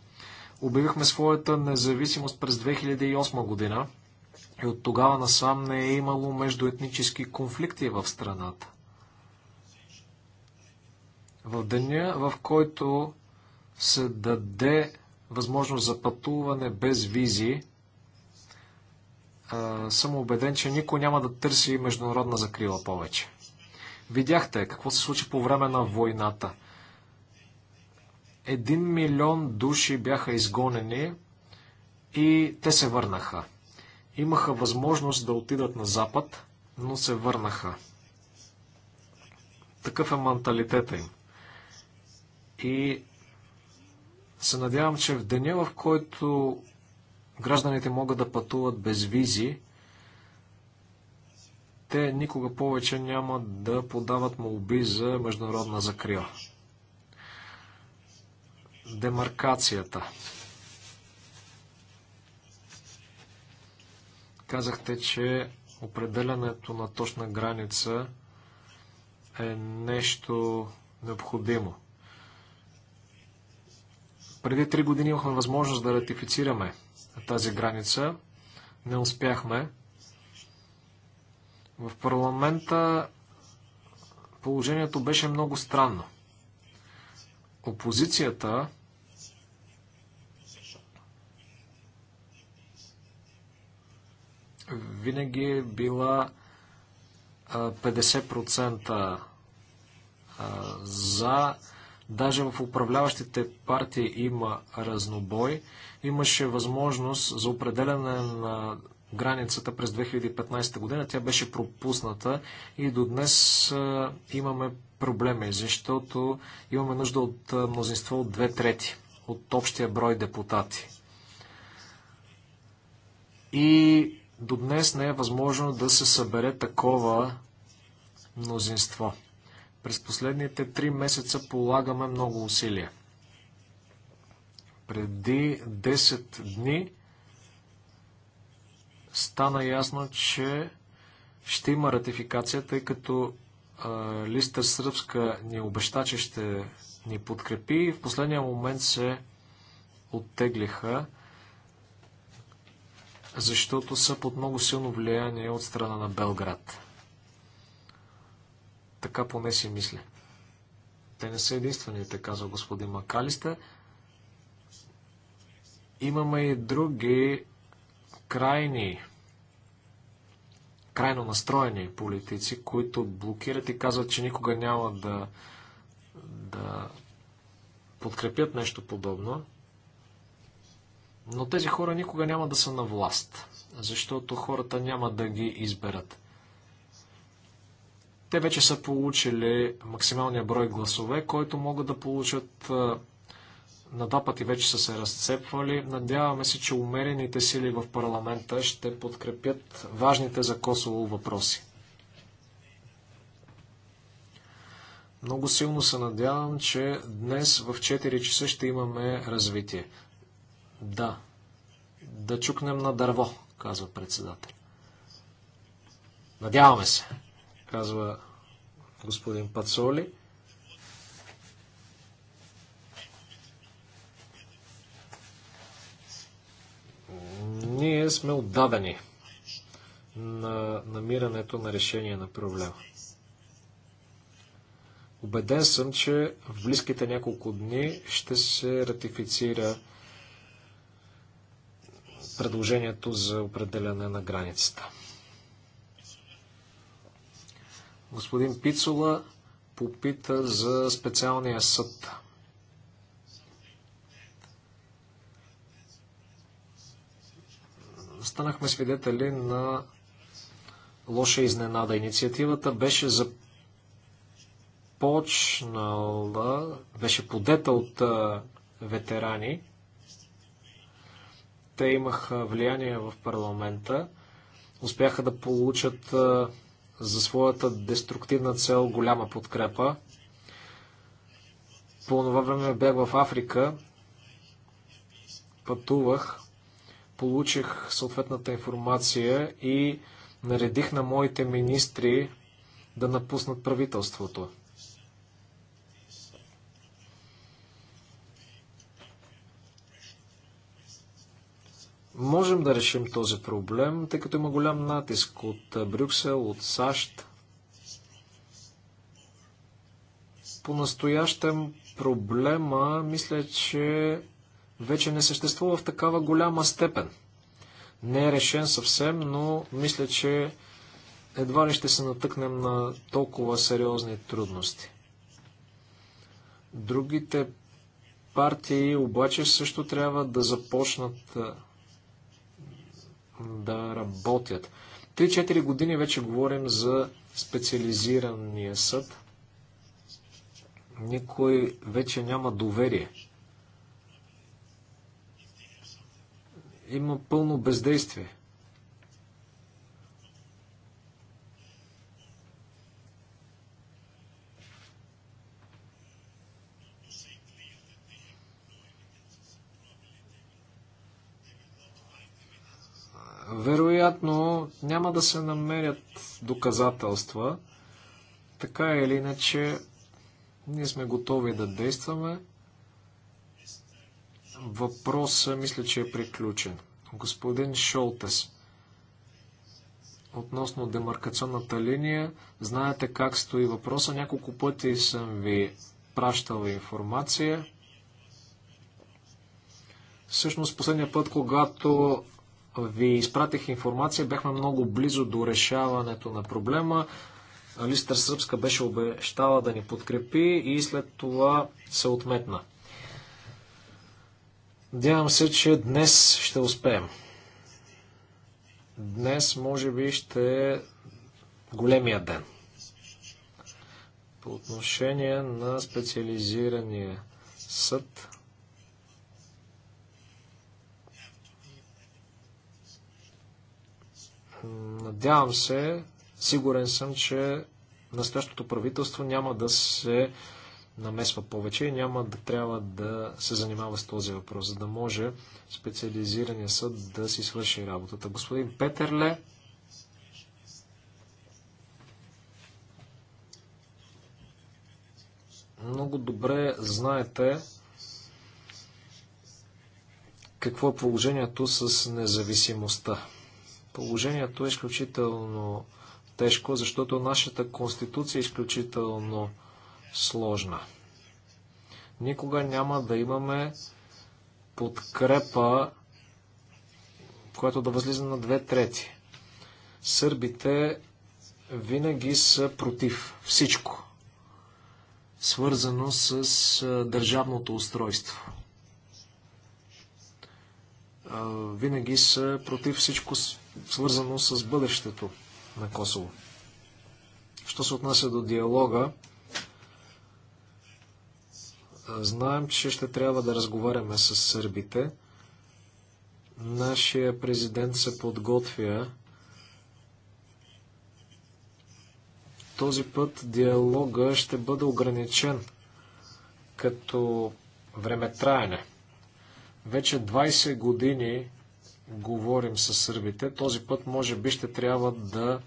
Обявихме своята независимост през 2008 година и от тогава насам не е имало междуетнически конфликти в страната в деня, в който се даде възможност за пътуване без визи, съм убеден, че никой няма да търси международна закрила повече. Видяхте какво се случи по време на войната. Един милион души бяха изгонени и те се върнаха. Имаха възможност да отидат на Запад, но се върнаха. Такъв е менталитета им. И се надявам, че в деня, в който гражданите могат да пътуват без визи, те никога повече няма да подават молби за международна закрила. Демаркацията. Казахте, че определянето на точна граница е нещо необходимо. Преди три години имахме възможност да ратифицираме тази граница. Не успяхме. В парламента положението беше много странно. Опозицията винаги е била 50% за Даже в управляващите партии има разнобой. Имаше възможност за определене на границата през 2015 година. Тя беше пропусната и до днес имаме проблеми, защото имаме нужда от мнозинство от две трети от общия брой депутати. И до днес не е възможно да се събере такова мнозинство. През последните три месеца полагаме много усилия. Преди 10 дни стана ясно, че ще има ратификация, тъй като листа Сръбска ни обеща, че ще ни подкрепи и в последния момент се оттеглиха, защото са под много силно влияние от страна на Белград. Така поне си мисля. Те не са единствените, казва господин Макалиста. Имаме и други крайни, крайно настроени политици, които блокират и казват, че никога няма да, да подкрепят нещо подобно. Но тези хора никога няма да са на власт, защото хората няма да ги изберат. Те вече са получили максималния брой гласове, който могат да получат на два пъти вече са се разцепвали. Надяваме се, че умерените сили в парламента ще подкрепят важните за Косово въпроси. Много силно се надявам, че днес в 4 часа ще имаме развитие. Да, да чукнем на дърво, казва председател. Надяваме се, казва господин Пацоли. Ние сме отдадени на намирането на решение на проблема. Обеден съм, че в близките няколко дни ще се ратифицира предложението за определяне на границата. Господин Пицола попита за специалния съд. Станахме свидетели на лоша изненада. Инициативата беше започнала, беше подета от ветерани. Те имаха влияние в парламента, успяха да получат за своята деструктивна цел голяма подкрепа. По това време бях в Африка, пътувах, получих съответната информация и наредих на моите министри да напуснат правителството. Можем да решим този проблем, тъй като има голям натиск от Брюксел, от САЩ. По-настоящем проблема, мисля, че вече не съществува в такава голяма степен. Не е решен съвсем, но мисля, че едва ли ще се натъкнем на толкова сериозни трудности. Другите партии обаче също трябва да започнат да работят. 3-4 години вече говорим за специализирания съд. Никой вече няма доверие. Има пълно бездействие. Вероятно няма да се намерят доказателства. Така или иначе, ние сме готови да действаме. Въпросът мисля, че е приключен. Господин Шолтес, относно демаркационната линия, знаете как стои въпроса. Няколко пъти съм ви пращал информация. Всъщност, последния път, когато ви изпратих информация, бяхме много близо до решаването на проблема. Листър Сръбска беше обещала да ни подкрепи и след това се отметна. Надявам се, че днес ще успеем. Днес, може би, ще е големия ден. По отношение на специализирания съд, Надявам се, сигурен съм, че настоящото правителство няма да се намесва повече и няма да трябва да се занимава с този въпрос, за да може специализирания съд да си свърши работата. Господин Петерле, много добре знаете какво е положението с независимостта Положението е изключително тежко, защото нашата конституция е изключително сложна. Никога няма да имаме подкрепа, която да възлиза на две трети. Сърбите винаги са против всичко, свързано с държавното устройство винаги са против всичко свързано с бъдещето на Косово. Що се отнася до диалога, знаем, че ще трябва да разговаряме с сърбите. Нашия президент се подготвя този път диалога ще бъде ограничен като време траене. Вече 20 години говорим с сърбите. Този път може би ще трябва да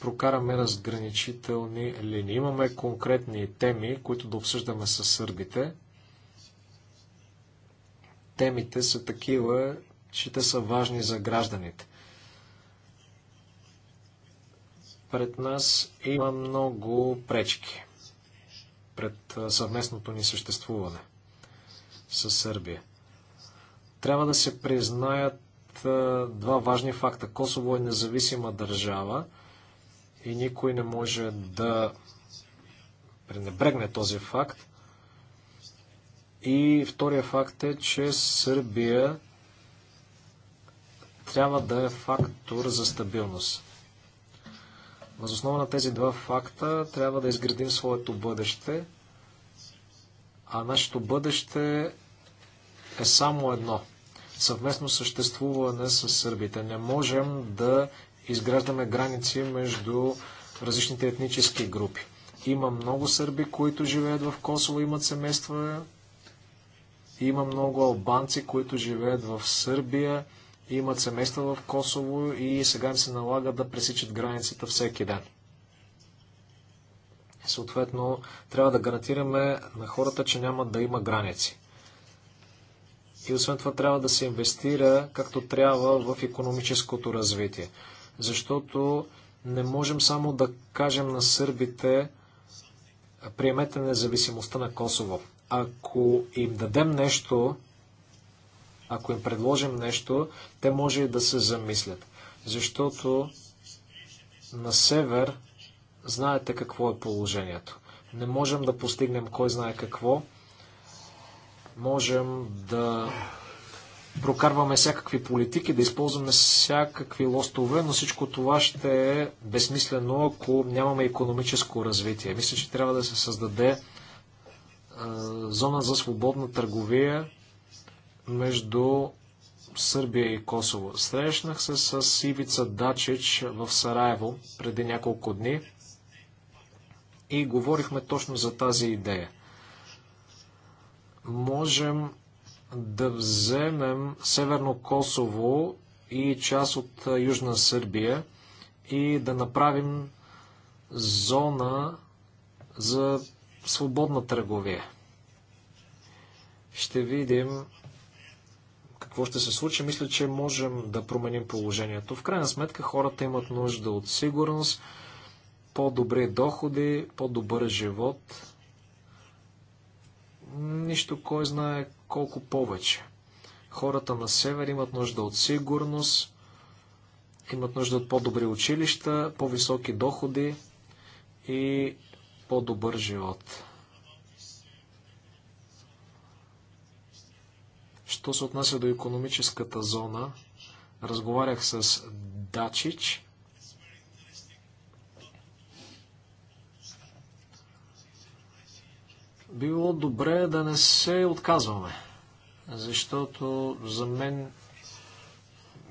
прокараме разграничителни линии. Имаме конкретни теми, които да обсъждаме с сърбите. Темите са такива, че те са важни за гражданите. Пред нас има много пречки пред съвместното ни съществуване с Сърбия. Трябва да се признаят два важни факта. Косово е независима държава и никой не може да пренебрегне този факт. И втория факт е, че Сърбия трябва да е фактор за стабилност. Възоснова на тези два факта трябва да изградим своето бъдеще, а нашето бъдеще е само едно – съвместно съществуване с сърбите. Не можем да изграждаме граници между различните етнически групи. Има много сърби, които живеят в Косово, имат семейства. Има много албанци, които живеят в Сърбия, имат семейства в Косово и сега им се налага да пресичат границата всеки ден. Съответно, трябва да гарантираме на хората, че няма да има граници. И освен това трябва да се инвестира както трябва в економическото развитие. Защото не можем само да кажем на сърбите, приемете независимостта на Косово. Ако им дадем нещо, ако им предложим нещо, те може и да се замислят. Защото на север знаете какво е положението. Не можем да постигнем кой знае какво, можем да прокарваме всякакви политики, да използваме всякакви лостове, но всичко това ще е безсмислено, ако нямаме економическо развитие. Мисля, че трябва да се създаде е, зона за свободна търговия между Сърбия и Косово. Срещнах се с Ивица Дачич в Сараево преди няколко дни и говорихме точно за тази идея можем да вземем Северно Косово и част от Южна Сърбия и да направим зона за свободна търговия. Ще видим какво ще се случи. Мисля, че можем да променим положението. В крайна сметка хората имат нужда от сигурност, по-добри доходи, по-добър живот нищо кой знае колко повече. Хората на север имат нужда от сигурност, имат нужда от по-добри училища, по-високи доходи и по-добър живот. Що се отнася до економическата зона, разговарях с Дачич било добре да не се отказваме, защото за мен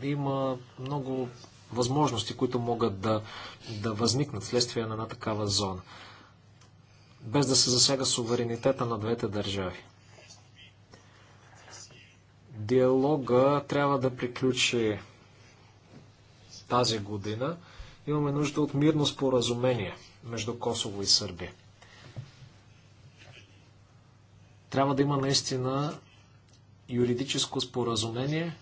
има много възможности, които могат да, да възникнат вследствие на една такава зона, без да се засяга суверенитета на двете държави. Диалога трябва да приключи тази година. Имаме нужда от мирно споразумение между Косово и Сърбия. Трябва да има наистина юридическо споразумение,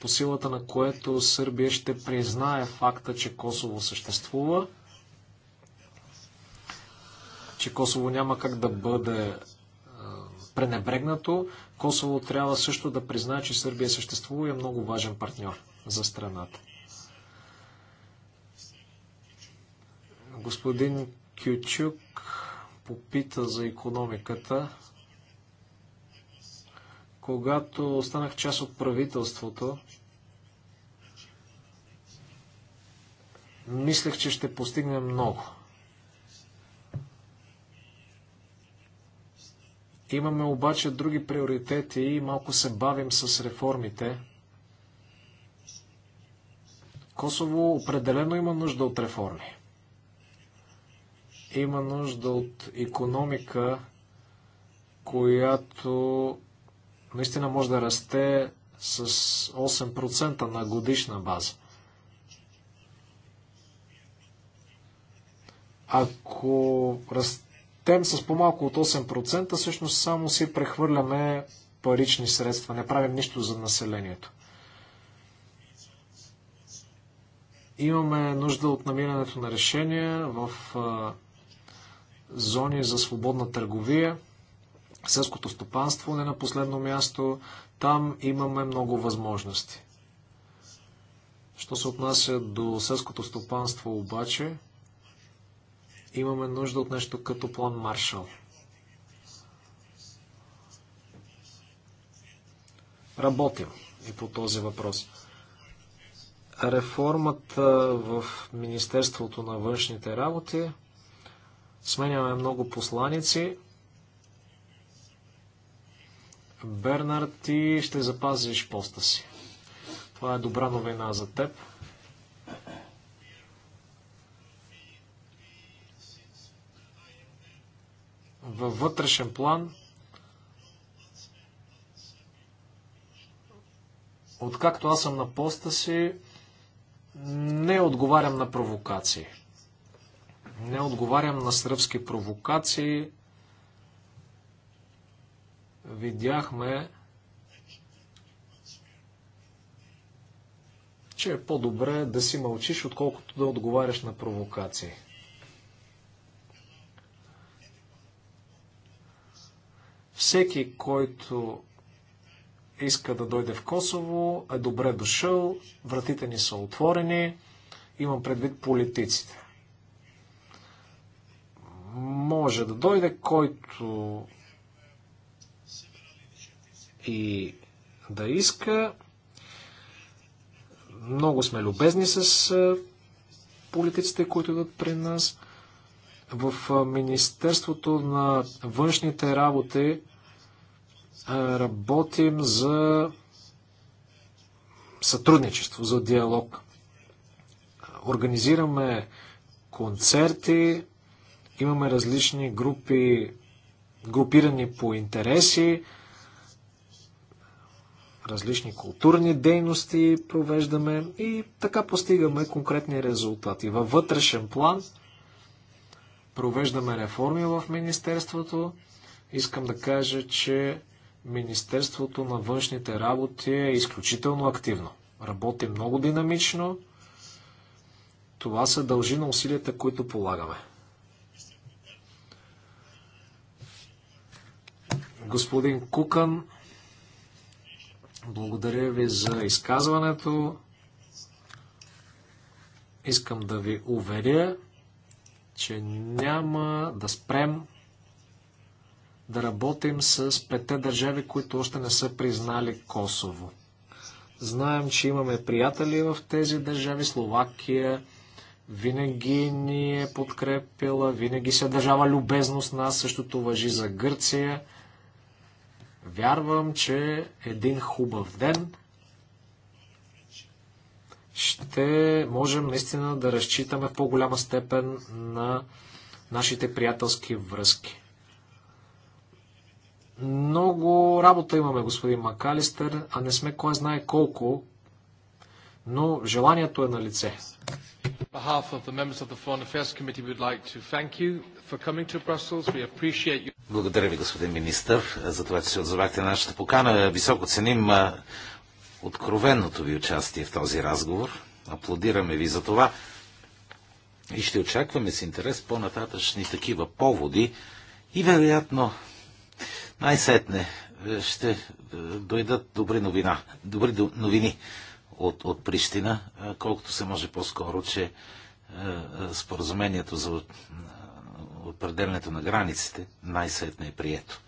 по силата на което Сърбия ще признае факта, че Косово съществува, че Косово няма как да бъде пренебрегнато. Косово трябва също да признае, че Сърбия съществува и е много важен партньор за страната. Господин Кючук попита за економиката. Когато останах част от правителството, мислех, че ще постигнем много. Имаме обаче други приоритети и малко се бавим с реформите. Косово определено има нужда от реформи има нужда от економика, която наистина може да расте с 8% на годишна база. Ако растем с по-малко от 8%, всъщност само си прехвърляме парични средства, не правим нищо за населението. Имаме нужда от намирането на решения в зони за свободна търговия, сълското стопанство не на последно място. Там имаме много възможности. Що се отнася до сълското стопанство обаче, имаме нужда от нещо като план Маршал. Работим и по този въпрос. Реформата в Министерството на външните работи Сменяме много посланици. Бернард, ти ще запазиш поста си. Това е добра новина за теб. Във вътрешен план откакто аз съм на поста си, не отговарям на провокации. Не отговарям на сръбски провокации. Видяхме, че е по-добре да си мълчиш, отколкото да отговаряш на провокации. Всеки, който иска да дойде в Косово, е добре дошъл, вратите ни са отворени, имам предвид политиците. Може да дойде който и да иска. Много сме любезни с политиците, които идват при нас. В Министерството на външните работи работим за сътрудничество, за диалог. Организираме концерти, Имаме различни групи, групирани по интереси, различни културни дейности провеждаме и така постигаме конкретни резултати. Във вътрешен план провеждаме реформи в Министерството. Искам да кажа, че Министерството на външните работи е изключително активно. Работи много динамично. Това се дължи на усилията, които полагаме. господин Кукан. Благодаря ви за изказването. Искам да ви уверя, че няма да спрем да работим с пете държави, които още не са признали Косово. Знаем, че имаме приятели в тези държави. Словакия винаги ни е подкрепила, винаги се е държава любезно с нас. Същото въжи за Гърция. Вярвам, че един хубав ден ще можем наистина да разчитаме в по-голяма степен на нашите приятелски връзки. Много работа имаме, господин Макалистър, а не сме кой знае колко, но желанието е на лице behalf of the members of the Foreign Affairs Committee, we would like to thank you for coming to Brussels. We appreciate you. Благодаря ви, господин министър, за това, че се отзовахте на нашата покана. Високо ценим откровеното ви участие в този разговор. Аплодираме ви за това и ще очакваме с интерес по-нататъчни такива поводи и вероятно най-сетне е, ще е, дойдат добри новина, добри новини от, от Прищина, колкото се може по-скоро, че споразумението за определенето на границите най-сетне е прието.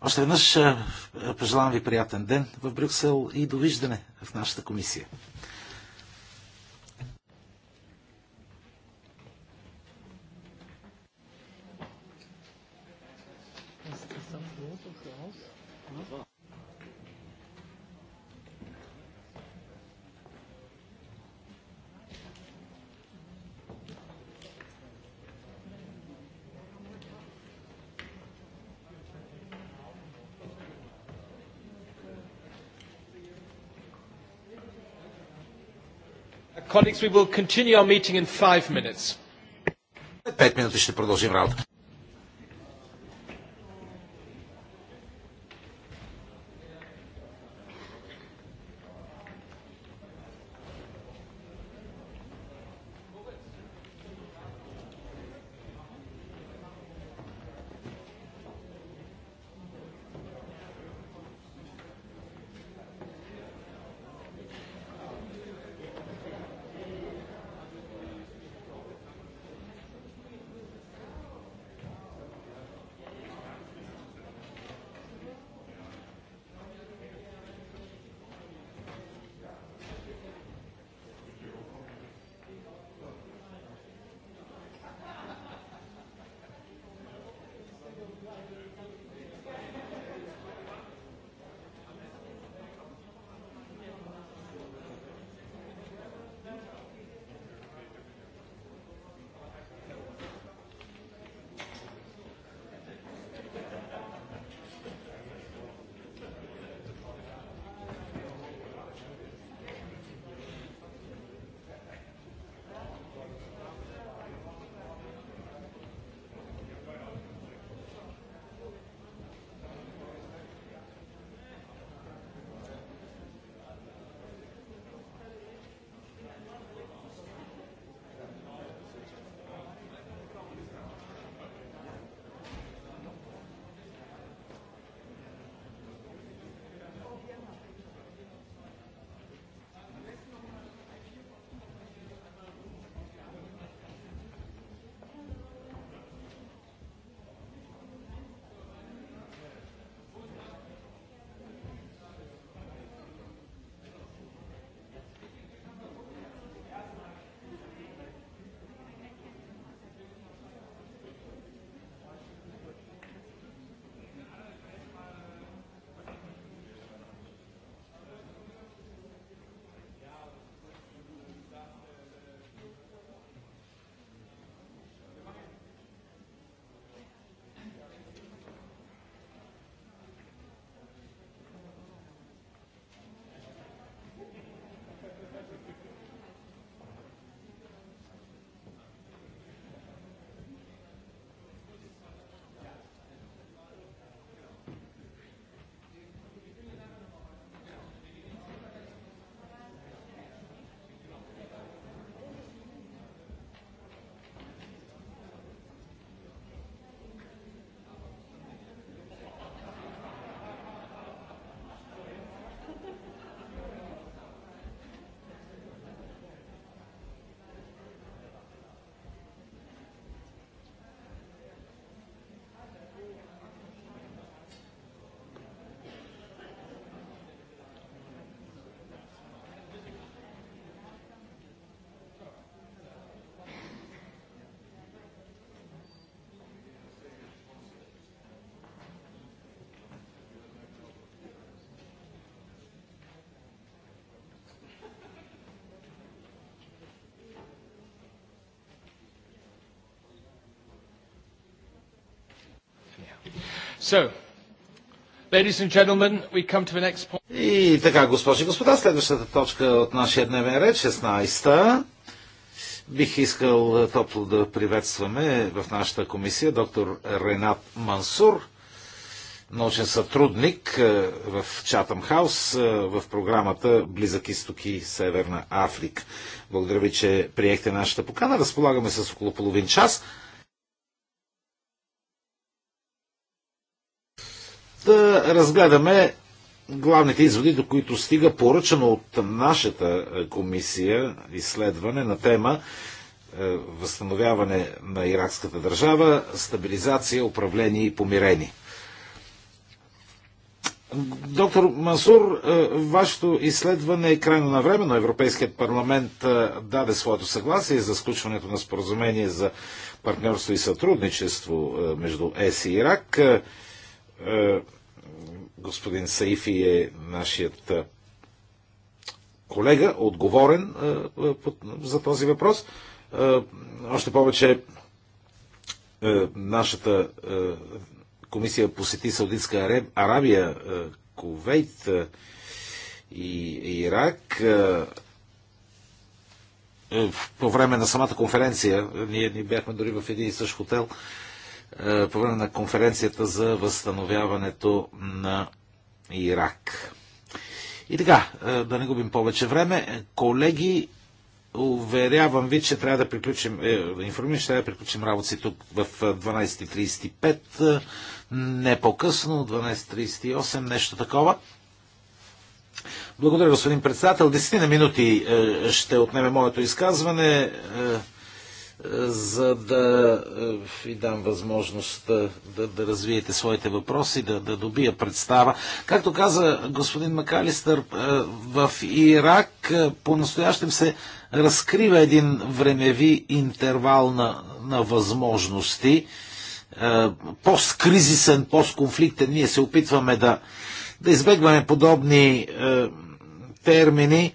Още веднъж пожелавам ви приятен ден в Брюксел и довиждане в нашата комисия. Colleagues, we will continue our meeting in five minutes. Пет минути ще продължим работа. So, ladies and gentlemen, we come to the next point. И така, госпожи и господа, следващата точка от нашия дневен ред, 16-та. Бих искал е, топло да приветстваме в нашата комисия доктор Ренат Мансур, научен сътрудник е, в Чатъм Хаус е, в програмата Близък изток и Северна Африка. Благодаря ви, че приехте нашата покана. Разполагаме с около половин час. разгледаме главните изводи, до които стига поръчано от нашата е, комисия изследване на тема е, възстановяване на иракската държава, стабилизация, управление и помирение. Доктор Мансур, е, вашето изследване е крайно на време, но Европейският парламент даде своето съгласие за сключването на споразумение за партньорство и сътрудничество между ЕС и Ирак Господин Саифи е нашият колега, отговорен за този въпрос. Още повече нашата комисия посети Саудитска Арабия, Кувейт и Ирак. Е, по време на самата конференция, ние ни бяхме дори в един и същ хотел, е, по време на конференцията за възстановяването на Ирак. И така, е, да не губим повече време, колеги, уверявам ви, че трябва да приключим, е, информирам, че трябва да приключим си тук в 12.35, е, не по-късно, 12.38, нещо такова. Благодаря, господин председател. Десетина минути ще отнеме моето изказване за да е, ви дам възможност да, да, да развиете своите въпроси, да, да добия представа. Както каза господин Макалистър, е, в Ирак е, по-настоящем се разкрива един времеви интервал на, на възможности, посткризисен, постконфликтен. Ние се опитваме да, да избегваме подобни термини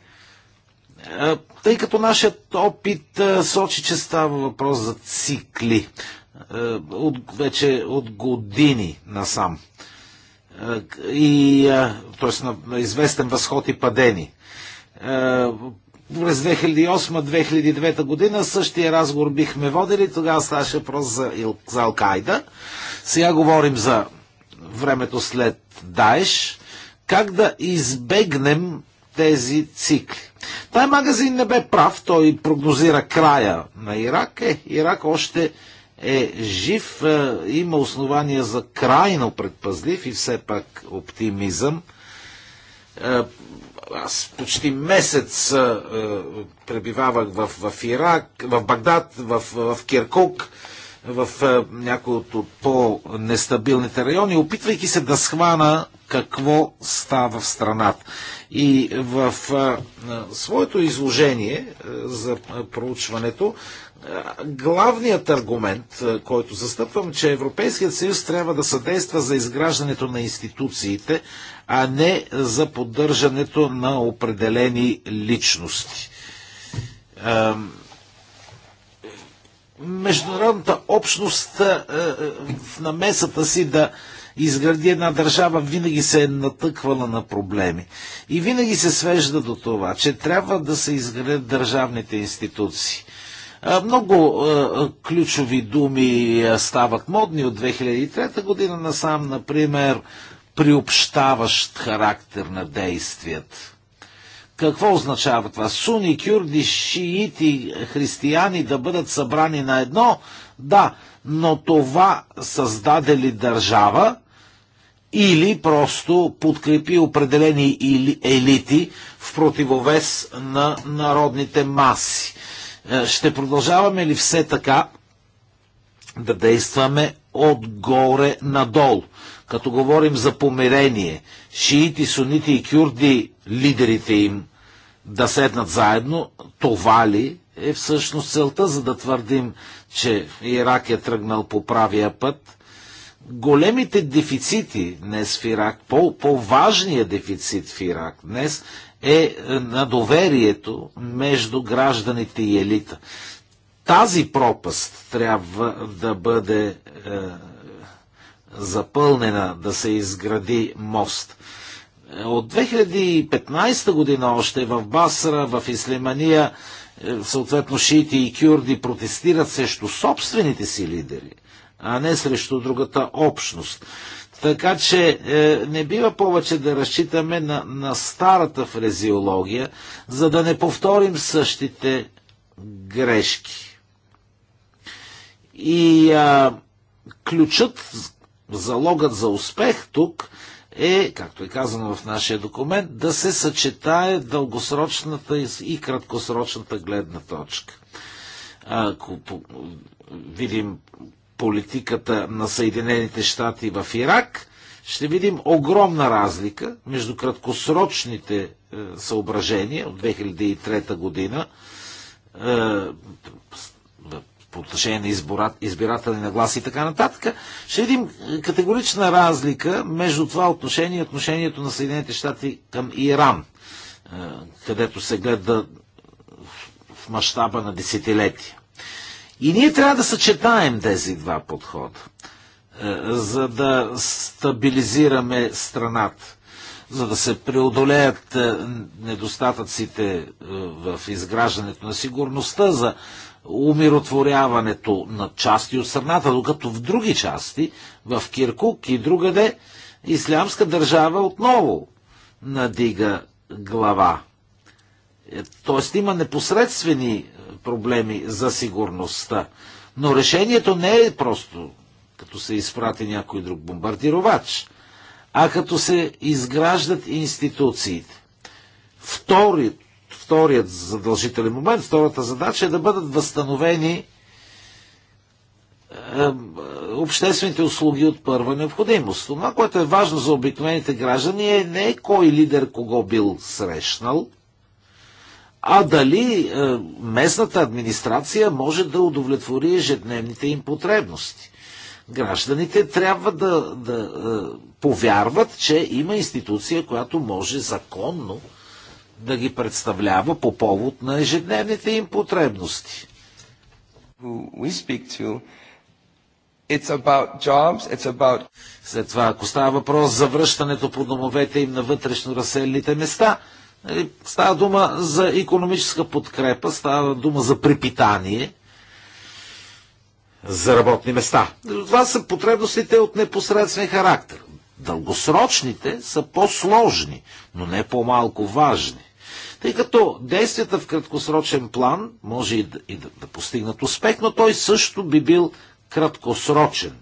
тъй като нашият опит сочи, че става въпрос за цикли, от, вече от години насам. И, т.е. на известен възход и падени през 2008-2009 година същия разговор бихме водили. Тогава ставаше въпрос за, за Алкайда. Сега говорим за времето след Даеш. Как да избегнем тези цикли? Тай е магазин не бе прав, той прогнозира края на Ирак. Е, Ирак още е жив, е, има основания за крайно предпазлив и все пак оптимизъм. Е, аз почти месец е, е пребивавах в, в Ирак, в Багдад, в, в Киркук в е, някои от по-нестабилните райони, опитвайки се да схвана какво става в страната. И в е, е, своето изложение за проучването, главният аргумент, който застъпвам, че Европейският съюз трябва да съдейства за изграждането на институциите, а не за поддържането на определени личности международната общност в намесата си да изгради една държава винаги се е натъквала на проблеми. И винаги се свежда до това, че трябва да се изградят държавните институции. Много ключови думи стават модни от 2003 година насам, например, приобщаващ характер на действията какво означава това? Суни, кюрди, шиити, християни да бъдат събрани на едно? Да, но това създаде ли държава или просто подкрепи определени елити в противовес на народните маси? Е, ще продължаваме ли все така да действаме отгоре надолу? Като говорим за помирение, шиити, сунити и кюрди лидерите им да седнат заедно, това ли е всъщност целта, за да твърдим, че Ирак е тръгнал по правия път. Големите дефицити днес в Ирак, по, по-важният дефицит в Ирак днес е, е на доверието между гражданите и елита. Тази пропаст трябва да бъде е, запълнена, да се изгради мост. От 2015 година още в Басра, в Ислемания, е, съответно шиити и кюрди протестират срещу собствените си лидери, а не срещу другата общност. Така че е, не бива повече да разчитаме на, на старата фрезиология, за да не повторим същите грешки. И а, ключът, залогът за успех тук е, както е казано в нашия документ, да се съчетае дългосрочната и краткосрочната гледна точка. Ако видим политиката на Съединените щати в Ирак, ще видим огромна разлика между краткосрочните е, съображения от 2003 година, е, по отношение на избора, избирателни нагласи и така нататък, ще видим е, категорична разлика между това отношение и отношението на Съединените щати към Иран, е, където се гледа в мащаба на десетилетия. И ние трябва да съчетаем тези два подхода, е, за да стабилизираме страната за да се преодолеят недостатъците в изграждането на сигурността, за умиротворяването на части от страната, докато в други части, в Киркук и другаде, ислямска държава отново надига глава. Е, тоест има непосредствени е, проблеми за сигурността. Но решението не е просто като се изпрати някой друг бомбардировач, а като се изграждат институциите. Вторият вторият задължителен момент, втората задача е да бъдат възстановени обществените услуги от първа необходимост. Това, което е важно за обикновените граждани е не кой лидер кого бил срещнал, а дали местната администрация може да удовлетвори ежедневните им потребности. Гражданите трябва да, да е, повярват, че има институция, която може законно да ги представлява по повод на ежедневните им потребности. jobs, about... След това, ако става въпрос за връщането по домовете им на вътрешно разселените места, нали, става дума за економическа подкрепа, става дума за препитание, за работни места. Това са потребностите от непосредствен характер. Дългосрочните са по-сложни, но не по-малко важни тъй като действията в краткосрочен план може и да, и да, да постигнат успех, но той също би бил краткосрочен.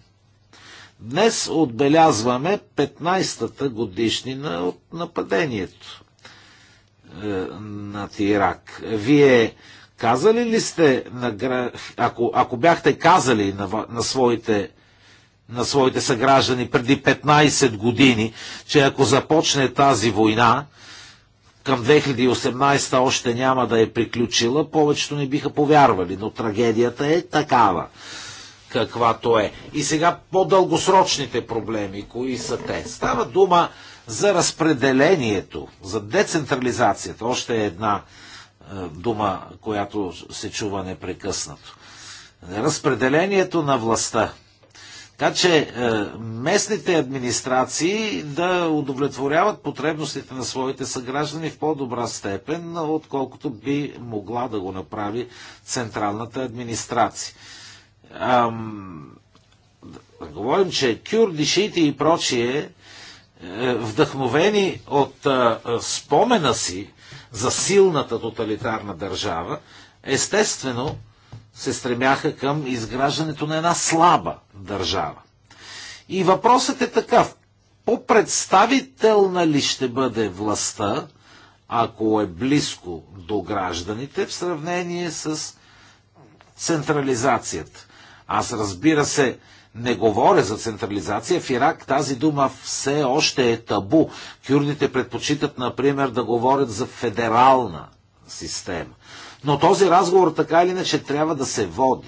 Днес отбелязваме 15-та годишнина от нападението е, над Ирак. Вие казали ли сте, на, ако, ако бяхте казали на, на своите на своите съграждани преди 15 години, че ако започне тази война, към 2018 още няма да е приключила, повечето не биха повярвали, но трагедията е такава, каквато е. И сега по-дългосрочните проблеми, кои са те? Става дума за разпределението, за децентрализацията. Още е една е, дума, която се чува непрекъснато. Разпределението на властта. Така че е, местните администрации да удовлетворяват потребностите на своите съграждани в по-добра степен, отколкото би могла да го направи централната администрация. Ам, да говорим, че кюрдишите и прочие, е, вдъхновени от е, спомена си за силната тоталитарна държава, естествено се стремяха към изграждането на една слаба държава. И въпросът е такъв. По-представителна ли ще бъде властта, ако е близко до гражданите, в сравнение с централизацията? Аз разбира се, не говоря за централизация. В Ирак тази дума все още е табу. Кюрдите предпочитат, например, да говорят за федерална система. Но този разговор така или иначе трябва да се води.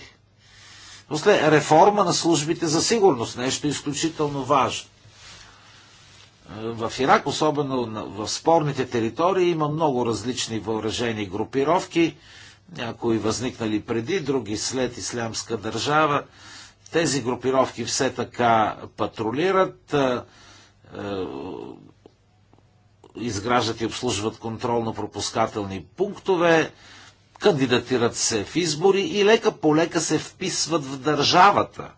После реформа на службите за сигурност, нещо изключително важно. Е, в Ирак, особено в спорните територии, има много различни въоръжени групировки, някои възникнали преди, други след Ислямска държава. Тези групировки все така патрулират, е, е, изграждат и обслужват контролно-пропускателни пунктове, кандидатират се в избори и лека по лека се вписват в държавата.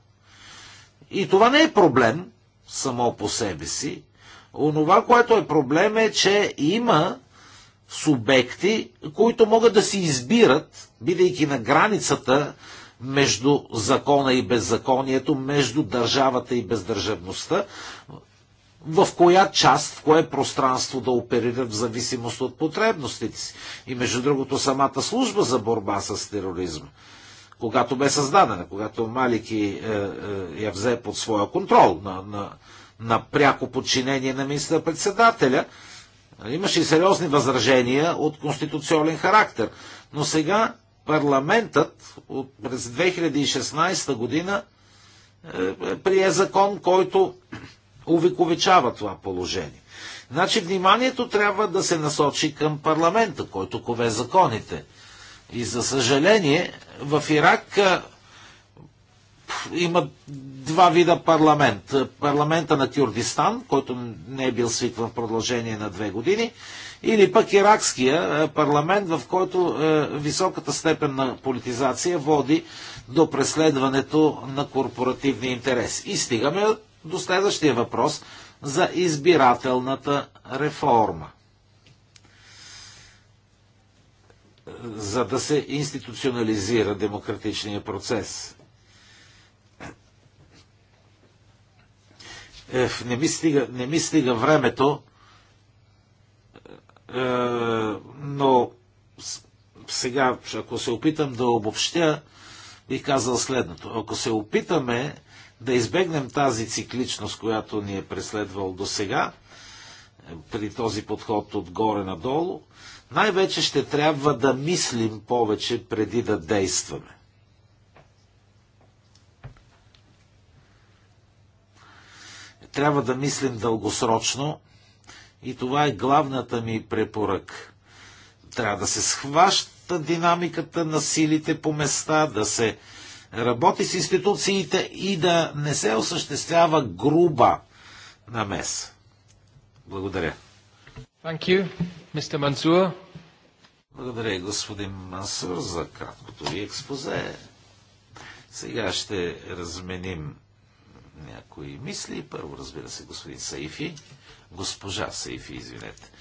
И това не е проблем само по себе си. Онова, което е проблем е, че има субекти, които могат да си избират, бидейки на границата между закона и беззаконието, между държавата и бездържавността, в коя част, в кое пространство да оперират в зависимост от потребностите си. И между другото самата служба за борба с тероризма, когато бе създадена, когато Малики е, е, я взе под своя контрол на, на, на пряко подчинение на министър-председателя, нали, имаше и сериозни възражения от конституционен характер. Но сега парламентът от, през 2016 година е, е, прие закон, който увековечава това положение. Значи вниманието трябва да се насочи към парламента, който кове законите. И за съжаление, в Ирак има два вида парламент. Парламента на Кюрдистан, който не е бил свикван в продължение на две години, или пък иракския парламент, в който високата степен на политизация води до преследването на корпоративни интереси. И стигаме до следващия въпрос за избирателната реформа. За да се институционализира демократичния процес. Еф, не, ми стига, не ми стига времето, е, но сега, ако се опитам да обобщя, бих казал следното. Ако се опитаме да избегнем тази цикличност, която ни е преследвал до сега, при този подход отгоре надолу, най-вече ще трябва да мислим повече преди да действаме. Трябва да мислим дългосрочно и това е главната ми препорък. Трябва да се схваща динамиката на силите по места, да се работи с институциите и да не се осъществява груба намес. Благодаря. Thank you, Mr. Mansour. Благодаря, господин Мансур, за краткото ви експозе. Сега ще разменим някои мисли. Първо, разбира се, господин Саифи. Госпожа Саифи, извинете.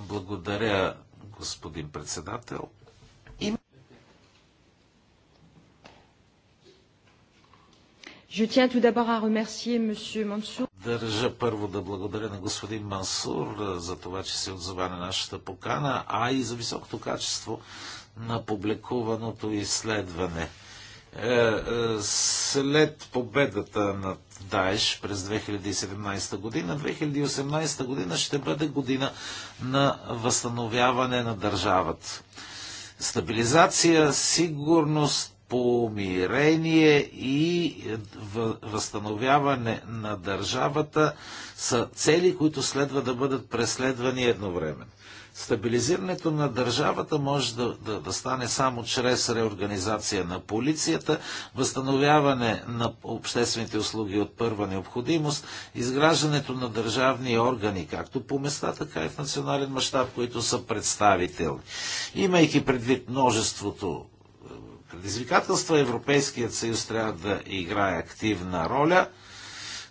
Благодаря, господин председател. Държа първо да благодаря на господин Мансур за това, че се отзова на нашата покана, а и за високото качество на публикуваното изследване. Е, е, след победата на Даеш през 2017 година, 2018 година ще бъде година на възстановяване на държавата. Стабилизация, сигурност, помирение и възстановяване на държавата са цели, които следва да бъдат преследвани едновременно. Стабилизирането на държавата може да, да, да стане само чрез реорганизация на полицията, възстановяване на обществените услуги от първа необходимост, изграждането на държавни органи, както по места, така и в национален мащаб, които са представителни. Имайки предвид множеството предизвикателства. Европейският съюз трябва да играе активна роля.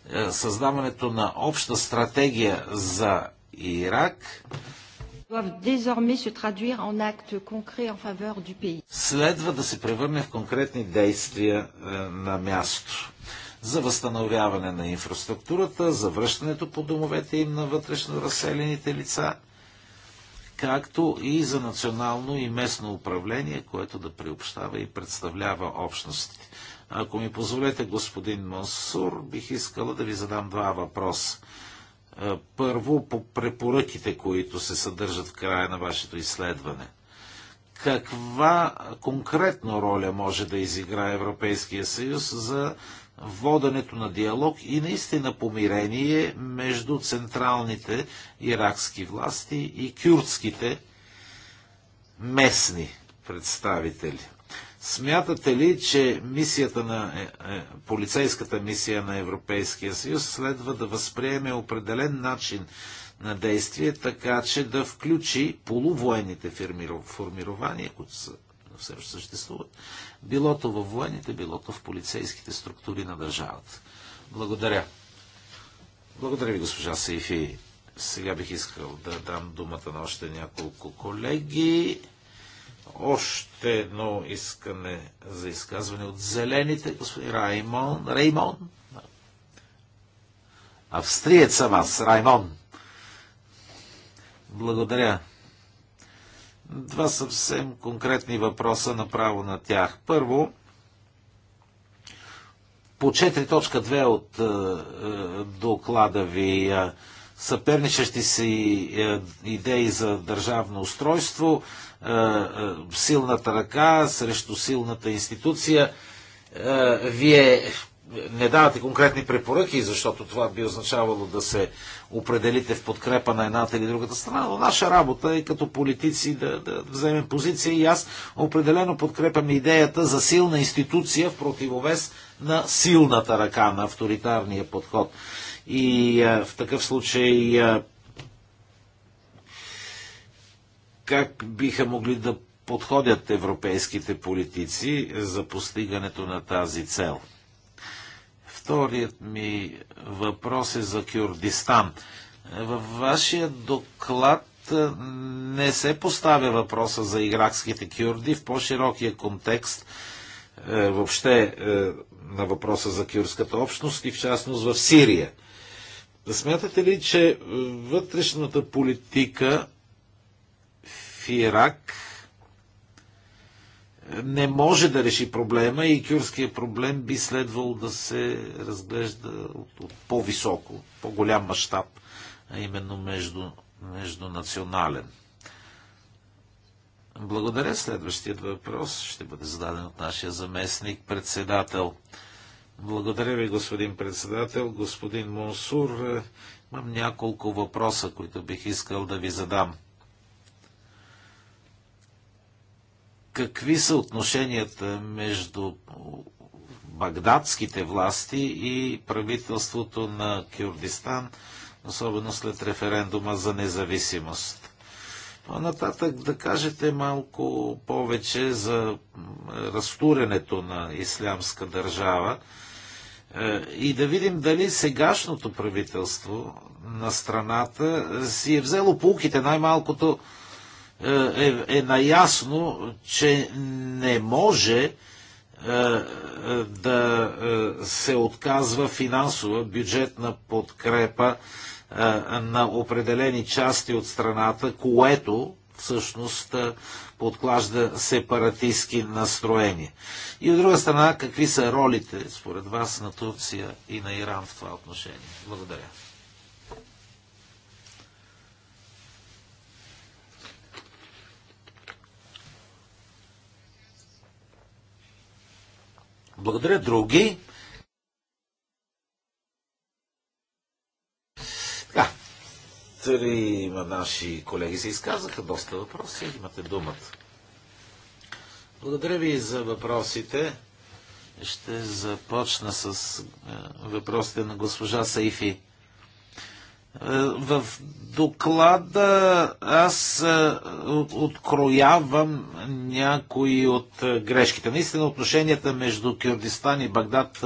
Е, създаването на обща стратегия за Ирак Следва да се превърне в конкретни действия е, на място за възстановяване на инфраструктурата, за връщането по домовете им на вътрешно разселените лица – както и за национално и местно управление, което да приобщава и представлява общностите. Ако ми позволете, господин Мансур, бих искала да ви задам два въпроса. Е, първо, по препоръките, които се съдържат в края на вашето изследване. Каква конкретно роля може да изиграе Европейския съюз за воденето на диалог и наистина помирение между централните иракски власти и кюртските местни представители. Смятате ли, че мисията на е, е, полицейската мисия на Европейския съюз следва да възприеме определен начин на действие, така че да включи полувоенните формирования, които са, все съществуват, било то във военните, било то в полицейските структури на държавата. Благодаря. Благодаря ви, госпожа Сейфи. Сега бих искал да дам думата на още няколко колеги. Още едно искане за изказване от зелените, господин Раймон. Раймон? Австриец съм аз, Раймон. Благодаря, Два съвсем конкретни въпроса направо на тях. Първо, по 4.2 от е, е, доклада ви е, съперничащи си е, идеи за държавно устройство, е, е, силната ръка срещу силната институция. Вие не давате конкретни препоръки, защото това би означавало да се определите в подкрепа на едната или другата страна, но наша работа е като политици да, да вземем позиция и аз определено подкрепям идеята за силна институция в противовес на силната ръка, на авторитарния подход. И а, в такъв случай а, как биха могли да подходят европейските политици за постигането на тази цел? Вторият ми въпрос е за Кюрдистан. Във вашия доклад не се поставя въпроса за иракските кюрди в по-широкия контекст въобще на въпроса за кюрската общност и в частност в Сирия. Смятате ли, че вътрешната политика в Ирак не може да реши проблема и кюрския проблем би следвал да се разглежда от, от по-високо, по-голям мащаб, а именно между, междунационален. Благодаря. Следващият въпрос ще бъде зададен от нашия заместник председател. Благодаря ви, господин председател. Господин Монсур, имам няколко въпроса, които бих искал да ви задам. какви са отношенията между багдадските власти и правителството на Кюрдистан, особено след референдума за независимост. По-нататък да кажете малко повече за разтуренето на ислямска държава е, и да видим дали сегашното правителство на страната си е взело полките най-малкото е, е наясно, че не може е, е, да е, се отказва финансова бюджетна подкрепа на определени части от страната, което всъщност подклажда сепаратистски настроения. И от друга страна, какви са ролите, според вас, на Турция и на Иран в това отношение? Благодаря. Благодаря. Други? Така. Три наши колеги се изказаха. Доста въпроси. Имате думата. Благодаря ви за въпросите. Ще започна с е, въпросите на госпожа Саифи. Е, в доклада аз е, откроявам някои от е, грешките. Наистина отношенията между Кюрдистан и Багдад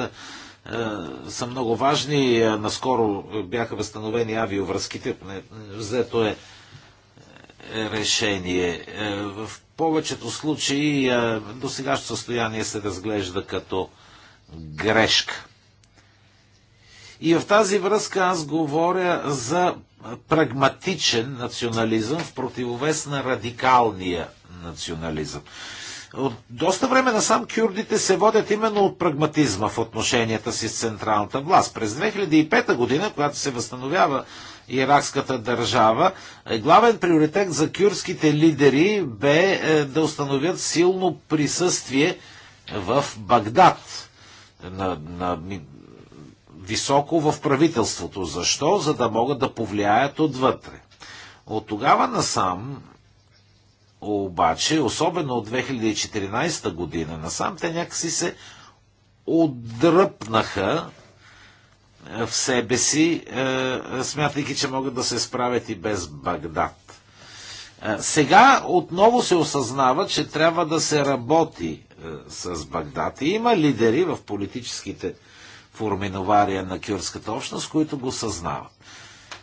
са много важни. Наскоро бяха възстановени авиовръзките. Взето е решение. В повечето случаи до сегашното състояние се разглежда като грешка. И в тази връзка аз говоря за прагматичен национализъм в противовес на радикалния национализъм. От доста време насам кюрдите се водят именно от прагматизма в отношенията си с централната власт. През 2005 година, когато се възстановява иракската държава, е главен приоритет за кюрдските лидери бе е, да установят силно присъствие в Багдад на, на високо в правителството. Защо? За да могат да повлияят отвътре. От тогава насам, обаче, особено от 2014 година насам, те някакси се отдръпнаха е, в себе си, е, е, смятайки, че могат да се справят и без Багдад. Сега отново се осъзнава, че трябва да се работи с Багдад. И има лидери в политическите форминовария на кюрската общност, които го съзнават.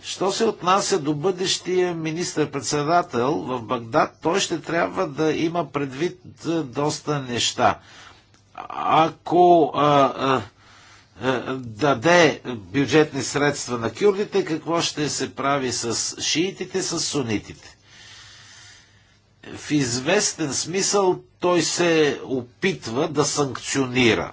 Що се отнася до бъдещия министър-председател в Багдад, той ще трябва да има предвид доста неща. Ако а, а, а, даде бюджетни средства на кюрдите, какво ще се прави с шиитите, с сунитите? В известен смисъл той се опитва да санкционира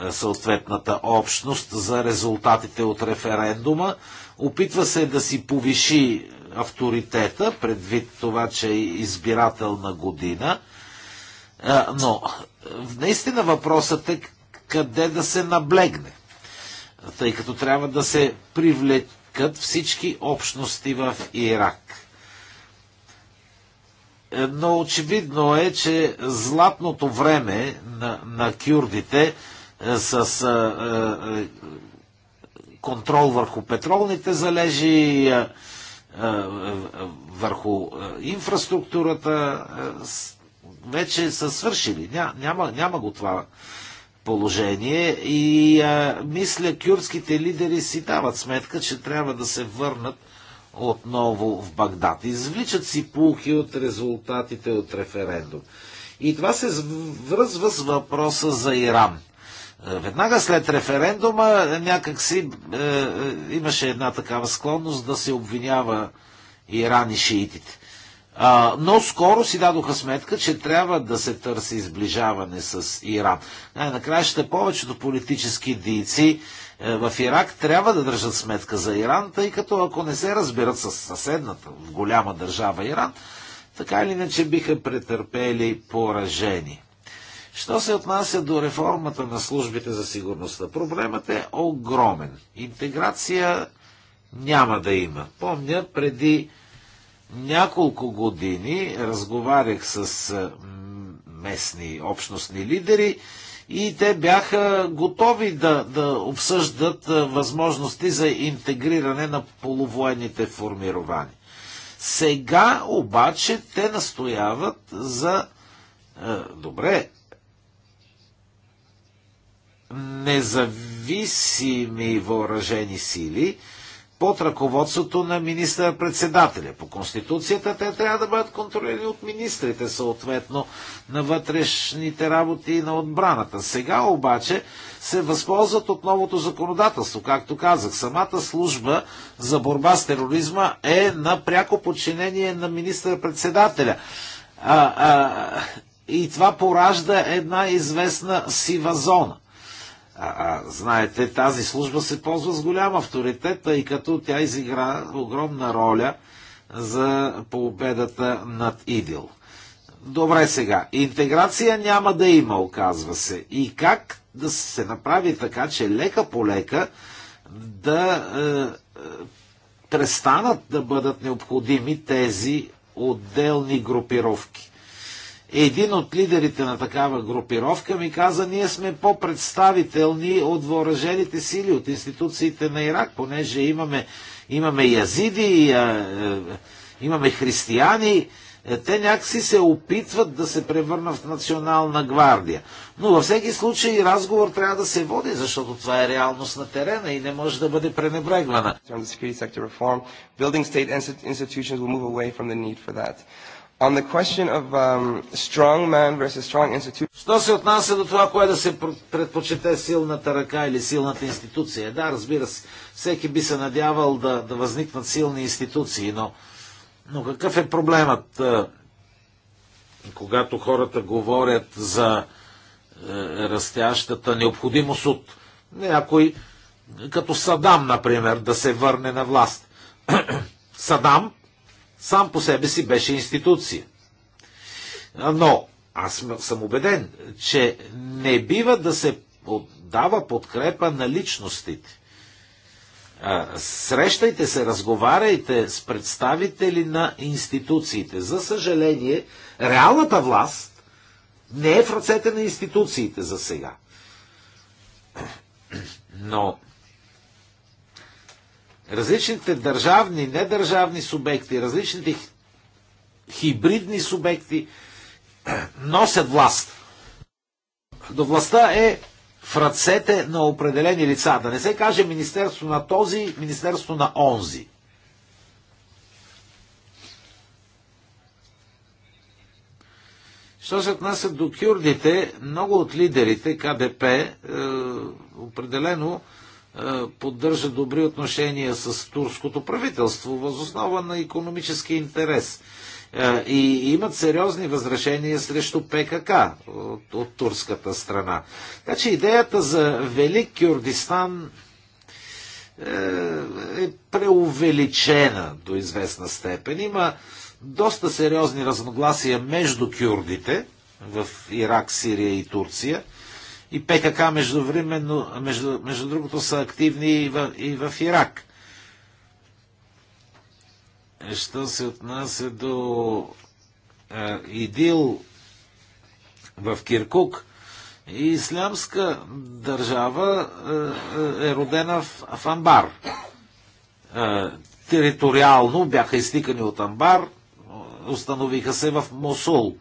е, съответната общност за резултатите от референдума. Опитва се да си повиши авторитета, предвид това, че е избирателна година. Е, но наистина въпросът е къде да се наблегне, тъй като трябва да се привлекат всички общности в Ирак. Е, но очевидно е, че златното време на, на кюрдите с контрол върху петролните залежи, върху инфраструктурата, вече са свършили. Няма, няма го това положение и а, мисля, кюрдските лидери си дават сметка, че трябва да се върнат отново в Багдад. Извличат си пулки от резултатите от референдум. И това се връзва с въпроса за Иран веднага след референдума е, някакси си е, е, имаше една такава склонност да се обвинява Иран и шиитите. но скоро си дадоха сметка, че трябва да се търси изближаване с Иран. Най-накрая ще повечето политически дийци в Ирак трябва да държат сметка за Иран, тъй като ако не се разберат с съседната голяма държава Иран, така или иначе биха претърпели поражение. Що се отнася до реформата на службите за сигурността? Проблемът е огромен. Интеграция няма да има. Помня, преди няколко години разговарях с местни общностни лидери и те бяха готови да, да обсъждат възможности за интегриране на полувоенните формирования. Сега обаче те настояват за добре независими въоръжени сили под ръководството на министър-председателя. По Конституцията те трябва да бъдат контролирани от министрите, съответно, на вътрешните работи и на отбраната. Сега обаче се възползват от новото законодателство. Както казах, самата служба за борба с тероризма е на пряко подчинение на министър-председателя. А, а, и това поражда една известна сива зона. А, а, знаете, тази служба се ползва с голям авторитет, тъй като тя изигра огромна роля за победата над Идил. Добре сега, интеграция няма да има, оказва се. И как да се направи така, че лека по лека да е, е, престанат да бъдат необходими тези отделни групировки един от лидерите на такава групировка ми каза, ние сме по-представителни от въоръжените сили, от институциите на Ирак, понеже имаме, имаме язиди, имаме християни, е, те някакси се опитват да се превърнат в национална гвардия. Но във всеки случай разговор трябва да се води, защото това е реалност на терена и не може да бъде пренебрегвана. On the question of um, strong man versus strong institution. Що се отнася до това, кое да се предпочете силната ръка или силната институция? Да, разбира се, всеки би се надявал да, да възникнат силни институции, но, но какъв е проблемът, е, когато хората говорят за е, растящата необходимост от някой, като Садам, например, да се върне на власт? *clears throat* Садам сам по себе си беше институция. Но аз съм убеден, че не бива да се дава подкрепа на личностите. Срещайте се, разговаряйте с представители на институциите. За съжаление, реалната власт не е в ръцете на институциите за сега. Но различните държавни, недържавни субекти, различните хибридни субекти *clears throat* носят власт. До властта е в ръцете на определени лица. Да не се каже Министерство на този, Министерство на онзи. Що се отнася до кюрдите, много от лидерите КДП е, определено е, е, поддържа добри отношения с турското правителство, възоснова на економически интерес. Е, и имат сериозни възражения срещу ПКК от, от турската страна. Така че идеята за Велик Кюрдистан е, е преувеличена до известна степен. Има доста сериозни разногласия между кюрдите в Ирак, Сирия и Турция и ПКК междувременно, между, между другото са активни и в, и в Ирак. Що се отнася до а, е, ИДИЛ в Киркук, Ислямска държава е, е, е родена в, в Амбар. А, е, териториално бяха изтикани от Амбар, установиха се в Мосул.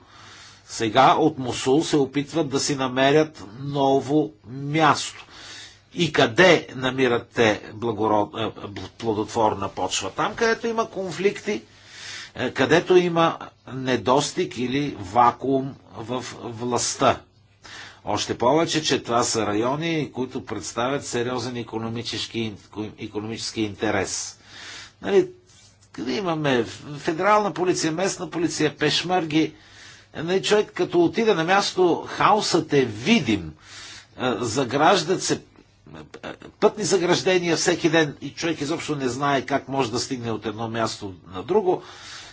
Сега от Мусул се опитват да си намерят ново място. И къде намират те благород... Е, плодотворна почва? Там, където има конфликти, е, където има недостиг или вакуум в властта. Още повече, че това са райони, които представят сериозен економически, економически интерес. Нали, къде имаме федерална полиция, местна полиция, пешмърги, човек като отиде на място, хаосът е видим. Е, заграждат се е, е, пътни заграждения всеки ден и човек изобщо не знае как може да стигне от едно място на друго.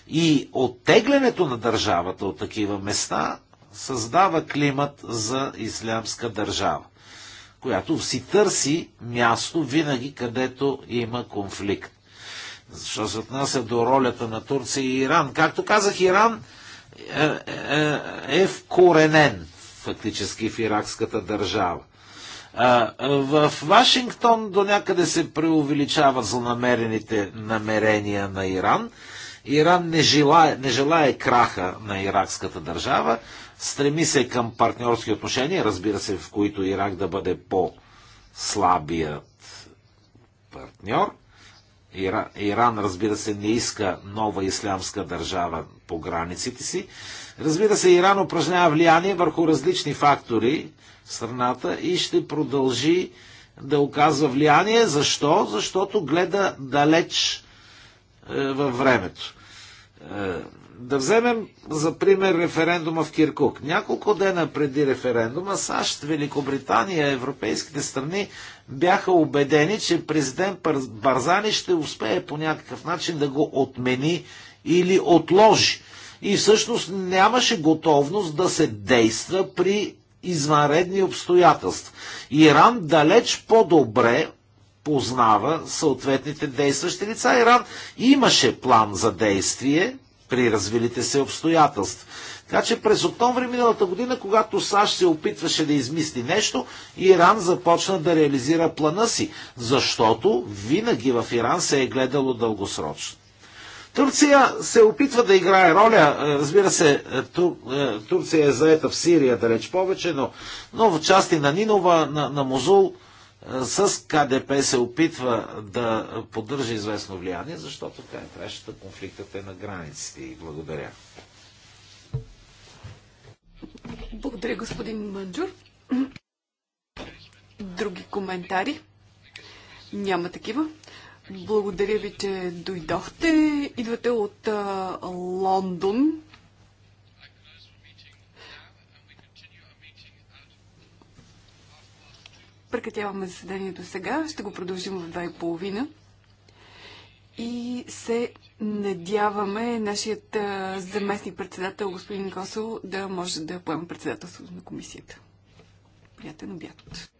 И оттеглянето на държавата от такива места създава климат за ислямска държава, която си търси място винаги, където има конфликт. Защо се отнася до ролята на Турция и Иран. Както казах, Иран е, е, е вкоренен фактически в иракската държава. В Вашингтон до някъде се преувеличават злонамерените намерения на Иран. Иран не желая не желая краха на иракската държава, стреми се към партньорски отношения, разбира се, в които Ирак да бъде по-слабият партньор. Иран, Иран, разбира се, не иска нова ислямска държава по границите си. Разбира се, Иран упражнява влияние върху различни фактори в страната и ще продължи да оказва влияние. Защо? Защото гледа далеч е, във времето. Е, да вземем за пример референдума в Киркук. Няколко дена преди референдума САЩ, Великобритания, европейските страни бяха убедени, че президент Барзани ще успее по някакъв начин да го отмени или отложи. И всъщност нямаше готовност да се действа при извънредни обстоятелства. Иран далеч по-добре познава съответните действащи лица. Иран имаше план за действие при развилите се обстоятелства. Така че през октомври миналата година, когато САЩ се опитваше да измисли нещо, Иран започна да реализира плана си, защото винаги в Иран се е гледало дългосрочно. Турция се опитва да играе роля. Е, разбира се, е, е, Турция е заета в Сирия далеч повече, но, но в части на Нинова, на, на Мозул, с КДП се опитва да поддържа известно влияние, защото така е конфликтът е на границите. И благодаря. Благодаря, господин Манджур. Други коментари? Няма такива. Благодаря ви, че дойдохте. Идвате от а, Лондон. Прекратяваме заседанието сега. Ще го продължим в 2.30. И, и се надяваме нашият заместник председател господин Косо да може да поема председателството на комисията. Приятен обяд!